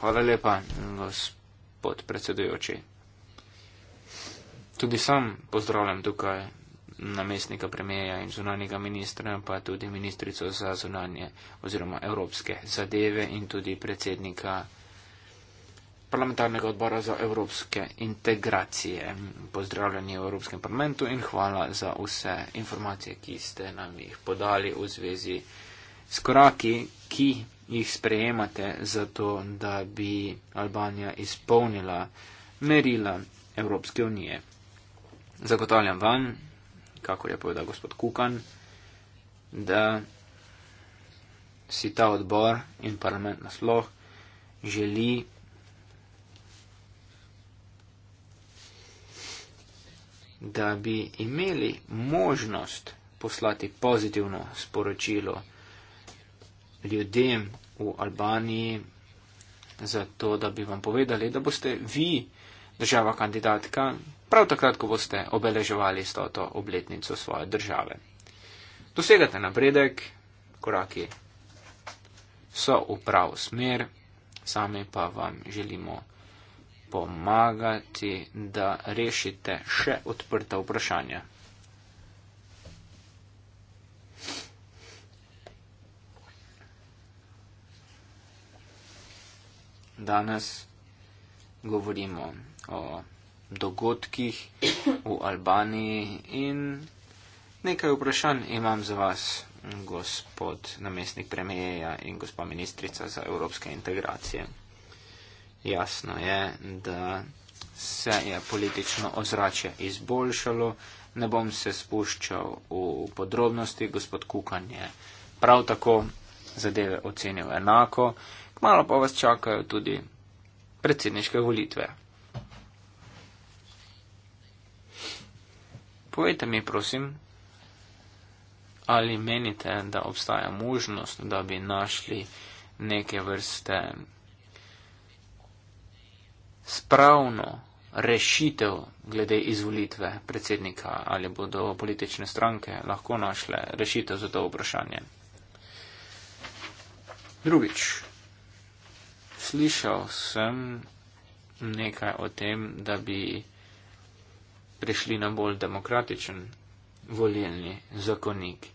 [SPEAKER 2] Hvala lepa, gospod predsedujoči. Tudi sam pozdravljam tukaj namestnika premijeja in zunanjega ministra, pa tudi ministrico za zunanje oziroma evropske zadeve in tudi predsednika parlamentarnega odbora za evropske integracije. Pozdravljeni v Evropskem parlamentu in hvala za vse informacije, ki ste nam jih podali v zvezi s koraki, ki jih sprejemate za to, da bi Albanija izpolnila merila Evropske unije. Zagotavljam vam, kako je povedal gospod Kukan, da si ta odbor in parlament nasloh želi da bi imeli možnost poslati pozitivno sporočilo ljudem v Albaniji, zato da bi vam povedali, da boste vi, država kandidatka, prav takrat, ko boste obeleževali stoto obletnico svoje države. Dosegate napredek, koraki so v pravo smer, sami pa vam želimo pomagati, da rešite še odprta vprašanja. Danes govorimo o dogodkih v Albaniji in nekaj vprašanj imam za vas, gospod namestnik premijeja in gospod ministrica za evropske integracije. Jasno je, da se je politično ozračje izboljšalo. Ne bom se spuščal v podrobnosti, gospod Kukan je prav tako zadeve ocenil enako. Kmalo pa vas čakajo tudi predsedniške volitve. Povejte mi, prosim, ali menite, da obstaja možnost, da bi našli neke vrste spravno rešitev glede izvolitve predsednika ali bodo politične stranke lahko našle rešitev za to vprašanje. Drugič, slišal sem nekaj o tem, da bi prišli na bolj demokratičen volilni zakonik.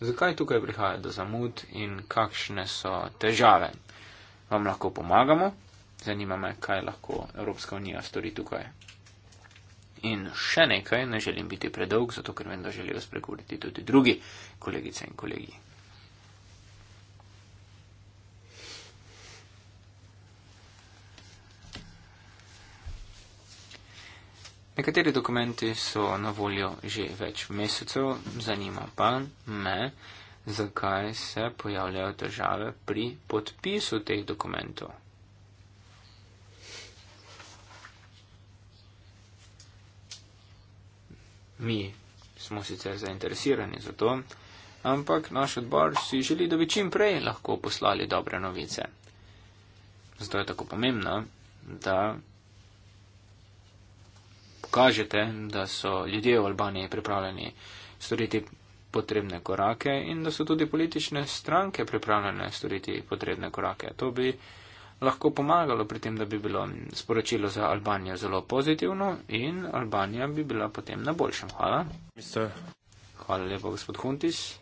[SPEAKER 2] Zakaj tukaj prihaja do zamud in kakšne so težave? Vam lahko pomagamo? zanima me, kaj lahko Evropska unija stori tukaj. In še nekaj, ne želim biti predolg, zato ker vem, da želijo spregovoriti tudi drugi kolegice in kolegi. Nekateri dokumenti so na voljo že več mesecev, zanima pa me, zakaj se pojavljajo težave pri podpisu teh dokumentov. mi smo sicer zainteresirani za to, ampak naš odbor si želi, da bi čim prej lahko poslali dobre novice. Zato je tako pomembno, da pokažete, da so ljudje v Albaniji pripravljeni storiti potrebne korake in da so tudi politične stranke pripravljene storiti potrebne korake. To bi lahko pomagalo pri tem, da bi bilo sporočilo za Albanijo zelo pozitivno in Albanija bi bila potem na boljšem. Hvala. Mister. Hvala lepa, gospod Huntis.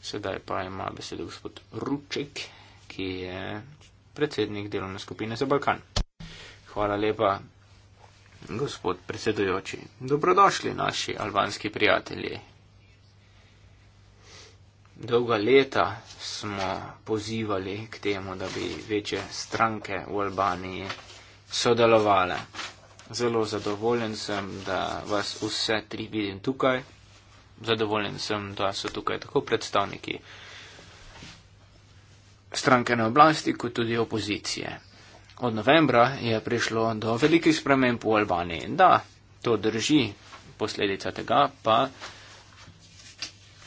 [SPEAKER 2] Sedaj pa ima besedo gospod Ruček, ki je predsednik delovne skupine za Balkan. Hvala lepa, gospod predsedujoči. Dobrodošli, naši albanski prijatelji dolga leta smo pozivali k temu, da bi večje stranke v Albaniji sodelovale. Zelo zadovoljen sem, da vas vse tri vidim tukaj. Zadovoljen sem, da so tukaj tako predstavniki stranke na oblasti, kot tudi opozicije. Od novembra je prišlo do velikih sprememb v Albaniji. Da, to drži. Posledica tega pa je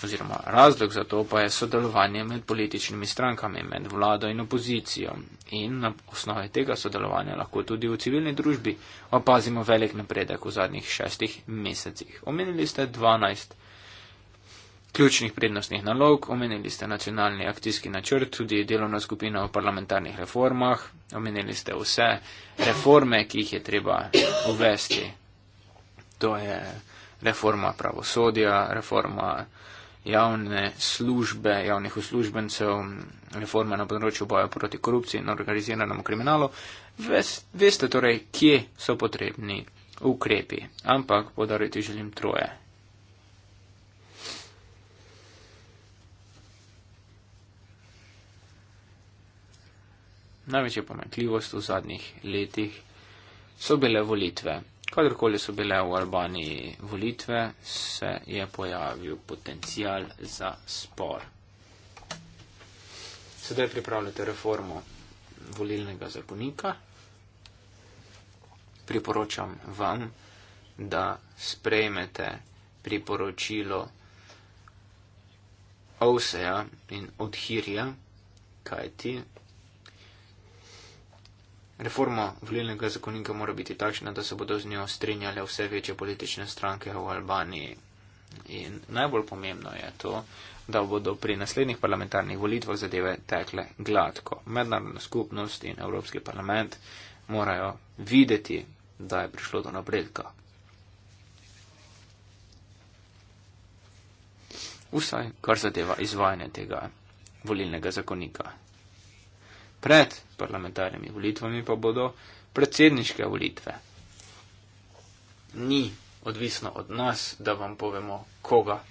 [SPEAKER 2] oziroma razlog za to pa je sodelovanje med političnimi strankami, med vlado in opozicijo. In na osnovi tega sodelovanja lahko tudi v civilni družbi opazimo velik napredek v zadnjih šestih mesecih. Omenili ste 12 ključnih prednostnih nalog, omenili ste nacionalni akcijski načrt, tudi delovna skupina o parlamentarnih reformah, omenili ste vse reforme, ki jih je treba uvesti. To je reforma pravosodja, reforma javne službe, javnih uslužbencev, reforme na področju boja proti korupciji in organiziranemu kriminalu. Veste torej, kje so potrebni ukrepi, ampak podariti želim troje. Največja pomakljivost v zadnjih letih so bile volitve. Kadarkoli so bile v Albaniji volitve, se je pojavil potencial za spor. Sedaj pripravljate reformo volilnega zakonika. Priporočam vam, da sprejmete priporočilo Ouseja in Odhirja, kajti Reforma volilnega zakonika mora biti takšna, da se bodo z njo strinjale vse večje politične stranke v Albaniji. In najbolj pomembno je to, da bodo pri naslednjih parlamentarnih volitvah zadeve tekle gladko. Mednarodna skupnost in Evropski parlament morajo videti, da je prišlo do napredka. Vsaj, kar zadeva izvajanje tega volilnega zakonika. Pred parlamentarnimi volitvami pa bodo predsedniške volitve. Ni odvisno od nas, da vam povemo, koga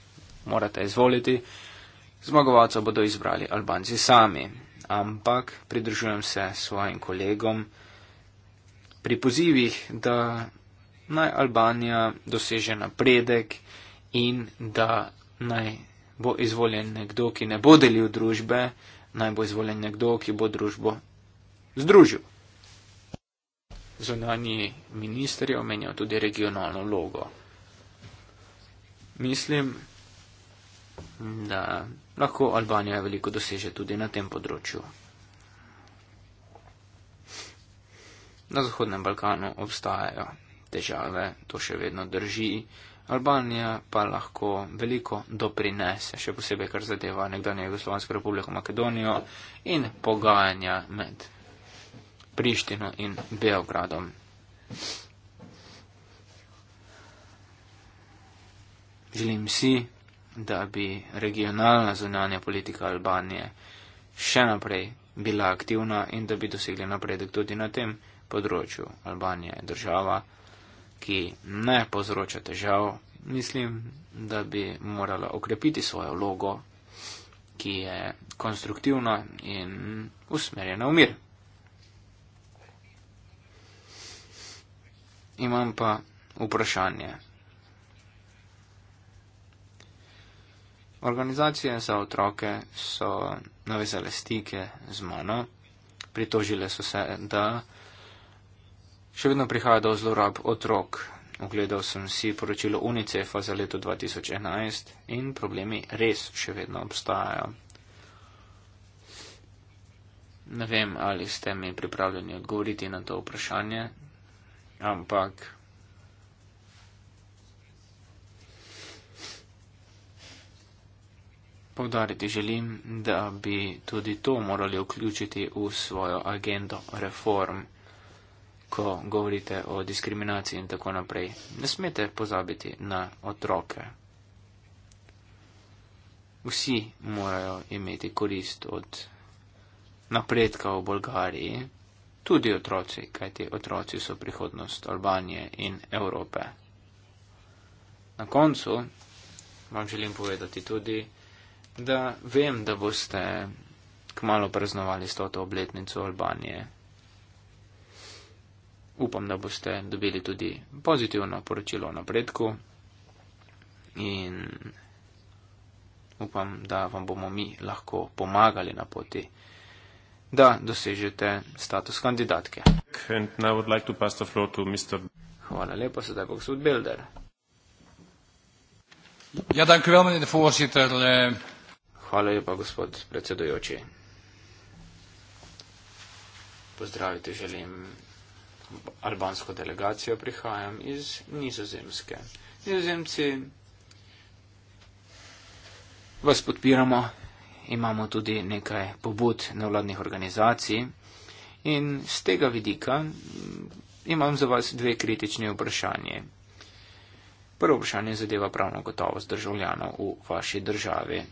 [SPEAKER 2] morate izvoliti. Zmagovalca bodo izbrali Albanci sami, ampak pridružujem se svojim kolegom pri pozivih, da naj Albanija doseže napredek in da naj bo izvoljen nekdo, ki ne bo delil družbe, naj bo izvoljen nekdo, ki bo družbo združil. Zunanji minister je omenjal tudi regionalno logo. Mislim, da lahko Albanija veliko doseže tudi na tem področju. Na Zahodnem Balkanu obstajajo težave, to še vedno drži, Albanija pa lahko veliko doprinese, še posebej kar zadeva nekdanje Jugoslovansko republiko Makedonijo in pogajanja med Prištino in Beogradom. Želim si, da bi regionalna zunanja politika Albanije še naprej bila aktivna in da bi dosegli napredek tudi na tem področju. Albanija je država, ki ne povzroča težav. Mislim, da bi morala okrepiti svojo logo, ki je konstruktivna in usmerjena v mir. imam pa vprašanje. Organizacije za otroke so navezale stike z mano, pritožile so se, da še vedno prihaja do zlorab otrok. Ogledal sem si poročilo UNICEF-a za leto 2011 in problemi res še vedno obstajajo. Ne vem, ali ste mi pripravljeni odgovoriti na to vprašanje, ampak povdariti želim, da bi tudi to morali vključiti v svojo agendo reform, ko govorite o diskriminaciji in tako naprej. Ne smete pozabiti na otroke. Vsi morajo imeti korist od napredka v Bolgariji tudi otroci, kajti otroci so prihodnost Albanije in Evrope. Na koncu vam želim povedati tudi, da vem, da boste kmalo praznovali stoto obletnico Albanije. Upam, da boste dobili tudi pozitivno poročilo o napredku in upam, da vam bomo mi lahko pomagali na poti da dosežete status kandidatke. Like Mr... Hvala lepa, sedaj bo gospod Bilder. Ja, vel, eh, Hvala lepa, gospod predsedujoči. Pozdraviti želim albansko delegacijo, prihajam iz Nizozemske. Nizozemci, vas podpiramo imamo tudi nekaj pobud nevladnih organizacij in z tega vidika mm, imam za vas dve kritični vprašanje. Prvo vprašanje zadeva pravno gotovost državljanov v vaši državi.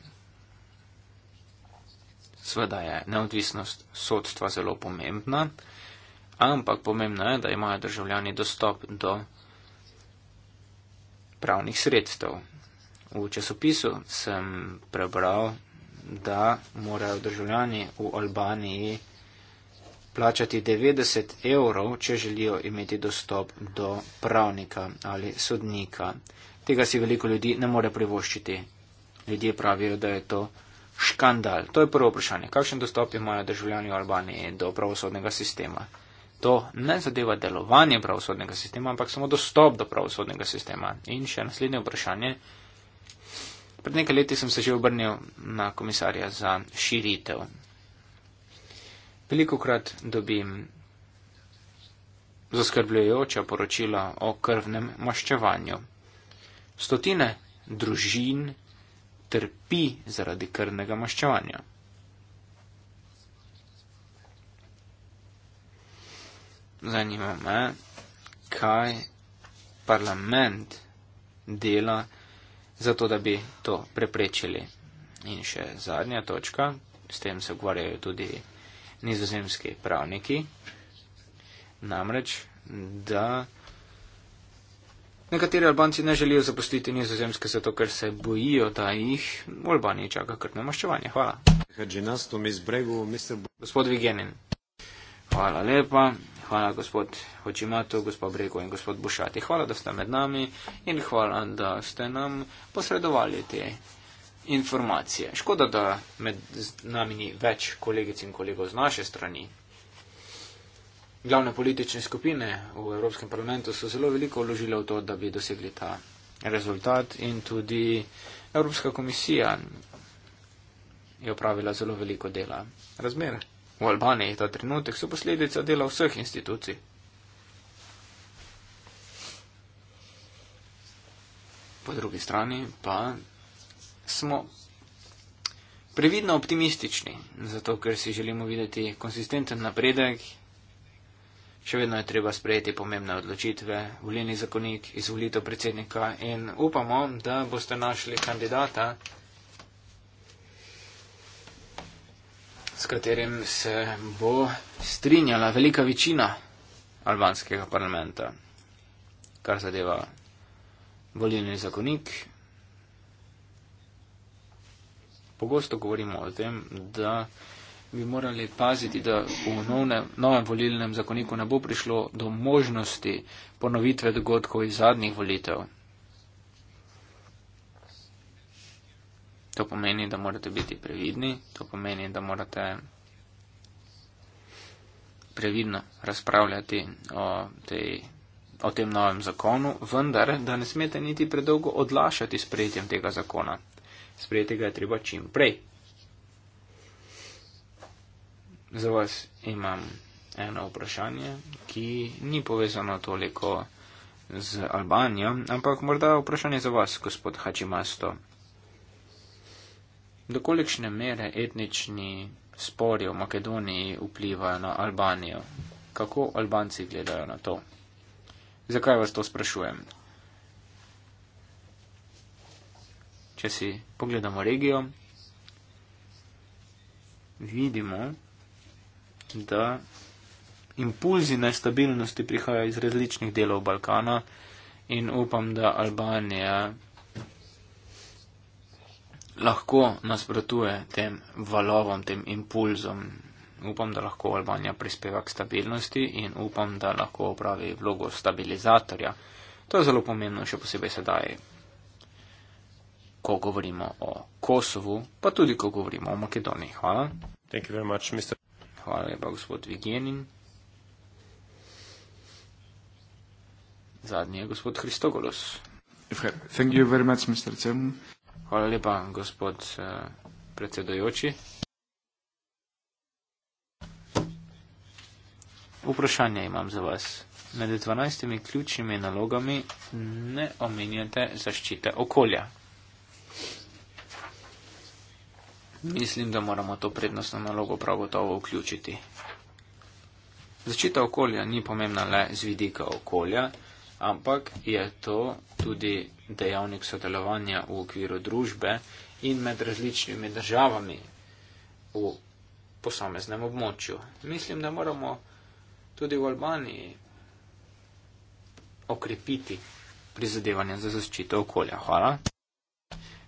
[SPEAKER 2] Sveda je neodvisnost sodstva zelo pomembna, ampak pomembno je, da imajo državljani dostop do pravnih sredstev. V časopisu sem prebral da morajo državljani v Albaniji plačati 90 evrov, če želijo imeti dostop do pravnika ali sodnika. Tega si veliko ljudi ne more privoščiti. Ljudje pravijo, da je to škandal. To je prvo vprašanje. Kakšen dostop imajo državljani v Albaniji do pravosodnega sistema? To ne zadeva delovanje pravosodnega sistema, ampak samo dostop do pravosodnega sistema. In še naslednje vprašanje. Pred nekaj leti sem se že obrnil na komisarja za širitev. Veliko krat dobim zaskrbljujoča poročila o krvnem maščevanju. Stotine družin trpi zaradi krvnega maščevanja. Zanima me, kaj parlament dela zato da bi to preprečili. In še zadnja točka, s tem se ukvarjajo tudi nizozemski pravniki, namreč, da nekateri Albanci ne želijo zapustiti nizozemske zato, ker se bojijo, da jih v Albaniji čaka krtno maščevanje. Hvala. Gospod Vigenin. Hvala lepa hvala, gospod Hočimato, gospod Brego in gospod Bušati. Hvala, da ste med nami in hvala, da ste nam posredovali te informacije. Škoda, da med nami ni več kolegic in kolegov z naše strani. Glavne politične skupine v Evropskem parlamentu so zelo veliko vložile v to, da bi dosegli ta rezultat in tudi Evropska komisija je opravila zelo veliko dela. Razmer V Albaniji ta trenutek so posledica dela vseh institucij. Po drugi strani pa smo previdno optimistični, zato ker si želimo videti konsistenten napredek. Še vedno je treba sprejeti pomembne odločitve, volilni zakonik, izvolitev predsednika in upamo, da boste našli kandidata. s katerim se bo strinjala velika večina albanskega parlamenta, kar zadeva volilni zakonik. Pogosto govorimo o tem, da bi morali paziti, da v novne, novem volilnem zakoniku ne bo prišlo do možnosti ponovitve dogodkov iz zadnjih volitev. To pomeni, da morate biti previdni, to pomeni, da morate previdno razpravljati o, tej, o tem novem zakonu, vendar, da ne smete niti predolgo odlašati s prijetjem tega zakona. Sprejeti ga je treba čim prej. Za vas imam eno vprašanje, ki ni povezano toliko z Albanijo, ampak morda vprašanje za vas, gospod Hačimasto. Do kolikšne mere etnični spori v Makedoniji vplivajo na Albanijo? Kako Albanci gledajo na to? Zakaj vas to sprašujem? Če si pogledamo regijo, vidimo, da impulzi nestabilnosti prihajajo iz različnih delov Balkana in upam, da Albanija lahko nasprotuje tem valovom, tem impulzom. Upam, da lahko Albanija prispeva k stabilnosti in upam, da lahko opravi vlogo stabilizatorja. To je zelo pomembno, še posebej sedaj, ko govorimo o Kosovu, pa tudi ko govorimo o Makedoniji. Hvala. Much, Hvala lepa, gospod Vigenin. Zadnji je gospod Hristogolos. Thank you very much, Mr. Chairman. Hvala lepa, gospod uh, eh, predsedojoči. Vprašanje imam za vas. Med 12 ključnimi nalogami ne omenjate zaščite okolja. Mislim, da moramo to prednostno nalogo prav gotovo vključiti. Zaščita okolja ni pomembna le z vidika okolja, ampak je to tudi dejavnik sodelovanja v okviru družbe in med različnimi državami v posameznem območju. Mislim, da moramo tudi v Albaniji okrepiti prizadevanje za zaščito okolja. Hvala.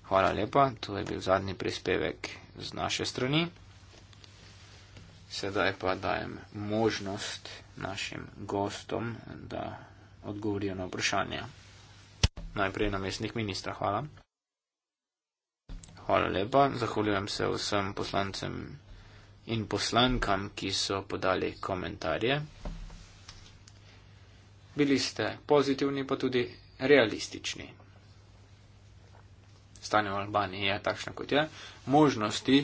[SPEAKER 2] Hvala lepa, to je bil zadnji prispevek z naše strani. Sedaj pa dajem možnost našim gostom, da odgovorijo na vprašanja. Najprej namestnik ministra, hvala. Hvala lepa, zahvaljujem se vsem poslancem in poslankam, ki so podali komentarje. Bili ste pozitivni, pa tudi realistični. Stanje v Albaniji je takšno, kot je, možnosti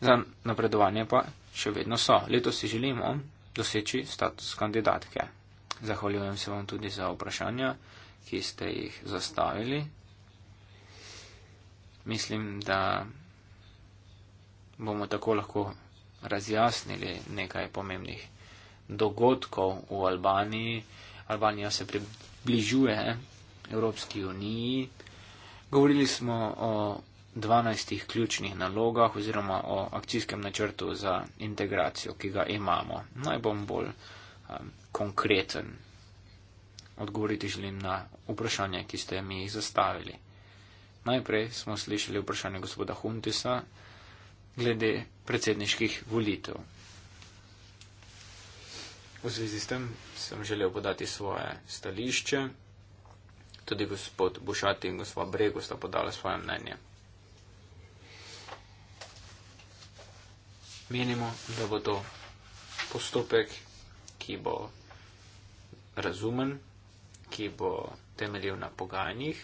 [SPEAKER 2] za napredovanje pa še vedno so. Leto si želimo doseči status kandidatke. Zahvaljujem se vam tudi za vprašanja, ki ste jih zastavili. Mislim, da bomo tako lahko razjasnili nekaj pomembnih dogodkov v Albaniji. Albanija se približuje Evropski uniji. Govorili smo o 12 ključnih nalogah oziroma o akcijskem načrtu za integracijo, ki ga imamo. Naj bom bolj um, konkreten. Odgovoriti želim na vprašanje, ki ste mi jih zastavili. Najprej smo slišali vprašanje gospoda Huntisa glede predsedniških volitev. V zvezi s tem sem želel podati svoje stališče. Tudi gospod Bušati in gospod Brego sta podala svoje mnenje. Menimo, da bo to postopek, ki bo razumen, ki bo temeljil na pogajanjih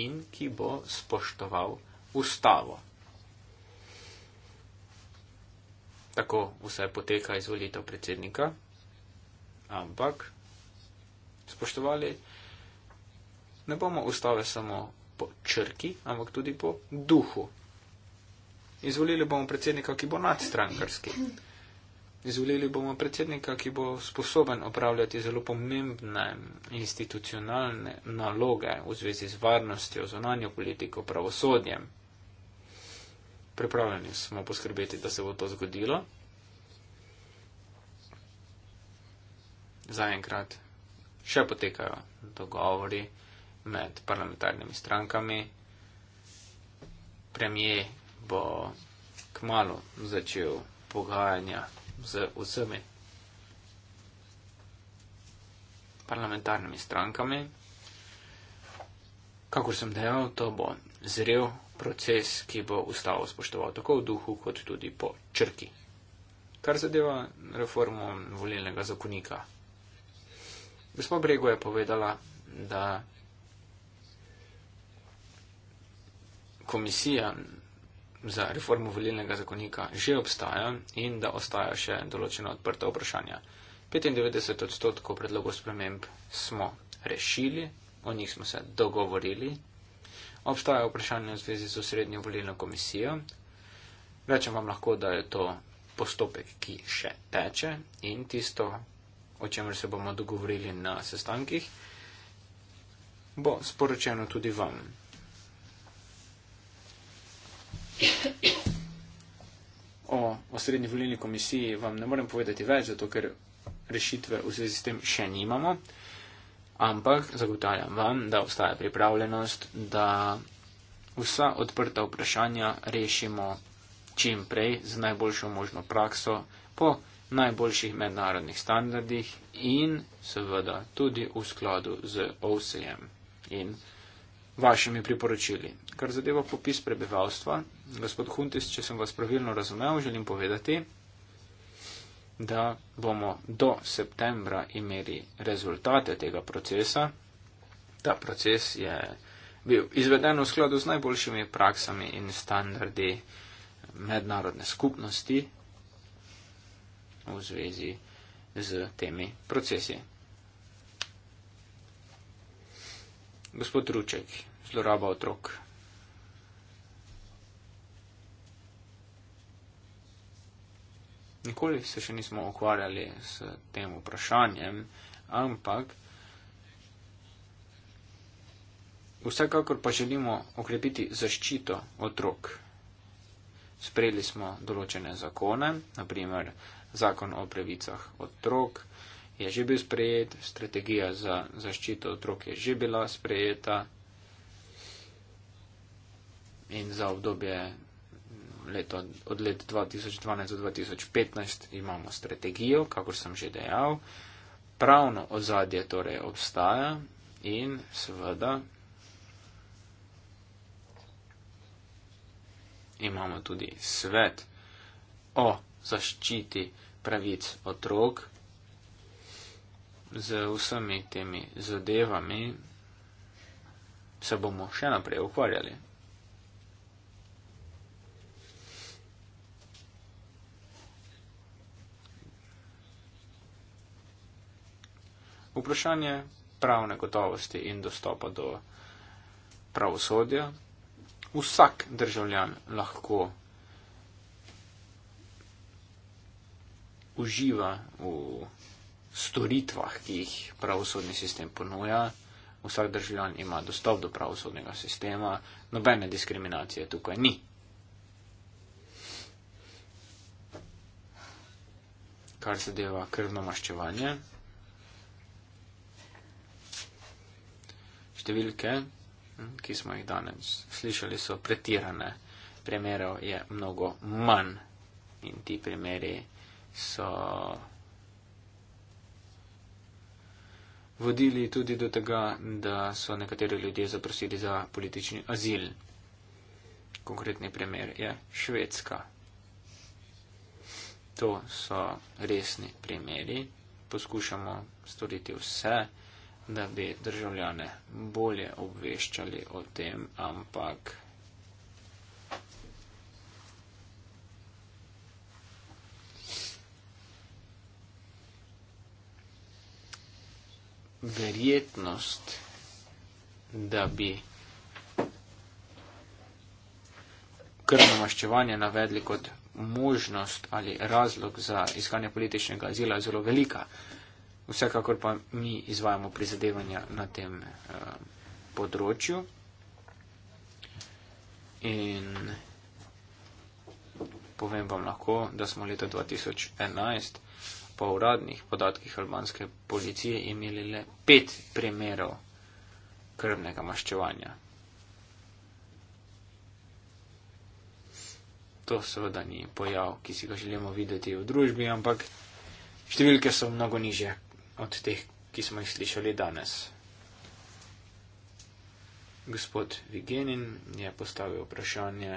[SPEAKER 2] in ki bo spoštoval ustavo. Tako vse poteka izvolitev predsednika, ampak spoštovali ne bomo ustave samo po črki, ampak tudi po duhu. Izvolili bomo predsednika, ki bo nadstrankarski. Izvolili bomo predsednika, ki bo sposoben opravljati zelo pomembne institucionalne naloge v zvezi z varnostjo, zonanjo politiko, pravosodjem. Pripravljeni smo poskrbeti, da se bo to zgodilo. Zaenkrat še potekajo dogovori med parlamentarnimi strankami. Premijer bo k malu začel pogajanja z vsemi parlamentarnimi strankami. Kakor sem dejal, to bo zrel proces, ki bo ustavo spoštoval tako v duhu, kot tudi po črki. Kar zadeva reformo volilnega zakonika. Gospa Brego je povedala, da komisija za reformo volilnega zakonika že obstaja in da ostaja še določena odprta vprašanja. 95 odstotkov predlogov sprememb smo rešili, o njih smo se dogovorili. Obstaja vprašanje v zvezi z osrednjo volilno komisijo. Rečem vam lahko, da je to postopek, ki še teče in tisto, o čemer se bomo dogovorili na sestankih, bo sporočeno tudi vam. O osrednji volilni komisiji vam ne morem povedati več, zato ker rešitve v zvezi s tem še nimamo, ampak zagotavljam vam, da obstaja pripravljenost, da vsa odprta vprašanja rešimo čim prej z najboljšo možno prakso po najboljših mednarodnih standardih in seveda tudi v skladu z OSEM in vašimi priporočili. Kar zadeva popis prebivalstva, gospod Huntis, če sem vas pravilno razumel, želim povedati, da bomo do septembra imeli rezultate tega procesa. Ta proces je bil izveden v skladu z najboljšimi praksami in standardi mednarodne skupnosti v zvezi z temi procesi. Gospod Ruček, zloraba otrok. Nikoli se še nismo ukvarjali s tem vprašanjem, ampak vsekakor pa želimo okrepiti zaščito otrok. Sprejeli smo določene zakone, naprimer zakon o pravicah otrok je že bil sprejet, strategija za zaščito otrok je že bila sprejeta in za obdobje leto, od leta 2012 do 2015 imamo strategijo, kakor sem že dejal, pravno ozadje torej obstaja in seveda imamo tudi svet o zaščiti pravic otrok z vsemi temi zadevami. Se bomo še naprej ukvarjali, vprašanje pravne gotovosti in dostopa do pravosodja. Vsak državljan lahko uživa v storitvah, ki jih pravosodni sistem ponuja. Vsak državljan ima dostop do pravosodnega sistema, nobene diskriminacije tukaj ni. Kar zadeva krvno maščevanje, številke, ki smo jih danes slišali, so pretirane. Primerov je mnogo manj in ti primeri so vodili tudi do tega, da so nekateri ljudje zaprosili za politični azil. Konkretni primer je Švedska. To so resni primeri. Poskušamo storiti vse, da bi državljane bolje obveščali o tem, ampak verjetnost, da bi krvno maščevanje navedli kot možnost ali razlog za iskanje političnega azila je zelo velika. Vsekakor pa mi izvajamo prizadevanja na tem eh, področju. In povem vam lahko, da smo leta 2011 po uradnih podatkih albanske policije imeli le pet primerov krvnega maščevanja. To seveda ni pojav, ki si ga želimo videti v družbi, ampak številke so mnogo niže, od teh, ki smo jih slišali danes. Gospod Vigenin je postavil vprašanje,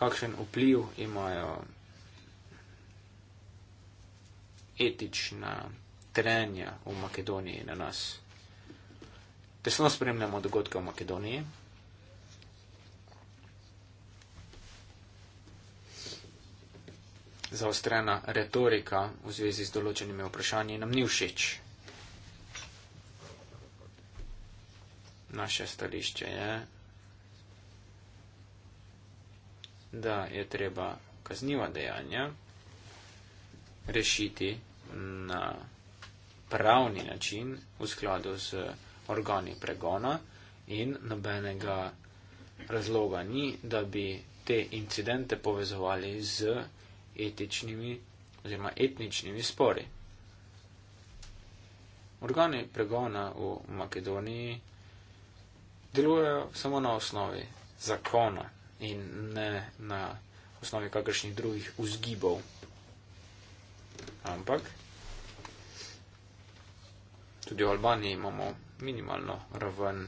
[SPEAKER 2] kakšen vpliv imajo etična trenja v Makedoniji na nas. Tesno spremljamo dogodke v Makedoniji. zaostrena retorika v zvezi z določenimi vprašanji nam ni všeč. Naše stališče je, da je treba kazniva dejanja rešiti na pravni način v skladu z organi pregona in nobenega razloga ni, da bi te incidente povezovali z etičnimi oziroma etničnimi spori. Organi pregona v Makedoniji delujejo samo na osnovi zakona in ne na osnovi kakršnih drugih vzgibov. Ampak tudi v Albaniji imamo minimalno raven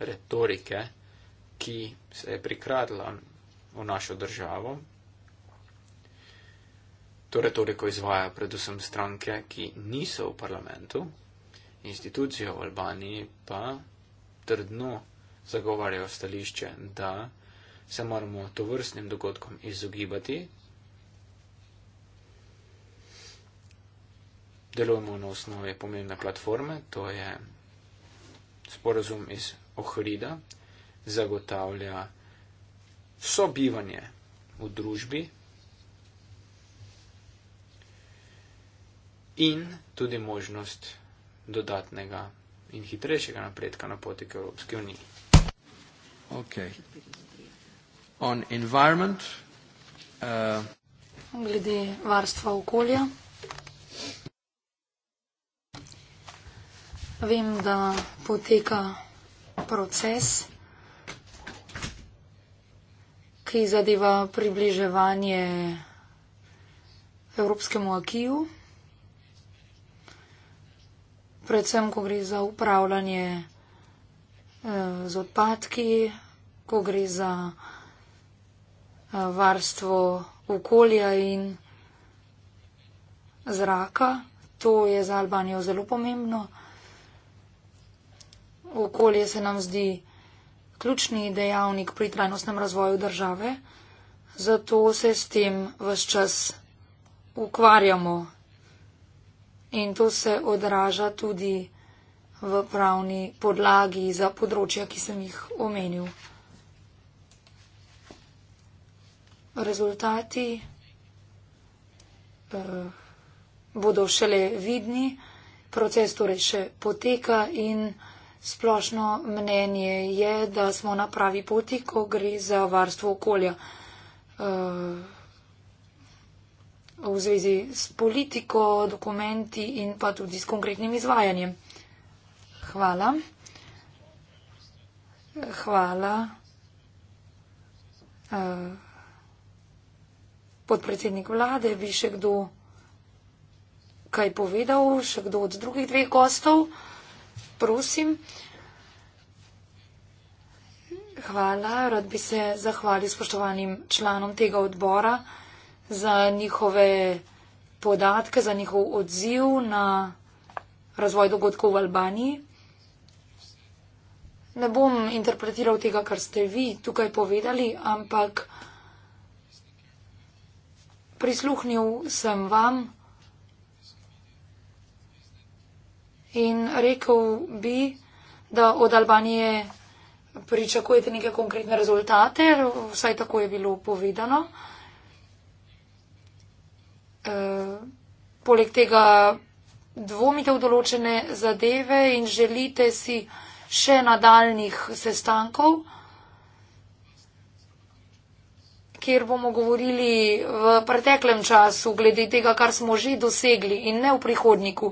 [SPEAKER 2] retorike, ki se je prikradla v našo državo To retoriko izvajajo predvsem stranke, ki niso v parlamentu, institucije v Albaniji pa trdno zagovarjajo stališče, da se moramo to vrstnim dogodkom izogibati. Delujemo na osnovi pomembne platforme, to je sporozum iz Ohrida, zagotavlja sobivanje v družbi, in tudi možnost dodatnega in hitrejšega napredka na poti k Evropski uniji. Okay. On environment. Uh...
[SPEAKER 3] Glede varstva okolja. Vem, da poteka proces, ki zadeva približevanje evropskemu akiju predvsem, ko gre za upravljanje eh, z odpadki, ko gre za eh, varstvo okolja in zraka. To je za Albanijo zelo pomembno. Okolje se nam zdi ključni dejavnik pri trajnostnem razvoju države, zato se s tem vse čas ukvarjamo in to se odraža tudi v pravni podlagi za področja, ki sem jih omenil. Rezultati eh, bodo šele vidni, proces torej še poteka in splošno mnenje je, da smo na pravi poti, ko gre za varstvo okolja. Eh, v zvezi s politiko, dokumenti in pa tudi s konkretnim izvajanjem. Hvala. Hvala eh, podpredsednik vlade, bi še kdo kaj povedal, še kdo od drugih dveh gostov, prosim. Hvala, rad bi se zahvalil spoštovanim članom tega odbora za njihove podatke, za njihov odziv na razvoj dogodkov v Albaniji. Ne bom interpretiral tega, kar ste vi tukaj povedali, ampak prisluhnil sem vam in rekel bi, da od Albanije pričakujete neke konkretne rezultate, vsaj tako je bilo povedano. Eh, poleg tega dvomite v določene zadeve in želite si še nadaljnih sestankov, kjer bomo govorili v preteklem času glede tega, kar smo že dosegli in ne v prihodniku.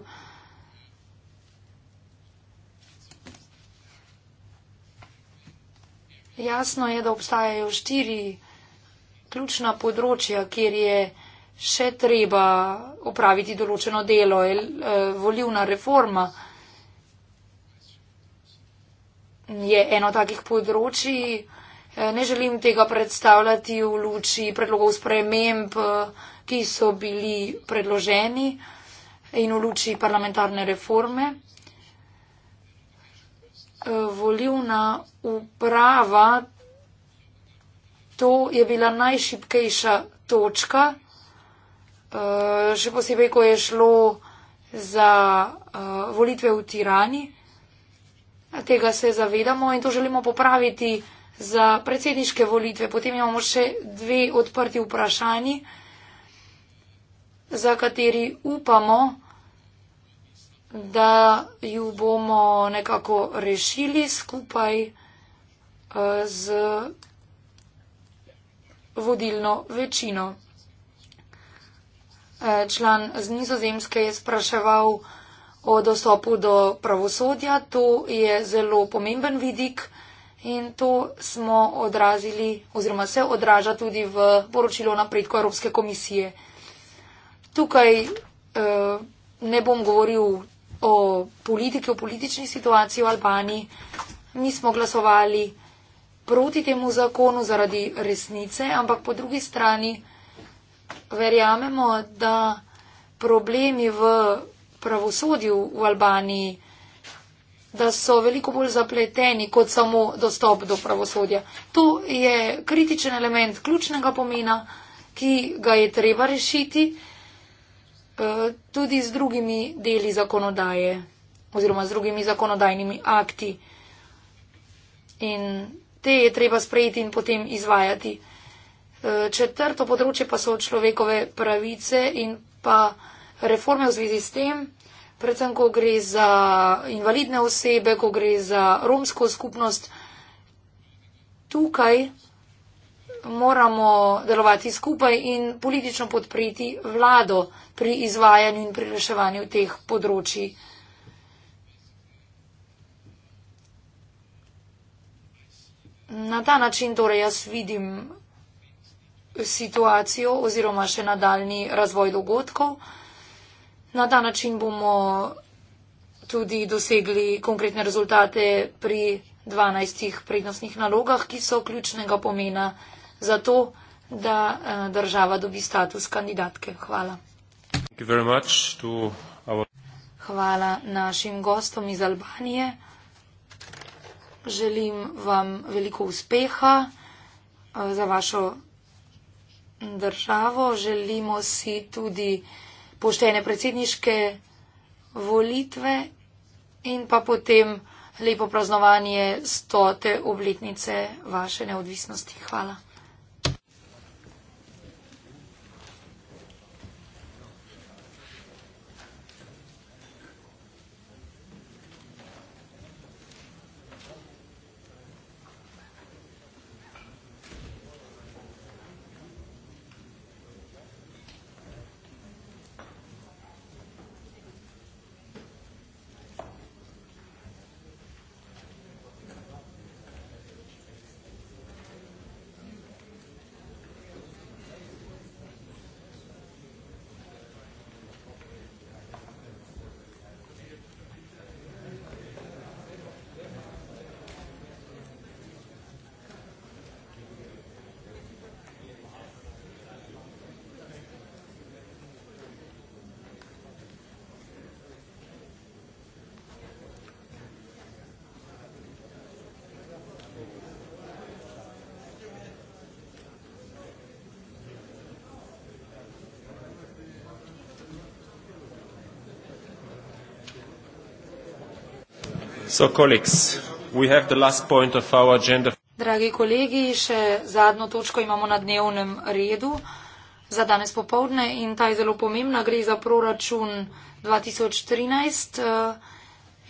[SPEAKER 3] Jasno je, da obstajajo štiri ključna področja, kjer je še treba opraviti določeno delo, je eh, volivna reforma. Je eno takih področji. Eh, ne želim tega predstavljati v luči predlogov sprememb, eh, ki so bili predloženi in v luči parlamentarne reforme. Volivna uprava, to je bila najšipkejša točka Eh, še posebej, ko je šlo za uh, volitve v Tirani. Tega se zavedamo in to želimo popraviti za predsedniške volitve. Potem imamo še dve odprti vprašanji, za kateri upamo, da ju bomo nekako rešili skupaj uh, z vodilno večino. Eh, član z nizozemske je spraševal o dostopu do pravosodja. To je zelo pomemben vidik in to smo odrazili oziroma se odraža tudi v poročilo napredku Evropske komisije. Tukaj eh, ne bom govoril o politiki, o politični situaciji v Albaniji. Mi smo glasovali proti temu zakonu zaradi resnice, ampak po drugi strani verjamemo, da problemi v pravosodju v Albaniji, da so veliko bolj zapleteni kot samo dostop do pravosodja. To je kritičen element ključnega pomena, ki ga je treba rešiti eh, tudi z drugimi deli zakonodaje oziroma z drugimi zakonodajnimi akti. In te je treba sprejeti in potem izvajati. Četrto področje pa so človekove pravice in pa reforme v zvezi s tem, predvsem, ko gre za invalidne osebe, ko gre za romsko skupnost. Tukaj moramo delovati skupaj in politično podpreti vlado pri izvajanju in pri reševanju teh področji. Na ta način torej jaz vidim situacijo oziroma še nadaljni razvoj dogodkov. Na ta način bomo tudi dosegli konkretne rezultate pri 12 prednostnih nalogah, ki so ključnega pomena za to, da eh, država dobi status kandidatke. Hvala. Hvala našim gostom iz Albanije. Želim vam veliko uspeha eh, za vašo državo, želimo si tudi poštene predsedniške volitve in pa potem lepo praznovanje stote obletnice vaše neodvisnosti. Hvala.
[SPEAKER 2] So, colleagues,
[SPEAKER 3] Dragi kolegi, še zadnjo točko imamo na dnevnem redu za danes popovdne in ta je zelo pomembna. Gre za proračun 2013 eh,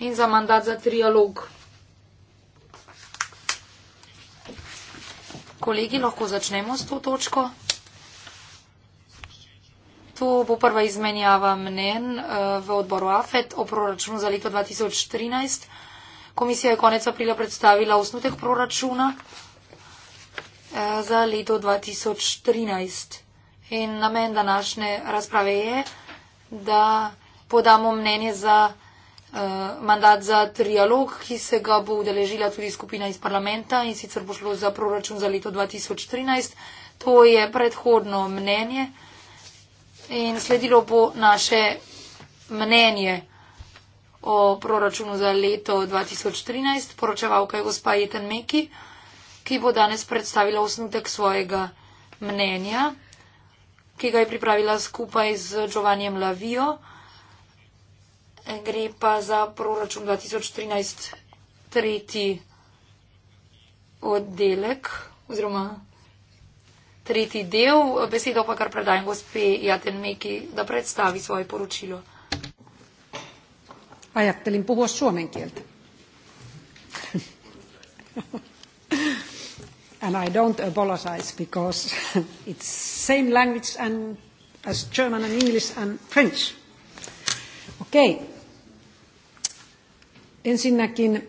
[SPEAKER 3] in za mandat za trialog. Kolegi, lahko začnemo s to točko. To bo prva izmenjava mnen eh, v odboru AFET o proračunu za leto 2013. Komisija je konec aprila predstavila osnutek proračuna eh, za leto 2013. In namen današnje razprave je, da podamo mnenje za eh, mandat za trialog, ki se ga bo udeležila tudi skupina iz parlamenta in sicer bo šlo za proračun za leto 2013. To je predhodno mnenje in sledilo bo naše mnenje o proračunu za leto 2013, poročevalka je gospa Jeten Meki, ki bo danes predstavila osnutek svojega mnenja, ki ga je pripravila skupaj z Giovannijem Lavijo. Gre pa za proračun 2013, tretji oddelek oziroma tretji del. Besedo pa kar predajem gospe Jaten Meki, da predstavi svoje poročilo
[SPEAKER 1] ajattelin puhua suomen kieltä. and I don't apologize because it's same language and as German and English and French. Okei. Okay. Ensinnäkin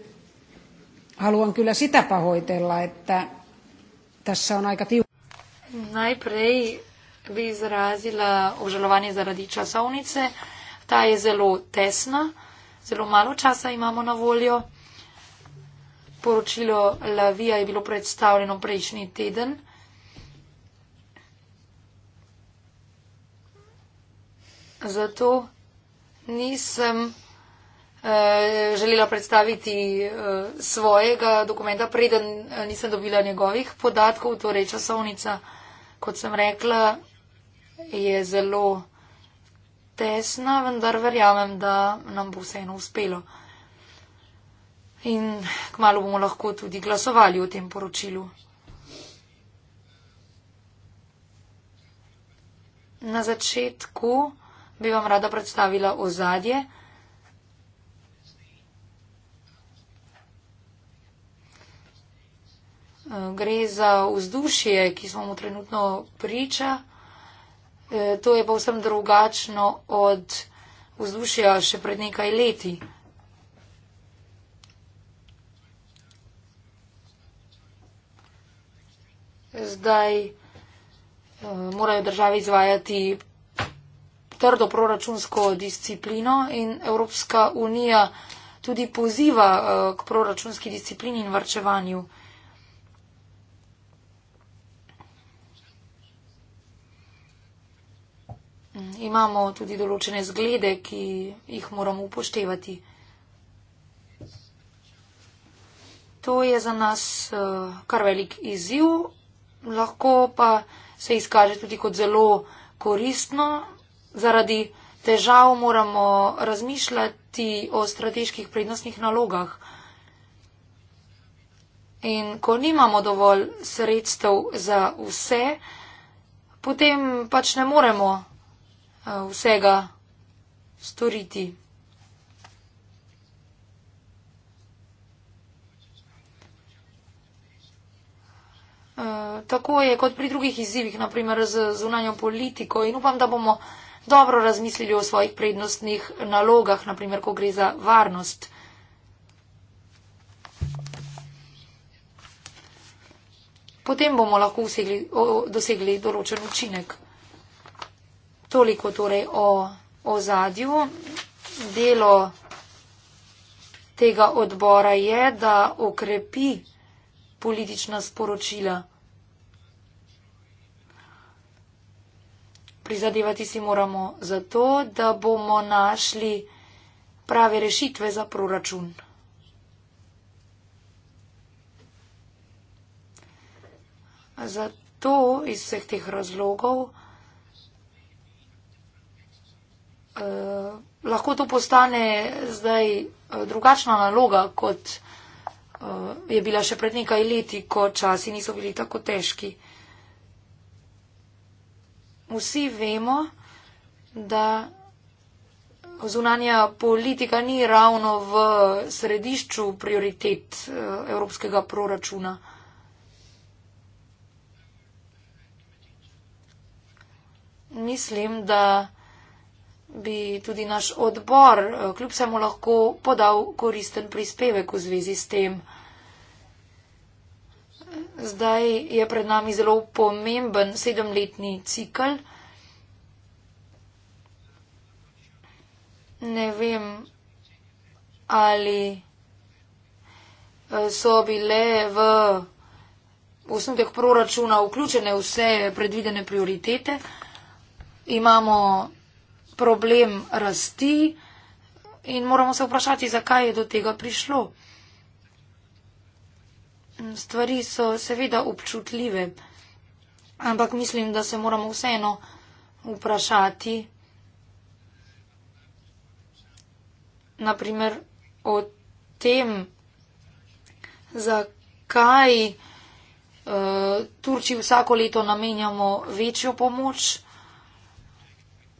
[SPEAKER 1] haluan kyllä sitä pahoitella, että tässä on aika tiukka.
[SPEAKER 3] Najprej bi izrazila obžalovanje zaradi časovnice. Ta je zelo tesna zelo malo časa imamo na voljo. Poročilo Lavija je bilo predstavljeno prejšnji teden. Zato nisem uh, želela predstaviti uh, svojega dokumenta, preden eh, nisem dobila njegovih podatkov. Torej, časovnica, kot sem rekla, je zelo tesna, vendar verjamem, da nam bo vseeno uspelo. In kmalo bomo lahko tudi glasovali o tem poročilu. Na začetku bi vam rada predstavila ozadje. Gre za vzdušje, ki smo mu trenutno priča. E, to je pa vsem drugačno od vzdušja še pred nekaj leti. Zdaj e, morajo države izvajati trdo proračunsko disciplino in Evropska unija tudi poziva e, k proračunski disciplini in varčevanju. imamo tudi določene zglede, ki jih moramo upoštevati. To je za nas eh, kar velik izziv, lahko pa se izkaže tudi kot zelo koristno. Zaradi težav moramo razmišljati o strateških prednostnih nalogah. In ko nimamo dovolj sredstev za vse, potem pač ne moremo Eh, vsega storiti. Eh, tako je kot pri drugih izzivih, naprimer z zunanjo politiko in upam, da bomo dobro razmislili o svojih prednostnih nalogah, naprimer, ko gre za varnost. Potem bomo lahko dosegli določen učinek. Toliko torej o ozadju. Delo tega odbora je, da okrepi politična sporočila. Prizadevati si moramo za to, da bomo našli prave rešitve za proračun. Zato iz vseh teh razlogov Eh, lahko to postane zdaj eh, drugačna naloga, kot eh, je bila še pred nekaj leti, ko časi niso bili tako težki. Vsi vemo, da zunanja politika ni ravno v središču prioritet evropskega proračuna. Mislim, da bi tudi naš odbor eh, kljub vsemu lahko podal koristen prispevek v zvezi s tem. Zdaj je pred nami zelo pomemben sedemletni cikl. Ne vem, ali eh, so bile v osnutek proračuna vključene vse predvidene prioritete. Imamo problem rasti in moramo se vprašati, zakaj je do tega prišlo. Stvari so seveda občutljive, ampak mislim, da se moramo vseeno vprašati, naprimer, o tem, zakaj uh, eh, Turčji vsako leto namenjamo večjo pomoč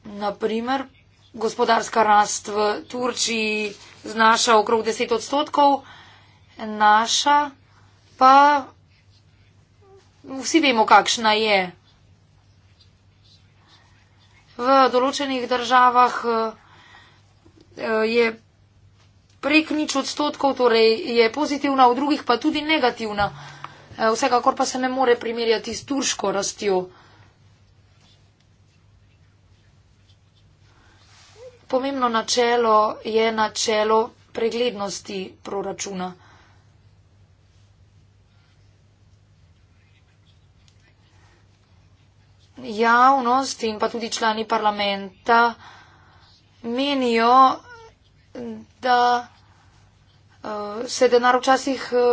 [SPEAKER 3] naprimer gospodarska rast v Turčiji znaša okrog 10 odstotkov, naša pa vsi vemo, kakšna je. V določenih državah eh, je prek nič odstotkov, torej je pozitivna, v drugih pa tudi negativna. Eh, vsekakor pa se ne more primerjati s turško rastjo. pomembno načelo je načelo preglednosti proračuna. Javnost in pa tudi člani parlamenta menijo, da eh, se denar včasih eh,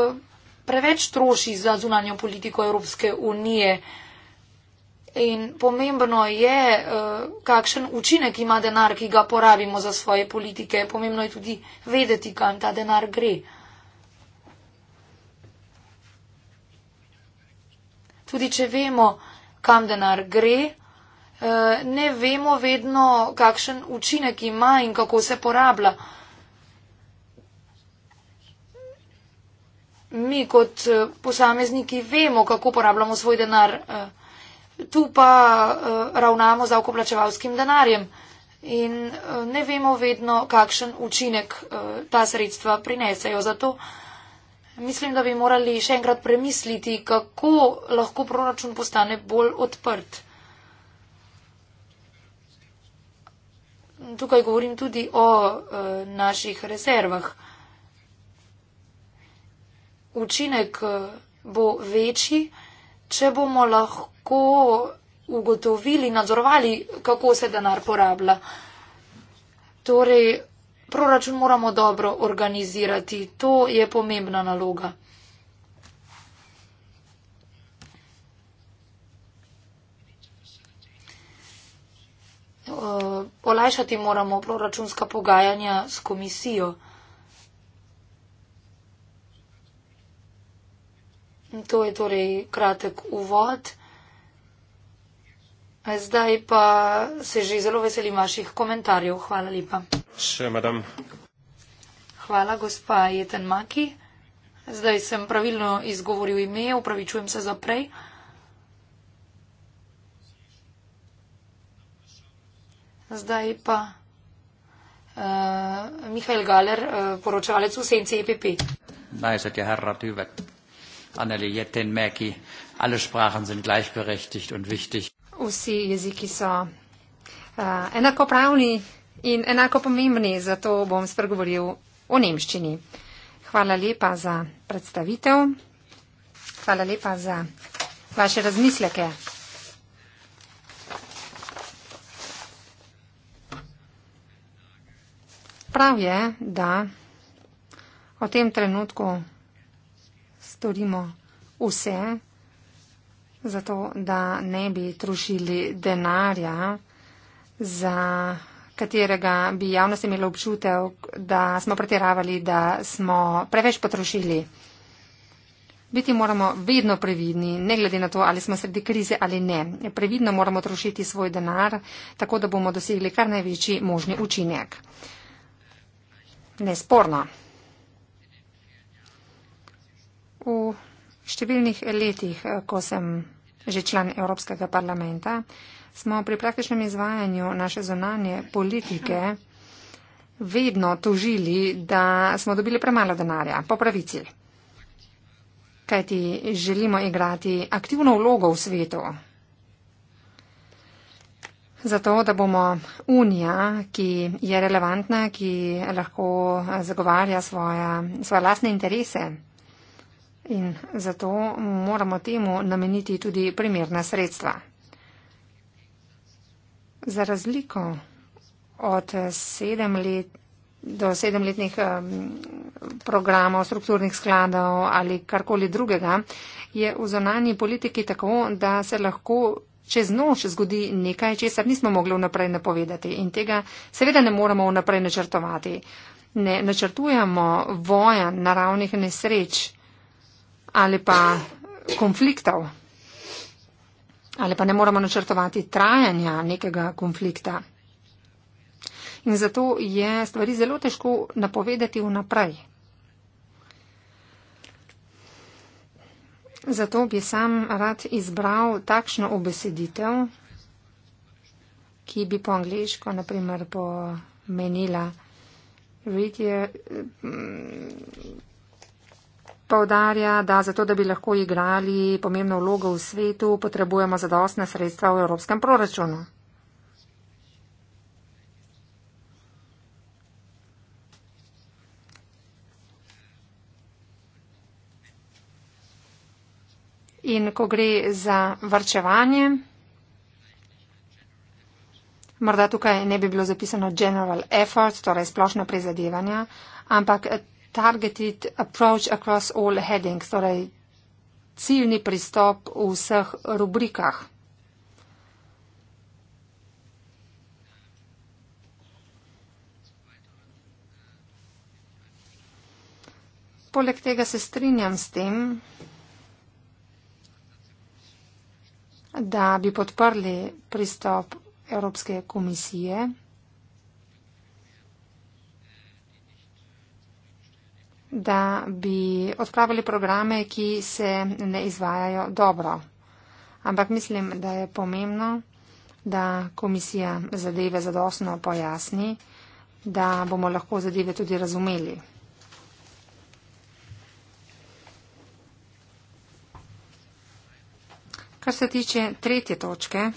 [SPEAKER 3] preveč troši za zunanjo politiko Evropske unije. In pomembno je, eh, kakšen učinek ima denar, ki ga porabimo za svoje politike. Pomembno je tudi vedeti, kam ta denar gre. Tudi če vemo, kam denar gre, eh, ne vemo vedno, kakšen učinek ima in kako se porablja. Mi kot eh, posamezniki vemo, kako porabljamo svoj denar tu pa uh, ravnamo z avkoplačevalskim denarjem in uh, ne vemo vedno, kakšen učinek uh, ta sredstva prinesejo. Zato mislim, da bi morali še enkrat premisliti, kako lahko proračun postane bolj odprt. Tukaj govorim tudi o uh, naših rezervah. Učinek uh, bo večji če bomo lahko ugotovili, nadzorovali, kako se denar porablja. Torej, proračun moramo dobro organizirati. To je pomembna naloga. Olajšati moramo proračunska pogajanja s komisijo. To je torej kratek uvod. Zdaj pa se že zelo veselim vaših komentarjev. Hvala lepa.
[SPEAKER 2] Še, madam.
[SPEAKER 3] Hvala, gospa Jeten Maki. Zdaj sem pravilno izgovoril ime, upravičujem se za prej. Zdaj pa uh, eh, Mihajl Galer, uh, eh, poročalec v senci EPP.
[SPEAKER 2] Naj se ti ja herra tüvet. Anneli Jettin, Mäki, alle Sprachen sind gleichberechtigt und wichtig.
[SPEAKER 3] Vsi
[SPEAKER 1] jeziki so uh, enakopravni in enako pomembni, zato bom spregovoril o nemščini. Hvala lepa za predstavitev, hvala lepa za vaše razmisleke. Prav je, da v tem trenutku storimo vse, zato da ne bi trošili denarja, za katerega bi javnost imela občutek, da smo pretiravali, da smo preveč potrošili. Biti moramo vedno previdni, ne glede na to, ali smo sredi krize ali ne. Previdno moramo trošiti svoj denar, tako da bomo dosegli kar največji možni učinek. Nesporno. V številnih letih, eh, ko sem že član Evropskega parlamenta, smo pri praktičnem izvajanju naše zonanje politike vedno tožili, da smo dobili premalo denarja, po pravici. Kajti želimo igrati aktivno vlogo v svetu. Zato, da bomo unija, ki je relevantna, ki lahko eh, zagovarja svoje lastne interese, in zato moramo temu nameniti tudi primerna sredstva. Za razliko od sedem let do sedemletnih programov, strukturnih skladov ali karkoli drugega, je v zonanji politiki tako, da se lahko čez noč zgodi nekaj, česar nismo mogli vnaprej napovedati in tega seveda ne moramo vnaprej načrtovati. Ne načrtujemo voja naravnih nesreč ali pa konfliktov, ali pa ne moramo načrtovati trajanja nekega konflikta. In zato je stvari zelo težko napovedati vnaprej. Zato bi sam rad izbral takšno obeseditev, ki bi po angliško, naprimer, pomenila Povdarja, da zato, da bi lahko igrali pomembno vlogo v svetu, potrebujemo zadostne sredstva v evropskem proračunu. In ko gre za vrčevanje, morda tukaj ne bi bilo zapisano general effort, torej splošno prizadevanja, ampak targeted approach across all headings, torej ciljni pristop v vseh rubrikah. Poleg tega se strinjam s tem, da bi podprli pristop Evropske komisije. da bi odpravili programe, ki se ne izvajajo dobro. Ampak mislim, da je pomembno, da komisija zadeve zadosno pojasni, da bomo lahko zadeve tudi razumeli. Kar se tiče tretje točke,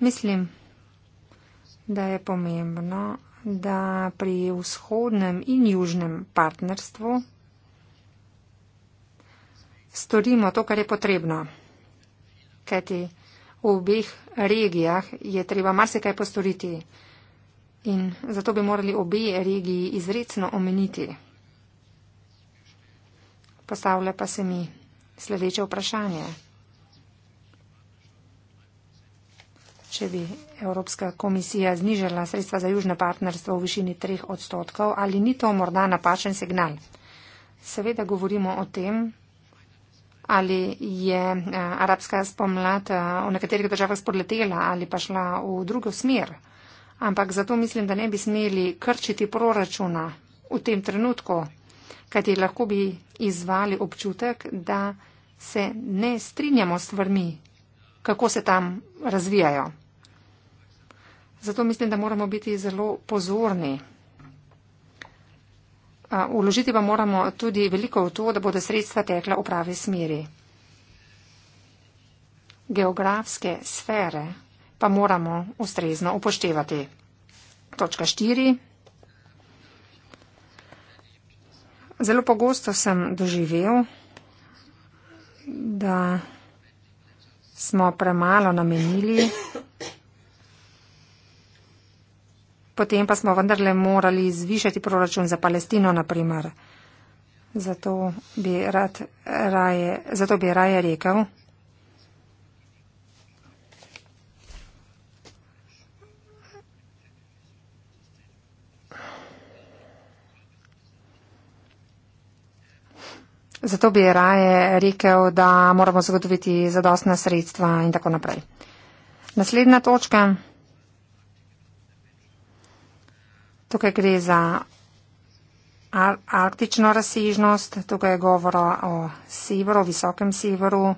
[SPEAKER 1] mislim, da je pomembno, da pri vzhodnem in južnem partnerstvu storimo to, kar je potrebno. Kajti v obeh regijah je treba marsikaj postoriti in zato bi morali obe regiji izredno omeniti. Postavlja pa se mi sledeče vprašanje. če bi Evropska komisija znižala sredstva za južno partnerstvo v višini 3 odstotkov, ali ni to morda napačen signal. Seveda govorimo o tem, ali je eh, arabska spomlad eh, v nekaterih državah spodletela ali pa šla v drugo smer. Ampak zato mislim, da ne bi smeli krčiti proračuna v tem trenutku, kajti lahko bi izvali občutek, da se ne strinjamo s stvarmi, kako se tam razvijajo. Zato mislim, da moramo biti zelo pozorni. Uložiti pa moramo tudi veliko v to, da bodo sredstva tekla v pravi smeri. Geografske sfere pa moramo ustrezno upoštevati. Točka štiri. Zelo pogosto sem doživel, da smo premalo namenili potem pa smo vendarle morali zvišati proračun za Palestino, naprimer. Zato bi, rad, raje, zato bi raje rekel, Zato bi raje rekel, da moramo zagotoviti zadostna sredstva in tako naprej. Naslednja točka. Tukaj gre za arktično razsežnost, tukaj je govora o severu, visokem severu,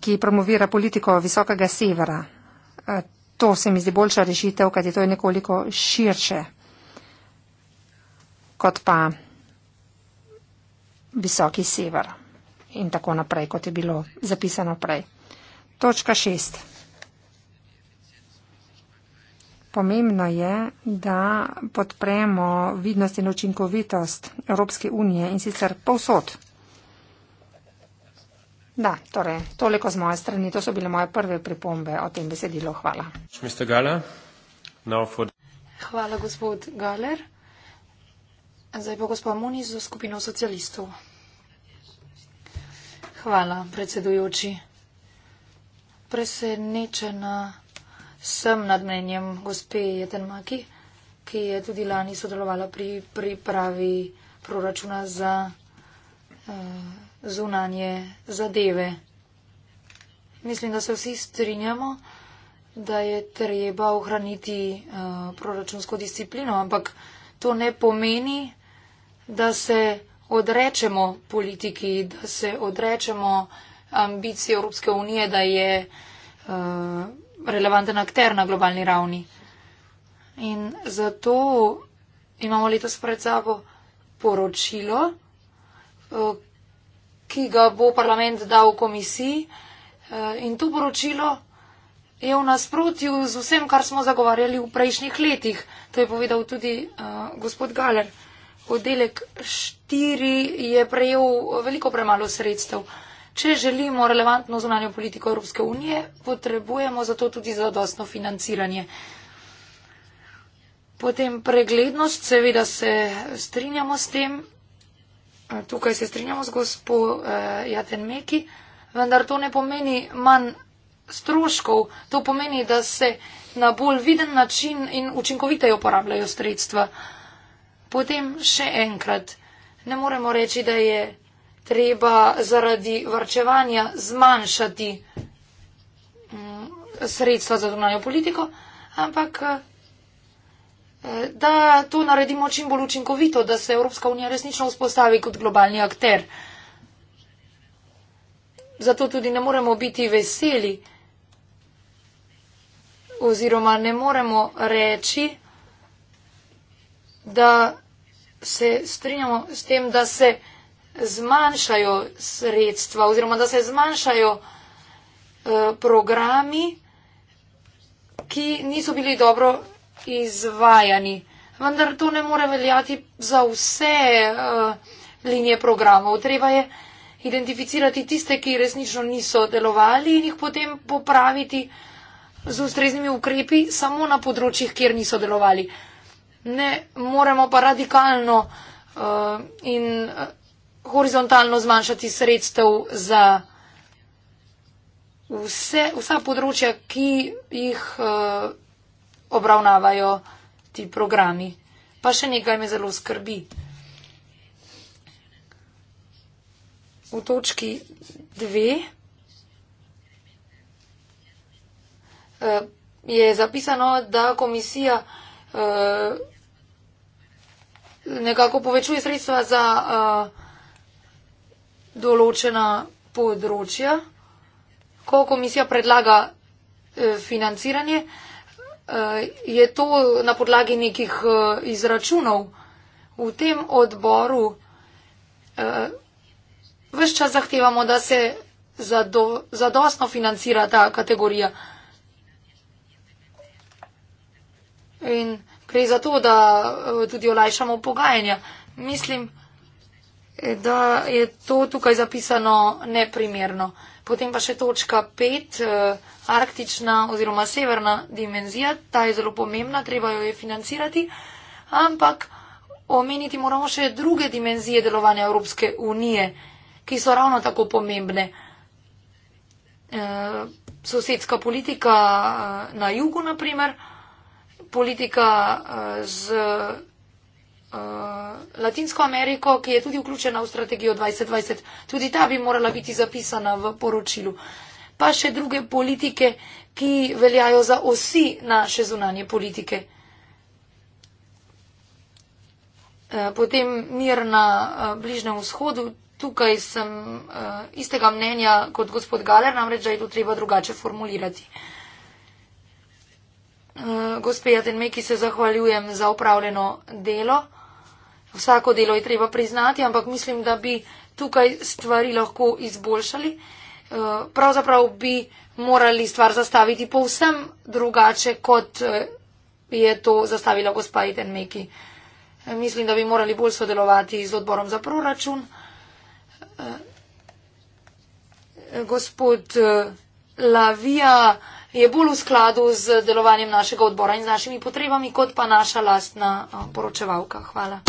[SPEAKER 1] ki promovira politiko visokega severa. E, to se mi zdi boljša rešitev, kajti to je nekoliko širše kot pa visoki sever in tako naprej, kot je bilo zapisano prej. Točka šest. Pomembno je, da podpremo vidnost in učinkovitost Evropske unije in sicer povsod. Da, torej, toliko z moje strani. To so bile moje prve pripombe o tem besedilu. Hvala.
[SPEAKER 3] Hvala, gospod Galer. Zdaj bo gospod Muni z skupino socialistov. Hvala, predsedujoči. Presenečena sem nad mnenjem gospe Jetenmaki, ki je tudi lani sodelovala pri pripravi proračuna za uh, zunanje zadeve. Mislim, da se vsi strinjamo, da je treba ohraniti uh, proračunsko disciplino, ampak to ne pomeni, da se odrečemo politiki, da se odrečemo ambiciji Evropske unije, da je. Uh, relevanten akter na globalni ravni. In zato imamo letos pred sabo poročilo, eh, ki ga bo parlament dal komisiji. Eh, in to poročilo je v nasprotju z vsem, kar smo zagovarjali v prejšnjih letih. To je povedal tudi eh, gospod Galer. Oddelek 4 je prejel veliko premalo sredstev. Če želimo relevantno zunanjo politiko Evropske unije, potrebujemo zato tudi zadostno financiranje. Potem preglednost, seveda se strinjamo s tem, tukaj se strinjamo z gospo uh, eh, Jatenmeki, vendar to ne pomeni manj stroškov, to pomeni, da se na bolj viden način in učinkoviteje uporabljajo sredstva. Potem še enkrat, ne moremo reči, da je treba zaradi varčevanja zmanjšati mm, sredstva za zunanjo politiko, ampak eh, da to naredimo čim bolj učinkovito, da se Evropska unija resnično vzpostavi kot globalni akter. Zato tudi ne moremo biti veseli oziroma ne moremo reči, da se strinjamo s tem, da se zmanjšajo sredstva oziroma da se zmanjšajo eh, programi, ki niso bili dobro izvajani. Vendar to ne more veljati za vse eh, linije programov. Treba je identificirati tiste, ki resnično niso delovali in jih potem popraviti z ustreznimi ukrepi samo na področjih, kjer niso delovali. Ne moremo pa radikalno uh, in horizontalno zmanjšati sredstev za vse, vsa področja, ki jih uh, obravnavajo ti programi. Pa še nekaj me zelo skrbi. V točki dve uh, je zapisano, da komisija uh, nekako povečuje sredstva za uh, določena področja, ko komisija predlaga eh, financiranje, eh, je to na podlagi nekih eh, izračunov. V tem odboru eh, vse čas zahtevamo, da se zado, zadostno financira ta kategorija. In gre za to, da eh, tudi olajšamo pogajanja. Mislim, E, da je to tukaj zapisano neprimerno. Potem pa še točka pet, eh, arktična oziroma severna dimenzija, ta je zelo pomembna, treba jo je financirati, ampak omeniti moramo še druge dimenzije delovanja Evropske unije, ki so ravno tako pomembne. Eh, sosedska politika eh, na jugu, naprimer, politika eh, z. Eh, Eh, Latinsko Ameriko, ki je tudi vključena v strategijo 2020. Tudi ta bi morala biti zapisana v poročilu. Pa še druge politike, ki veljajo za vsi naše zunanje politike. Eh, potem mir na eh, Bližnem vzhodu. Tukaj sem istega mnenja kot gospod Galer, namreč, da je to treba drugače formulirati. Gospe Jatenmeki, se zahvaljujem za upravljeno delo vsako delo je treba priznati, ampak mislim, da bi tukaj stvari lahko izboljšali. Eh, pravzaprav bi morali stvar zastaviti povsem drugače, kot eh, je to zastavila gospa Iden Meki. Eh, mislim, da bi morali bolj sodelovati z odborom za proračun. Gospod Lavija je bolj v skladu z delovanjem našega odbora in z našimi potrebami, kot pa naša lastna poročevalka. Hvala.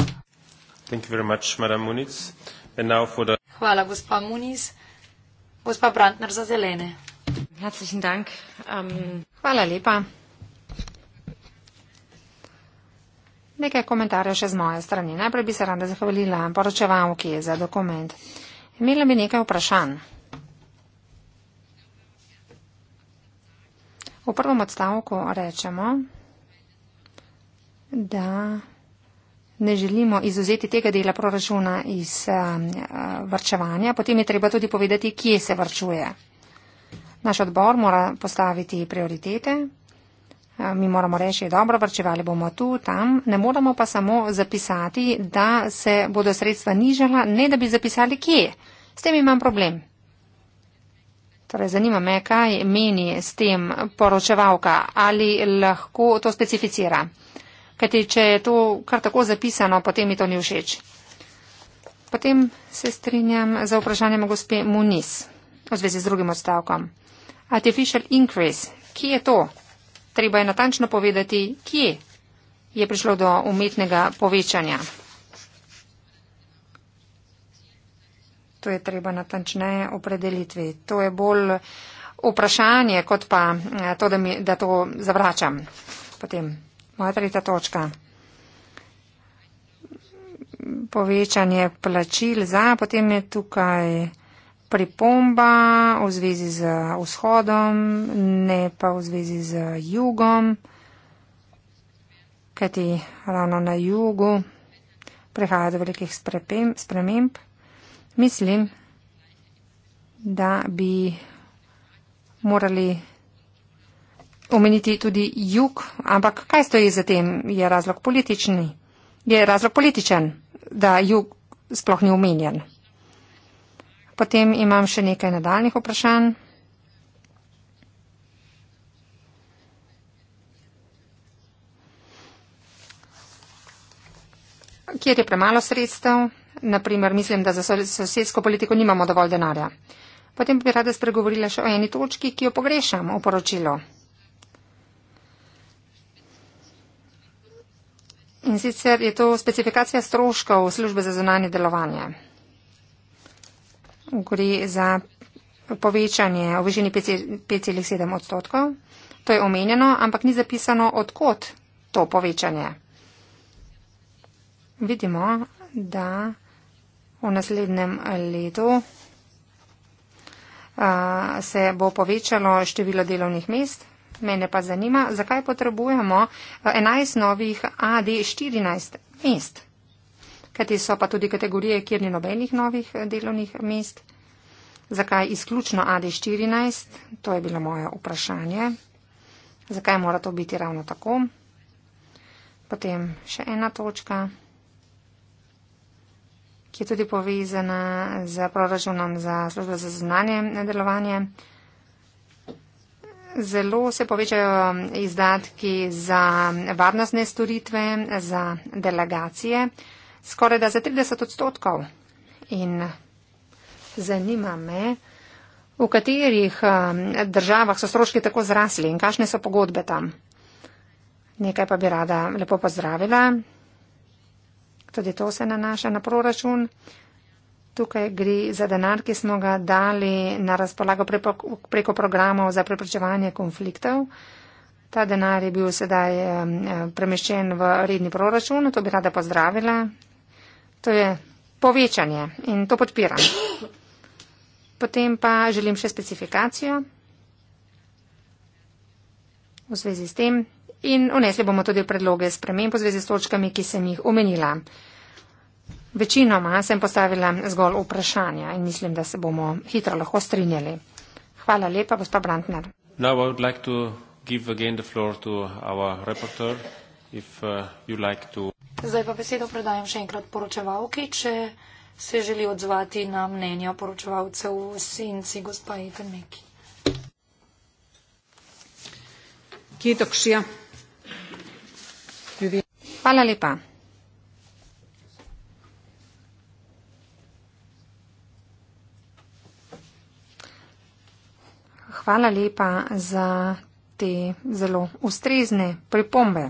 [SPEAKER 3] Hvala, gospa Muniz. Gospa Brantner za zelene. Ähm, hvala lepa.
[SPEAKER 1] Nekaj komentarjev še z moje strani. Najprej bi se rada zahvalila poročevalki za dokument. Imela bi nekaj vprašanj. V prvem odstavku rečemo, da ne želimo izuzeti tega dela proračuna iz um, uh, vrčevanja, potem je treba tudi povedati, kje se vrčuje. Naš odbor mora postaviti prioritete. Uh, mi moramo reči, da je dobro, vrčevali bomo tu, tam. Ne moramo pa samo zapisati, da se bodo sredstva nižala, ne da bi zapisali, kje. S tem imam problem. Torej, zanima me, kaj meni s tem poročevalka, ali lahko to specificira kajti če je to kar tako zapisano, potem mi to ni všeč. Potem se strinjam za vprašanje gospe Muniz v zvezi z drugim odstavkom. Artificial increase, kje je to? Treba je natančno povedati, kje je prišlo do umetnega povečanja. To je treba natančneje opredelitvi. To je bolj vprašanje, kot pa eh, to, da, mi, da to zavračam. Potem Moja tretja točka. Povečanje plačil za, potem je tukaj pripomba v zvezi z vzhodom, ne pa v zvezi z jugom, kajti ravno na jugu prehaja do velikih sprememb. Mislim, da bi morali omeniti tudi jug, ampak kaj stoji za tem? Je razlog, je razlog političen, da jug sploh ni omenjen. Potem imam še nekaj nadaljnih vprašanj. Kjer je premalo sredstev? Naprimer, mislim, da za sosedsko politiko nimamo dovolj denarja. Potem bi rada spregovorila še o eni točki, ki jo pogrešam v poročilu. In sicer je to specifikacija stroškov službe za zunanje delovanje. Gori za povečanje v višini 5,7 odstotkov. To je omenjeno, ampak ni zapisano, odkot to povečanje. Vidimo, da v naslednjem letu a, se bo povečalo število delovnih mest Mene pa zanima, zakaj potrebujemo 11 eh, novih AD 14 mest, kajti so pa tudi kategorije, kjer ni nobenih novih eh, delovnih mest. Zakaj izključno AD 14? To je bilo moje vprašanje. Zakaj mora to biti ravno tako? Potem še ena točka, ki je tudi povezana z proračunom za službo za znanje nedelovanje. delovanje zelo se povečajo um, izdatki za varnostne storitve, za delegacije, skoraj da za 30 odstotkov. In zanima me, v katerih um, državah so stroški tako zrasli in kakšne so pogodbe tam. Nekaj pa bi rada lepo pozdravila. Tudi to se nanaša na proračun. Tukaj gre za denar, ki smo ga dali na razpolago preko, preko programov za preprečevanje konfliktov. Ta denar je bil sedaj premeščen v redni proračun, to bi rada pozdravila. To je povečanje in to podpiram. Potem pa želim še specifikacijo v zvezi s tem in unesli bomo tudi predloge sprememb v zvezi s točkami, ki sem jih omenila. Večinoma sem postavila zgolj vprašanja in mislim, da se bomo hitro lahko strinjali. Hvala lepa, gospod Brantner.
[SPEAKER 2] Uh, Zdaj pa
[SPEAKER 3] besedo predajam še enkrat poročevalki, če se želi odzvati na mnenja poročevalcev v senci, gospa Ekenmeki.
[SPEAKER 1] Hvala lepa. hvala lepa za te zelo ustrezne pripombe.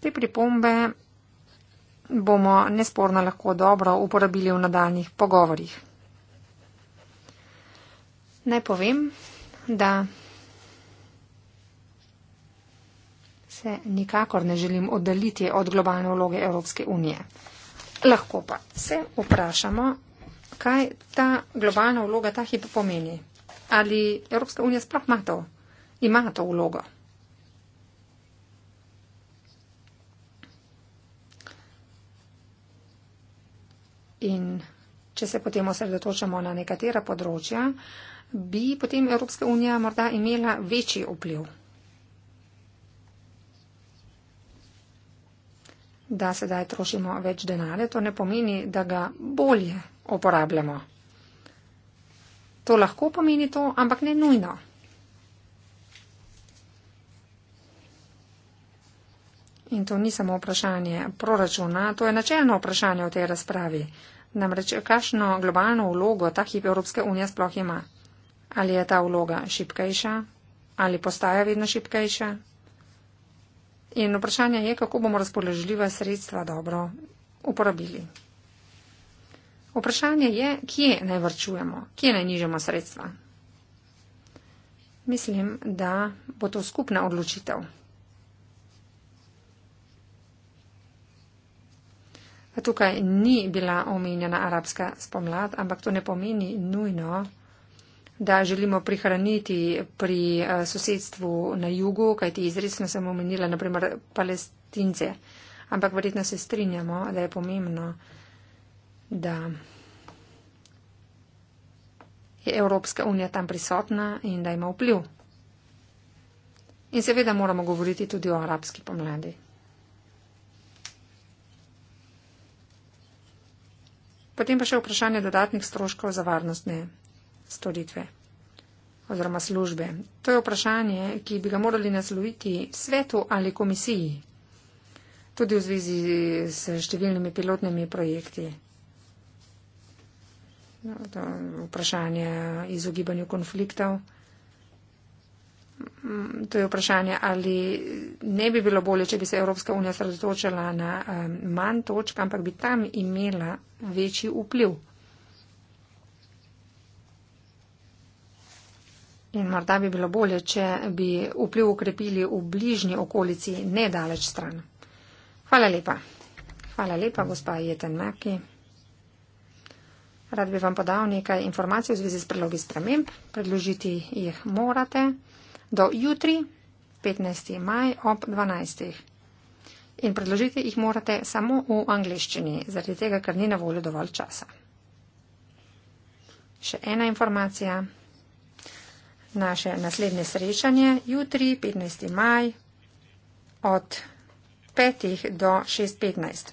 [SPEAKER 1] Te pripombe bomo nesporno lahko dobro uporabili v nadaljnih pogovorjih. Naj povem, da se nikakor ne želim oddaliti od globalne vloge Evropske unije. Lahko pa se vprašamo, kaj ta globalna vloga ta hip pomeni. Ali Evropska unija sploh ima to, ima to vlogo? In če se potem osredotočamo na nekatera področja, bi potem Evropska unija morda imela večji vpliv. da sedaj trošimo več denarja, to ne pomeni, da ga bolje uporabljamo. To lahko pomeni to, ampak ne nujno. In to ni samo vprašanje proračuna, to je načelno vprašanje v tej razpravi. Namreč, kakšno globalno vlogo ta hip Evropske unije sploh ima? Ali je ta vloga šipkejša? Ali postaja vedno šipkejša? In vprašanje je, kako bomo razpoložljiva sredstva dobro uporabili. Vprašanje je, kje naj vrčujemo, kje naj nižemo sredstva. Mislim, da bo to skupna odločitev. Tukaj ni bila omenjena arabska spomlad, ampak to ne pomeni nujno, da želimo prihraniti pri eh, sosedstvu na jugu, kajti izredno sem omenila naprimer palestince. Ampak verjetno se strinjamo, da je pomembno, da je Evropska unija tam prisotna in da ima vpliv. In seveda moramo govoriti tudi o arabski pomladi. Potem pa še vprašanje dodatnih stroškov za varnostne storitve oziroma službe. To je vprašanje, ki bi ga morali nasloviti svetu ali komisiji, tudi v zvezi s številnimi pilotnimi projekti. No, to vprašanje izogibanju konfliktov. Mm, to je vprašanje, ali ne bi bilo bolje, če bi se Evropska unija sredotočila na eh, manj točk, ampak bi tam imela večji vpliv. In morda bi bilo bolje, če bi vpliv ukrepili v bližnji okolici, ne daleč stran. Hvala lepa. Hvala lepa, gospa Jeten Maki. Rad bi vam podal nekaj informacij v zvezi s predlogi sprememb. Predložiti jih morate do jutri, 15. maj ob 12. In predložiti jih morate samo v angliščini, zaradi tega, ker ni na voljo dovolj časa. Še ena informacija naše naslednje srečanje jutri, 15. maj, od 5. do 6.15.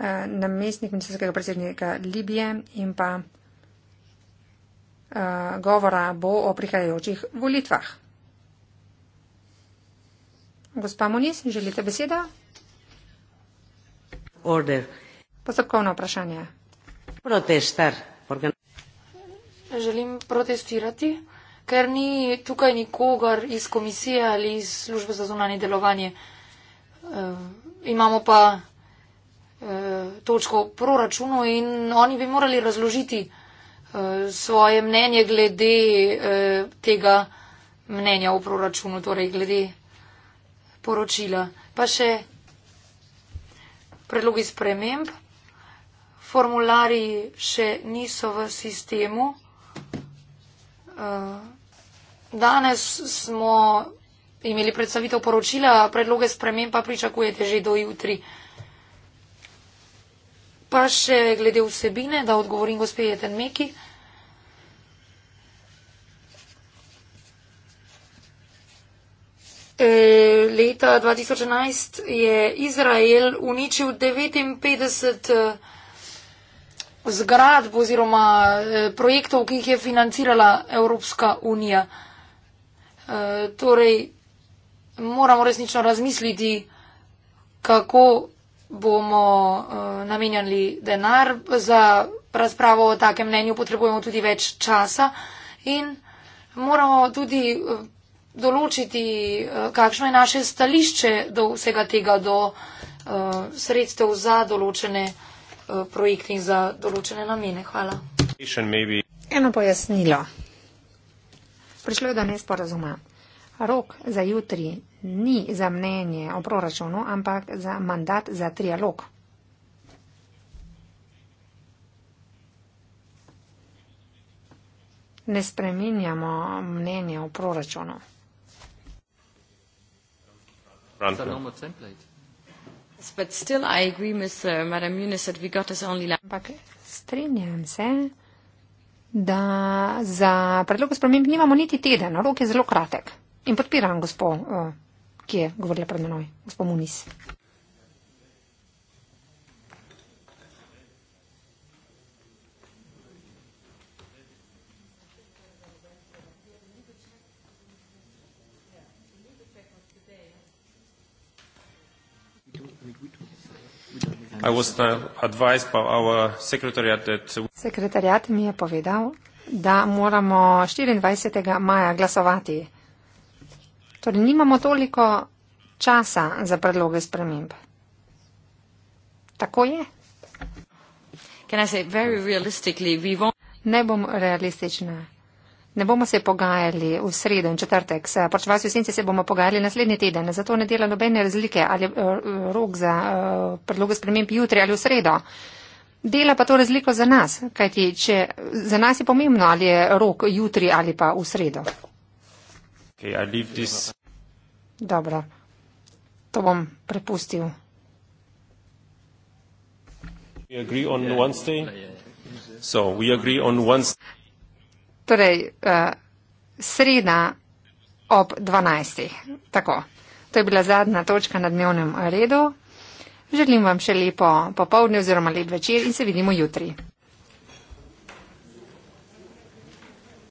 [SPEAKER 1] Eh, namestnik ministrskega predsednika Libije in pa eh, govora bo o prihajajočih volitvah. Gospa Moniz, želite besedo? Order. Postopkovno vprašanje. Protestar.
[SPEAKER 3] Želim protestirati ker ni tukaj nikogar iz komisije ali iz službe za zunanje delovanje. Uh, imamo pa uh, točko proračunu in oni bi morali razložiti uh, svoje mnenje glede uh, tega mnenja o proračunu, torej glede poročila. Pa še predlogi sprememb. Formulari še niso v sistemu. Uh, Danes smo imeli predstavitev poročila, predloge spremem pa pričakujete že do jutri. Pa še glede vsebine, da odgovorim gospeje Tenmeki. E, leta 2011 je Izrael uničil 59 e, zgradb oziroma e, projektov, ki jih je financirala Evropska unija. Eh, torej, moramo resnično razmisliti, kako bomo uh, namenjali denar. Za razpravo o takem mnenju potrebujemo tudi več časa in moramo tudi uh, določiti, uh, kakšno je naše stališče do vsega tega, do uh, sredstev za določene uh, projekte in za določene namene. Hvala.
[SPEAKER 1] Eno pojasnilo prišlo je do nesporazuma. Rok za jutri ni za mnenje o proračunu, ampak za mandat za trialog. Ne spreminjamo mnenje o proračunu. Ampak strinjam se, da za predlog sprememb nimamo niti teden, rok je zelo kratek. In podpiram gospod, eh, ki je govorila pred menoj, gospod Munis.
[SPEAKER 3] I
[SPEAKER 2] was advised by our secretariat that
[SPEAKER 1] Sekretariat mi je povedal, da moramo 24. maja glasovati. Torej nimamo toliko časa za predloge sprememb. Tako je.
[SPEAKER 3] Can I say very realistically, we won't
[SPEAKER 1] Ne bom realistična ne bomo se pogajali v sredo in četrtek, pač vas v senci se bomo pogajali naslednji teden, zato ne dela nobene razlike ali eh, rok za eh, predlog sprememb jutri ali v sredo. Dela pa to razliko za nas, kajti če, za nas je pomembno, ali je rok jutri ali pa v sredo.
[SPEAKER 2] Okay, this...
[SPEAKER 1] Dobro, to bom prepustil.
[SPEAKER 2] We agree on Wednesday. So we agree on Wednesday.
[SPEAKER 1] Torej, uh, sreda ob 12. Tako. To je bila zadnja točka na dnevnem redu. Želim vam še lepo popovdne oziroma lep večer in se vidimo jutri.